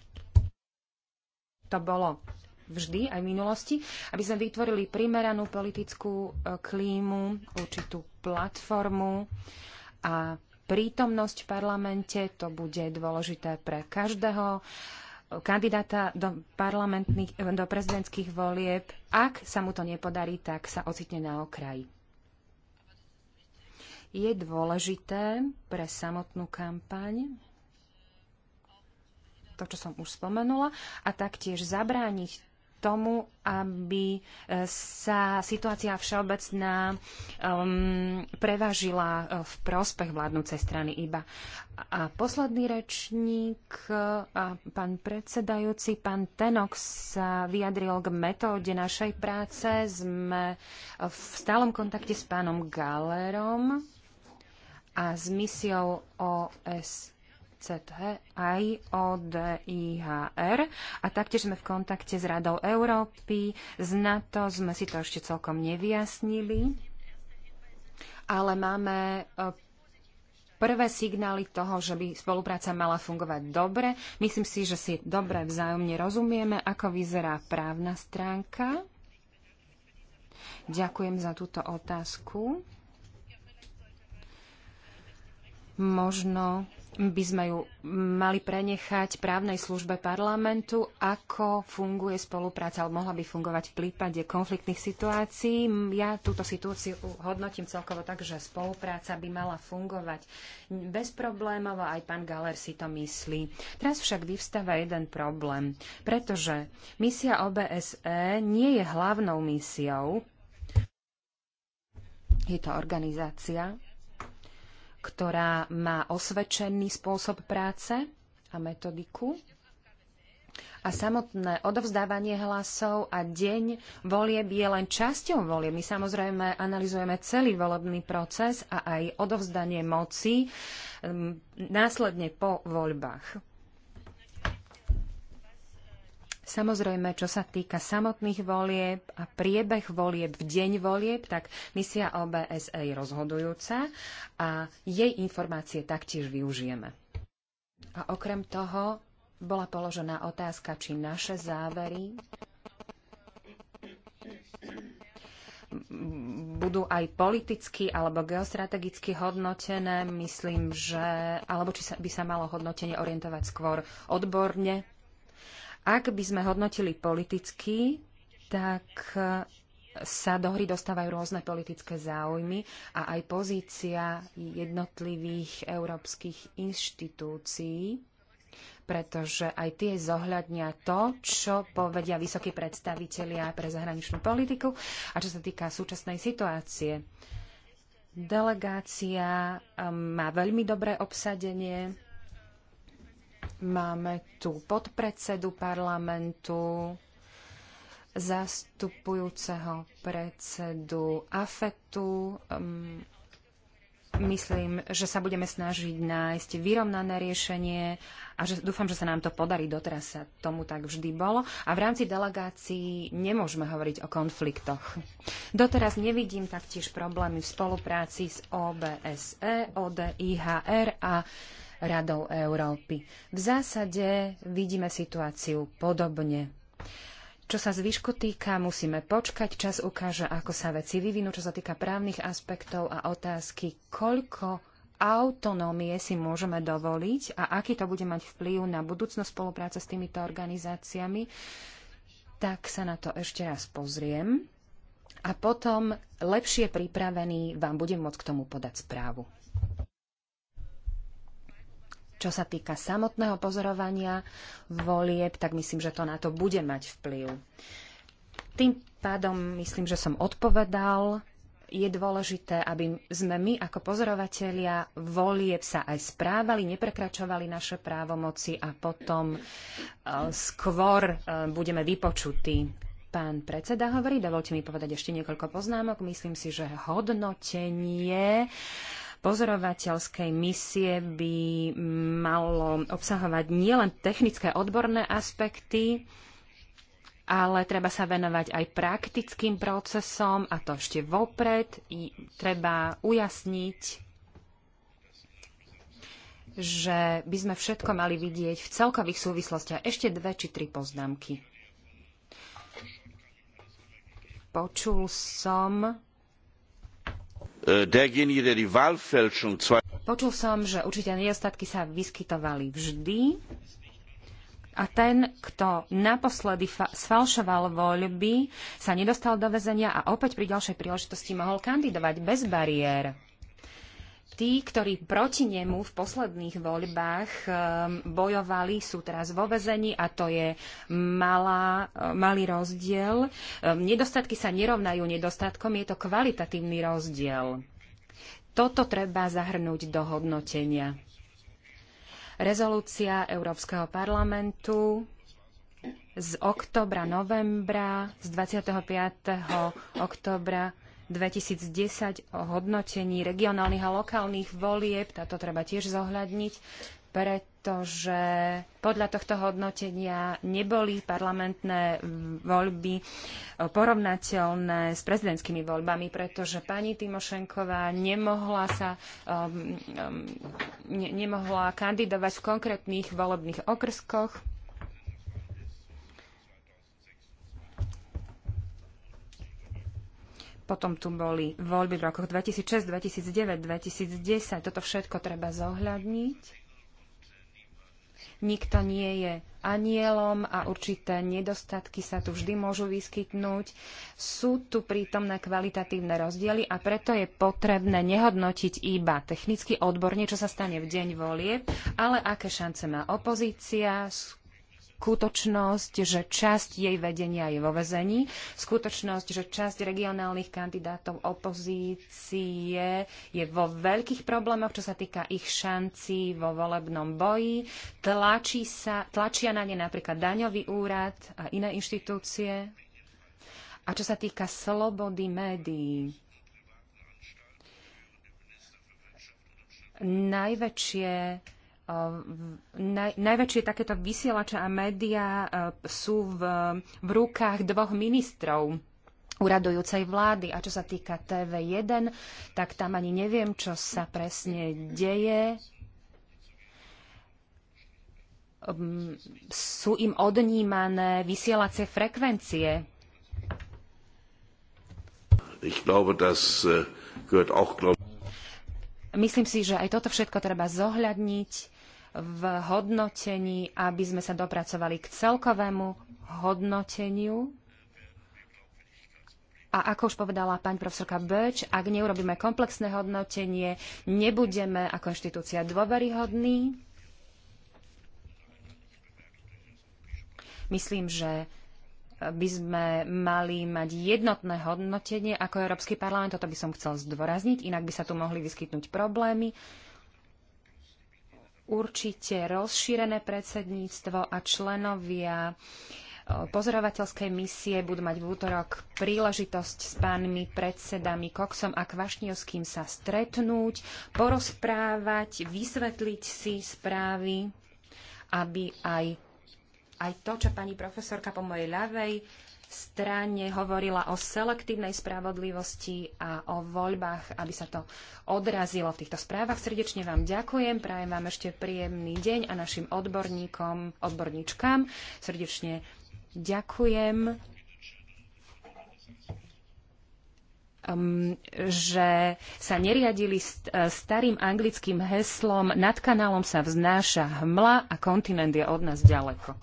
Speaker 2: To bolo vždy, aj v minulosti, aby sme vytvorili primeranú politickú e, klímu, určitú platformu a prítomnosť v parlamente, to bude dôležité pre každého kandidáta do parlamentných, do prezidentských volieb, ak sa mu to nepodarí, tak sa ocitne na okraji. Je dôležité pre samotnú kampaň to, čo som už spomenula, a taktiež zabrániť tomu, aby e, sa situácia všeobecná um, prevažila e, v prospech vládnúcej strany iba. A posledný rečník, e, a pán predsedajúci, pán Tenok sa vyjadril k metóde našej práce. Sme v stálom kontakte s pánom Galerom a s misiou OS aj a taktiež sme v kontakte s Radou Európy, z NATO sme si to ešte celkom nevyjasnili, ale máme e, prvé signály toho, že by spolupráca mala fungovať dobre. Myslím si, že si dobre vzájomne rozumieme, ako vyzerá právna stránka. Ďakujem za túto otázku. Možno by sme ju mali prenechať právnej službe parlamentu, ako funguje spolupráca, alebo mohla by fungovať v prípade konfliktných situácií. Ja túto situáciu hodnotím celkovo tak, že spolupráca by mala fungovať bezproblémovo, aj pán Galer si to myslí. Teraz však vyvstáva jeden problém, pretože misia OBSE nie je hlavnou misiou, je to organizácia, ktorá má osvedčený spôsob práce a metodiku. A samotné odovzdávanie hlasov a deň volieb je len časťou volie. My samozrejme analizujeme celý volebný proces a aj odovzdanie moci mm, následne po voľbách. Samozrejme, čo sa týka samotných volieb a priebeh volieb v deň volieb, tak misia OBSE je rozhodujúca a jej informácie taktiež využijeme. A okrem toho bola položená otázka, či naše závery budú aj politicky alebo geostrategicky hodnotené, myslím, že, alebo či sa, by sa malo hodnotenie orientovať skôr odborne ak by sme hodnotili politicky, tak eh, sa do hry dostávajú rôzne politické záujmy a aj pozícia jednotlivých európskych inštitúcií, pretože aj tie zohľadnia to, čo povedia vysokí predstavitelia pre zahraničnú politiku a čo sa týka súčasnej situácie. Delegácia eh, má veľmi dobré obsadenie, Máme tu podpredsedu parlamentu, zastupujúceho predsedu AFETu. Myslím, že sa budeme snažiť nájsť vyrovnané riešenie a že, dúfam, že sa nám to podarí. Doteraz sa tomu tak vždy bolo. A v rámci delegácií nemôžeme hovoriť o konfliktoch. Doteraz nevidím taktiež problémy v spolupráci s OBSE, ODIHR a Radou Európy. V zásade vidíme situáciu podobne. Čo sa zvyšku týka, musíme počkať. Čas ukáže, ako sa veci vyvinú, čo sa týka právnych aspektov a otázky, koľko autonómie si môžeme dovoliť a aký to bude mať vplyv na budúcnosť spolupráce s týmito organizáciami, tak sa na to ešte raz pozriem. A potom lepšie pripravený vám budem môcť k tomu podať správu. Čo sa týka samotného pozorovania volieb, tak myslím, že to na to bude mať vplyv. Tým pádom myslím, že som odpovedal. Je dôležité, aby sme my ako pozorovatelia volieb sa aj správali, neprekračovali naše právomoci a potom e, skôr e, budeme vypočutí. Pán predseda hovorí, dovolte mi povedať ešte niekoľko poznámok. Myslím si, že hodnotenie uh, pozorovateľskej misie by malo obsahovať nielen technické odborné aspekty, ale treba sa venovať aj praktickým procesom a to ešte vopred. I treba ujasniť, že by sme všetko mali vidieť v celkových súvislostiach. Ešte dve či tri poznámky. Počul som Eh, Počul som, že určite nedostatky sa vyskytovali vždy. A ten, kto naposledy sfalšoval voľby, sa nedostal do väzenia a opäť pri ďalšej príležitosti mohol kandidovať bez bariér tí, ktorí proti nemu v posledných voľbách um, bojovali, sú teraz vo vezení a to je malá, um, malý rozdiel. Um, nedostatky sa nerovnajú nedostatkom, je to kvalitatívny rozdiel. Toto treba zahrnúť do hodnotenia. Rezolúcia Európskeho parlamentu z oktobra, novembra, z 25. oktobra 2010 o hodnotení regionálnych a lokálnych volieb. Táto treba tiež zohľadniť, pretože podľa tohto hodnotenia neboli parlamentné voľby porovnateľné s prezidentskými voľbami, pretože pani Timošenková nemohla, sa, um, um, ne, nemohla kandidovať v konkrétnych volebných okrskoch Potom tu boli voľby v rokoch 2006, 2009, 2010. Toto všetko treba zohľadniť. Nikto nie je anielom a určité nedostatky sa tu vždy môžu vyskytnúť. Sú tu prítomné kvalitatívne rozdiely a preto je potrebné nehodnotiť iba technicky odborne, čo sa stane v deň volieb, ale aké šance má opozícia, skutočnosť, že časť jej vedenia je vo vezení, skutočnosť, že časť regionálnych kandidátov opozície je vo veľkých problémoch, čo sa týka ich šancí vo volebnom boji. Tlačí sa, tlačia na ne napríklad daňový úrad a iné inštitúcie. A čo sa týka slobody médií, najväčšie Naj, najväčšie takéto vysielače a médiá e, sú v, v rukách dvoch ministrov uradujúcej vlády. A čo sa týka TV1, tak tam ani neviem, čo sa presne deje. Ehm, sú im odnímané vysielacie frekvencie.
Speaker 1: Ich glaube, das äh, gehört auch, glaub...
Speaker 2: Myslím si, že aj toto všetko treba zohľadniť v hodnotení, aby sme sa dopracovali k celkovému hodnoteniu. A ako už povedala pani profesorka Böč, ak neurobíme komplexné hodnotenie, nebudeme ako inštitúcia dôveryhodní. Myslím, že by sme mali mať jednotné hodnotenie ako Európsky parlament. Toto by som chcel zdôrazniť, inak by sa tu mohli vyskytnúť problémy. Uh, určite rozšírené predsedníctvo a členovia e, pozorovateľskej misie budú mať v útorok príležitosť s pánmi predsedami Coxom a Kvašniovským sa stretnúť, porozprávať, vysvetliť si správy, aby aj, aj to, čo pani profesorka po mojej ľavej strane hovorila o selektívnej spravodlivosti a o voľbách, aby sa to odrazilo v týchto správach. Srdečne vám ďakujem, prajem vám ešte príjemný deň a našim odborníkom, odborníčkám srdečne ďakujem, um, že sa neriadili e, starým anglickým heslom nad kanálom sa vznáša hmla a kontinent je od nás ďaleko.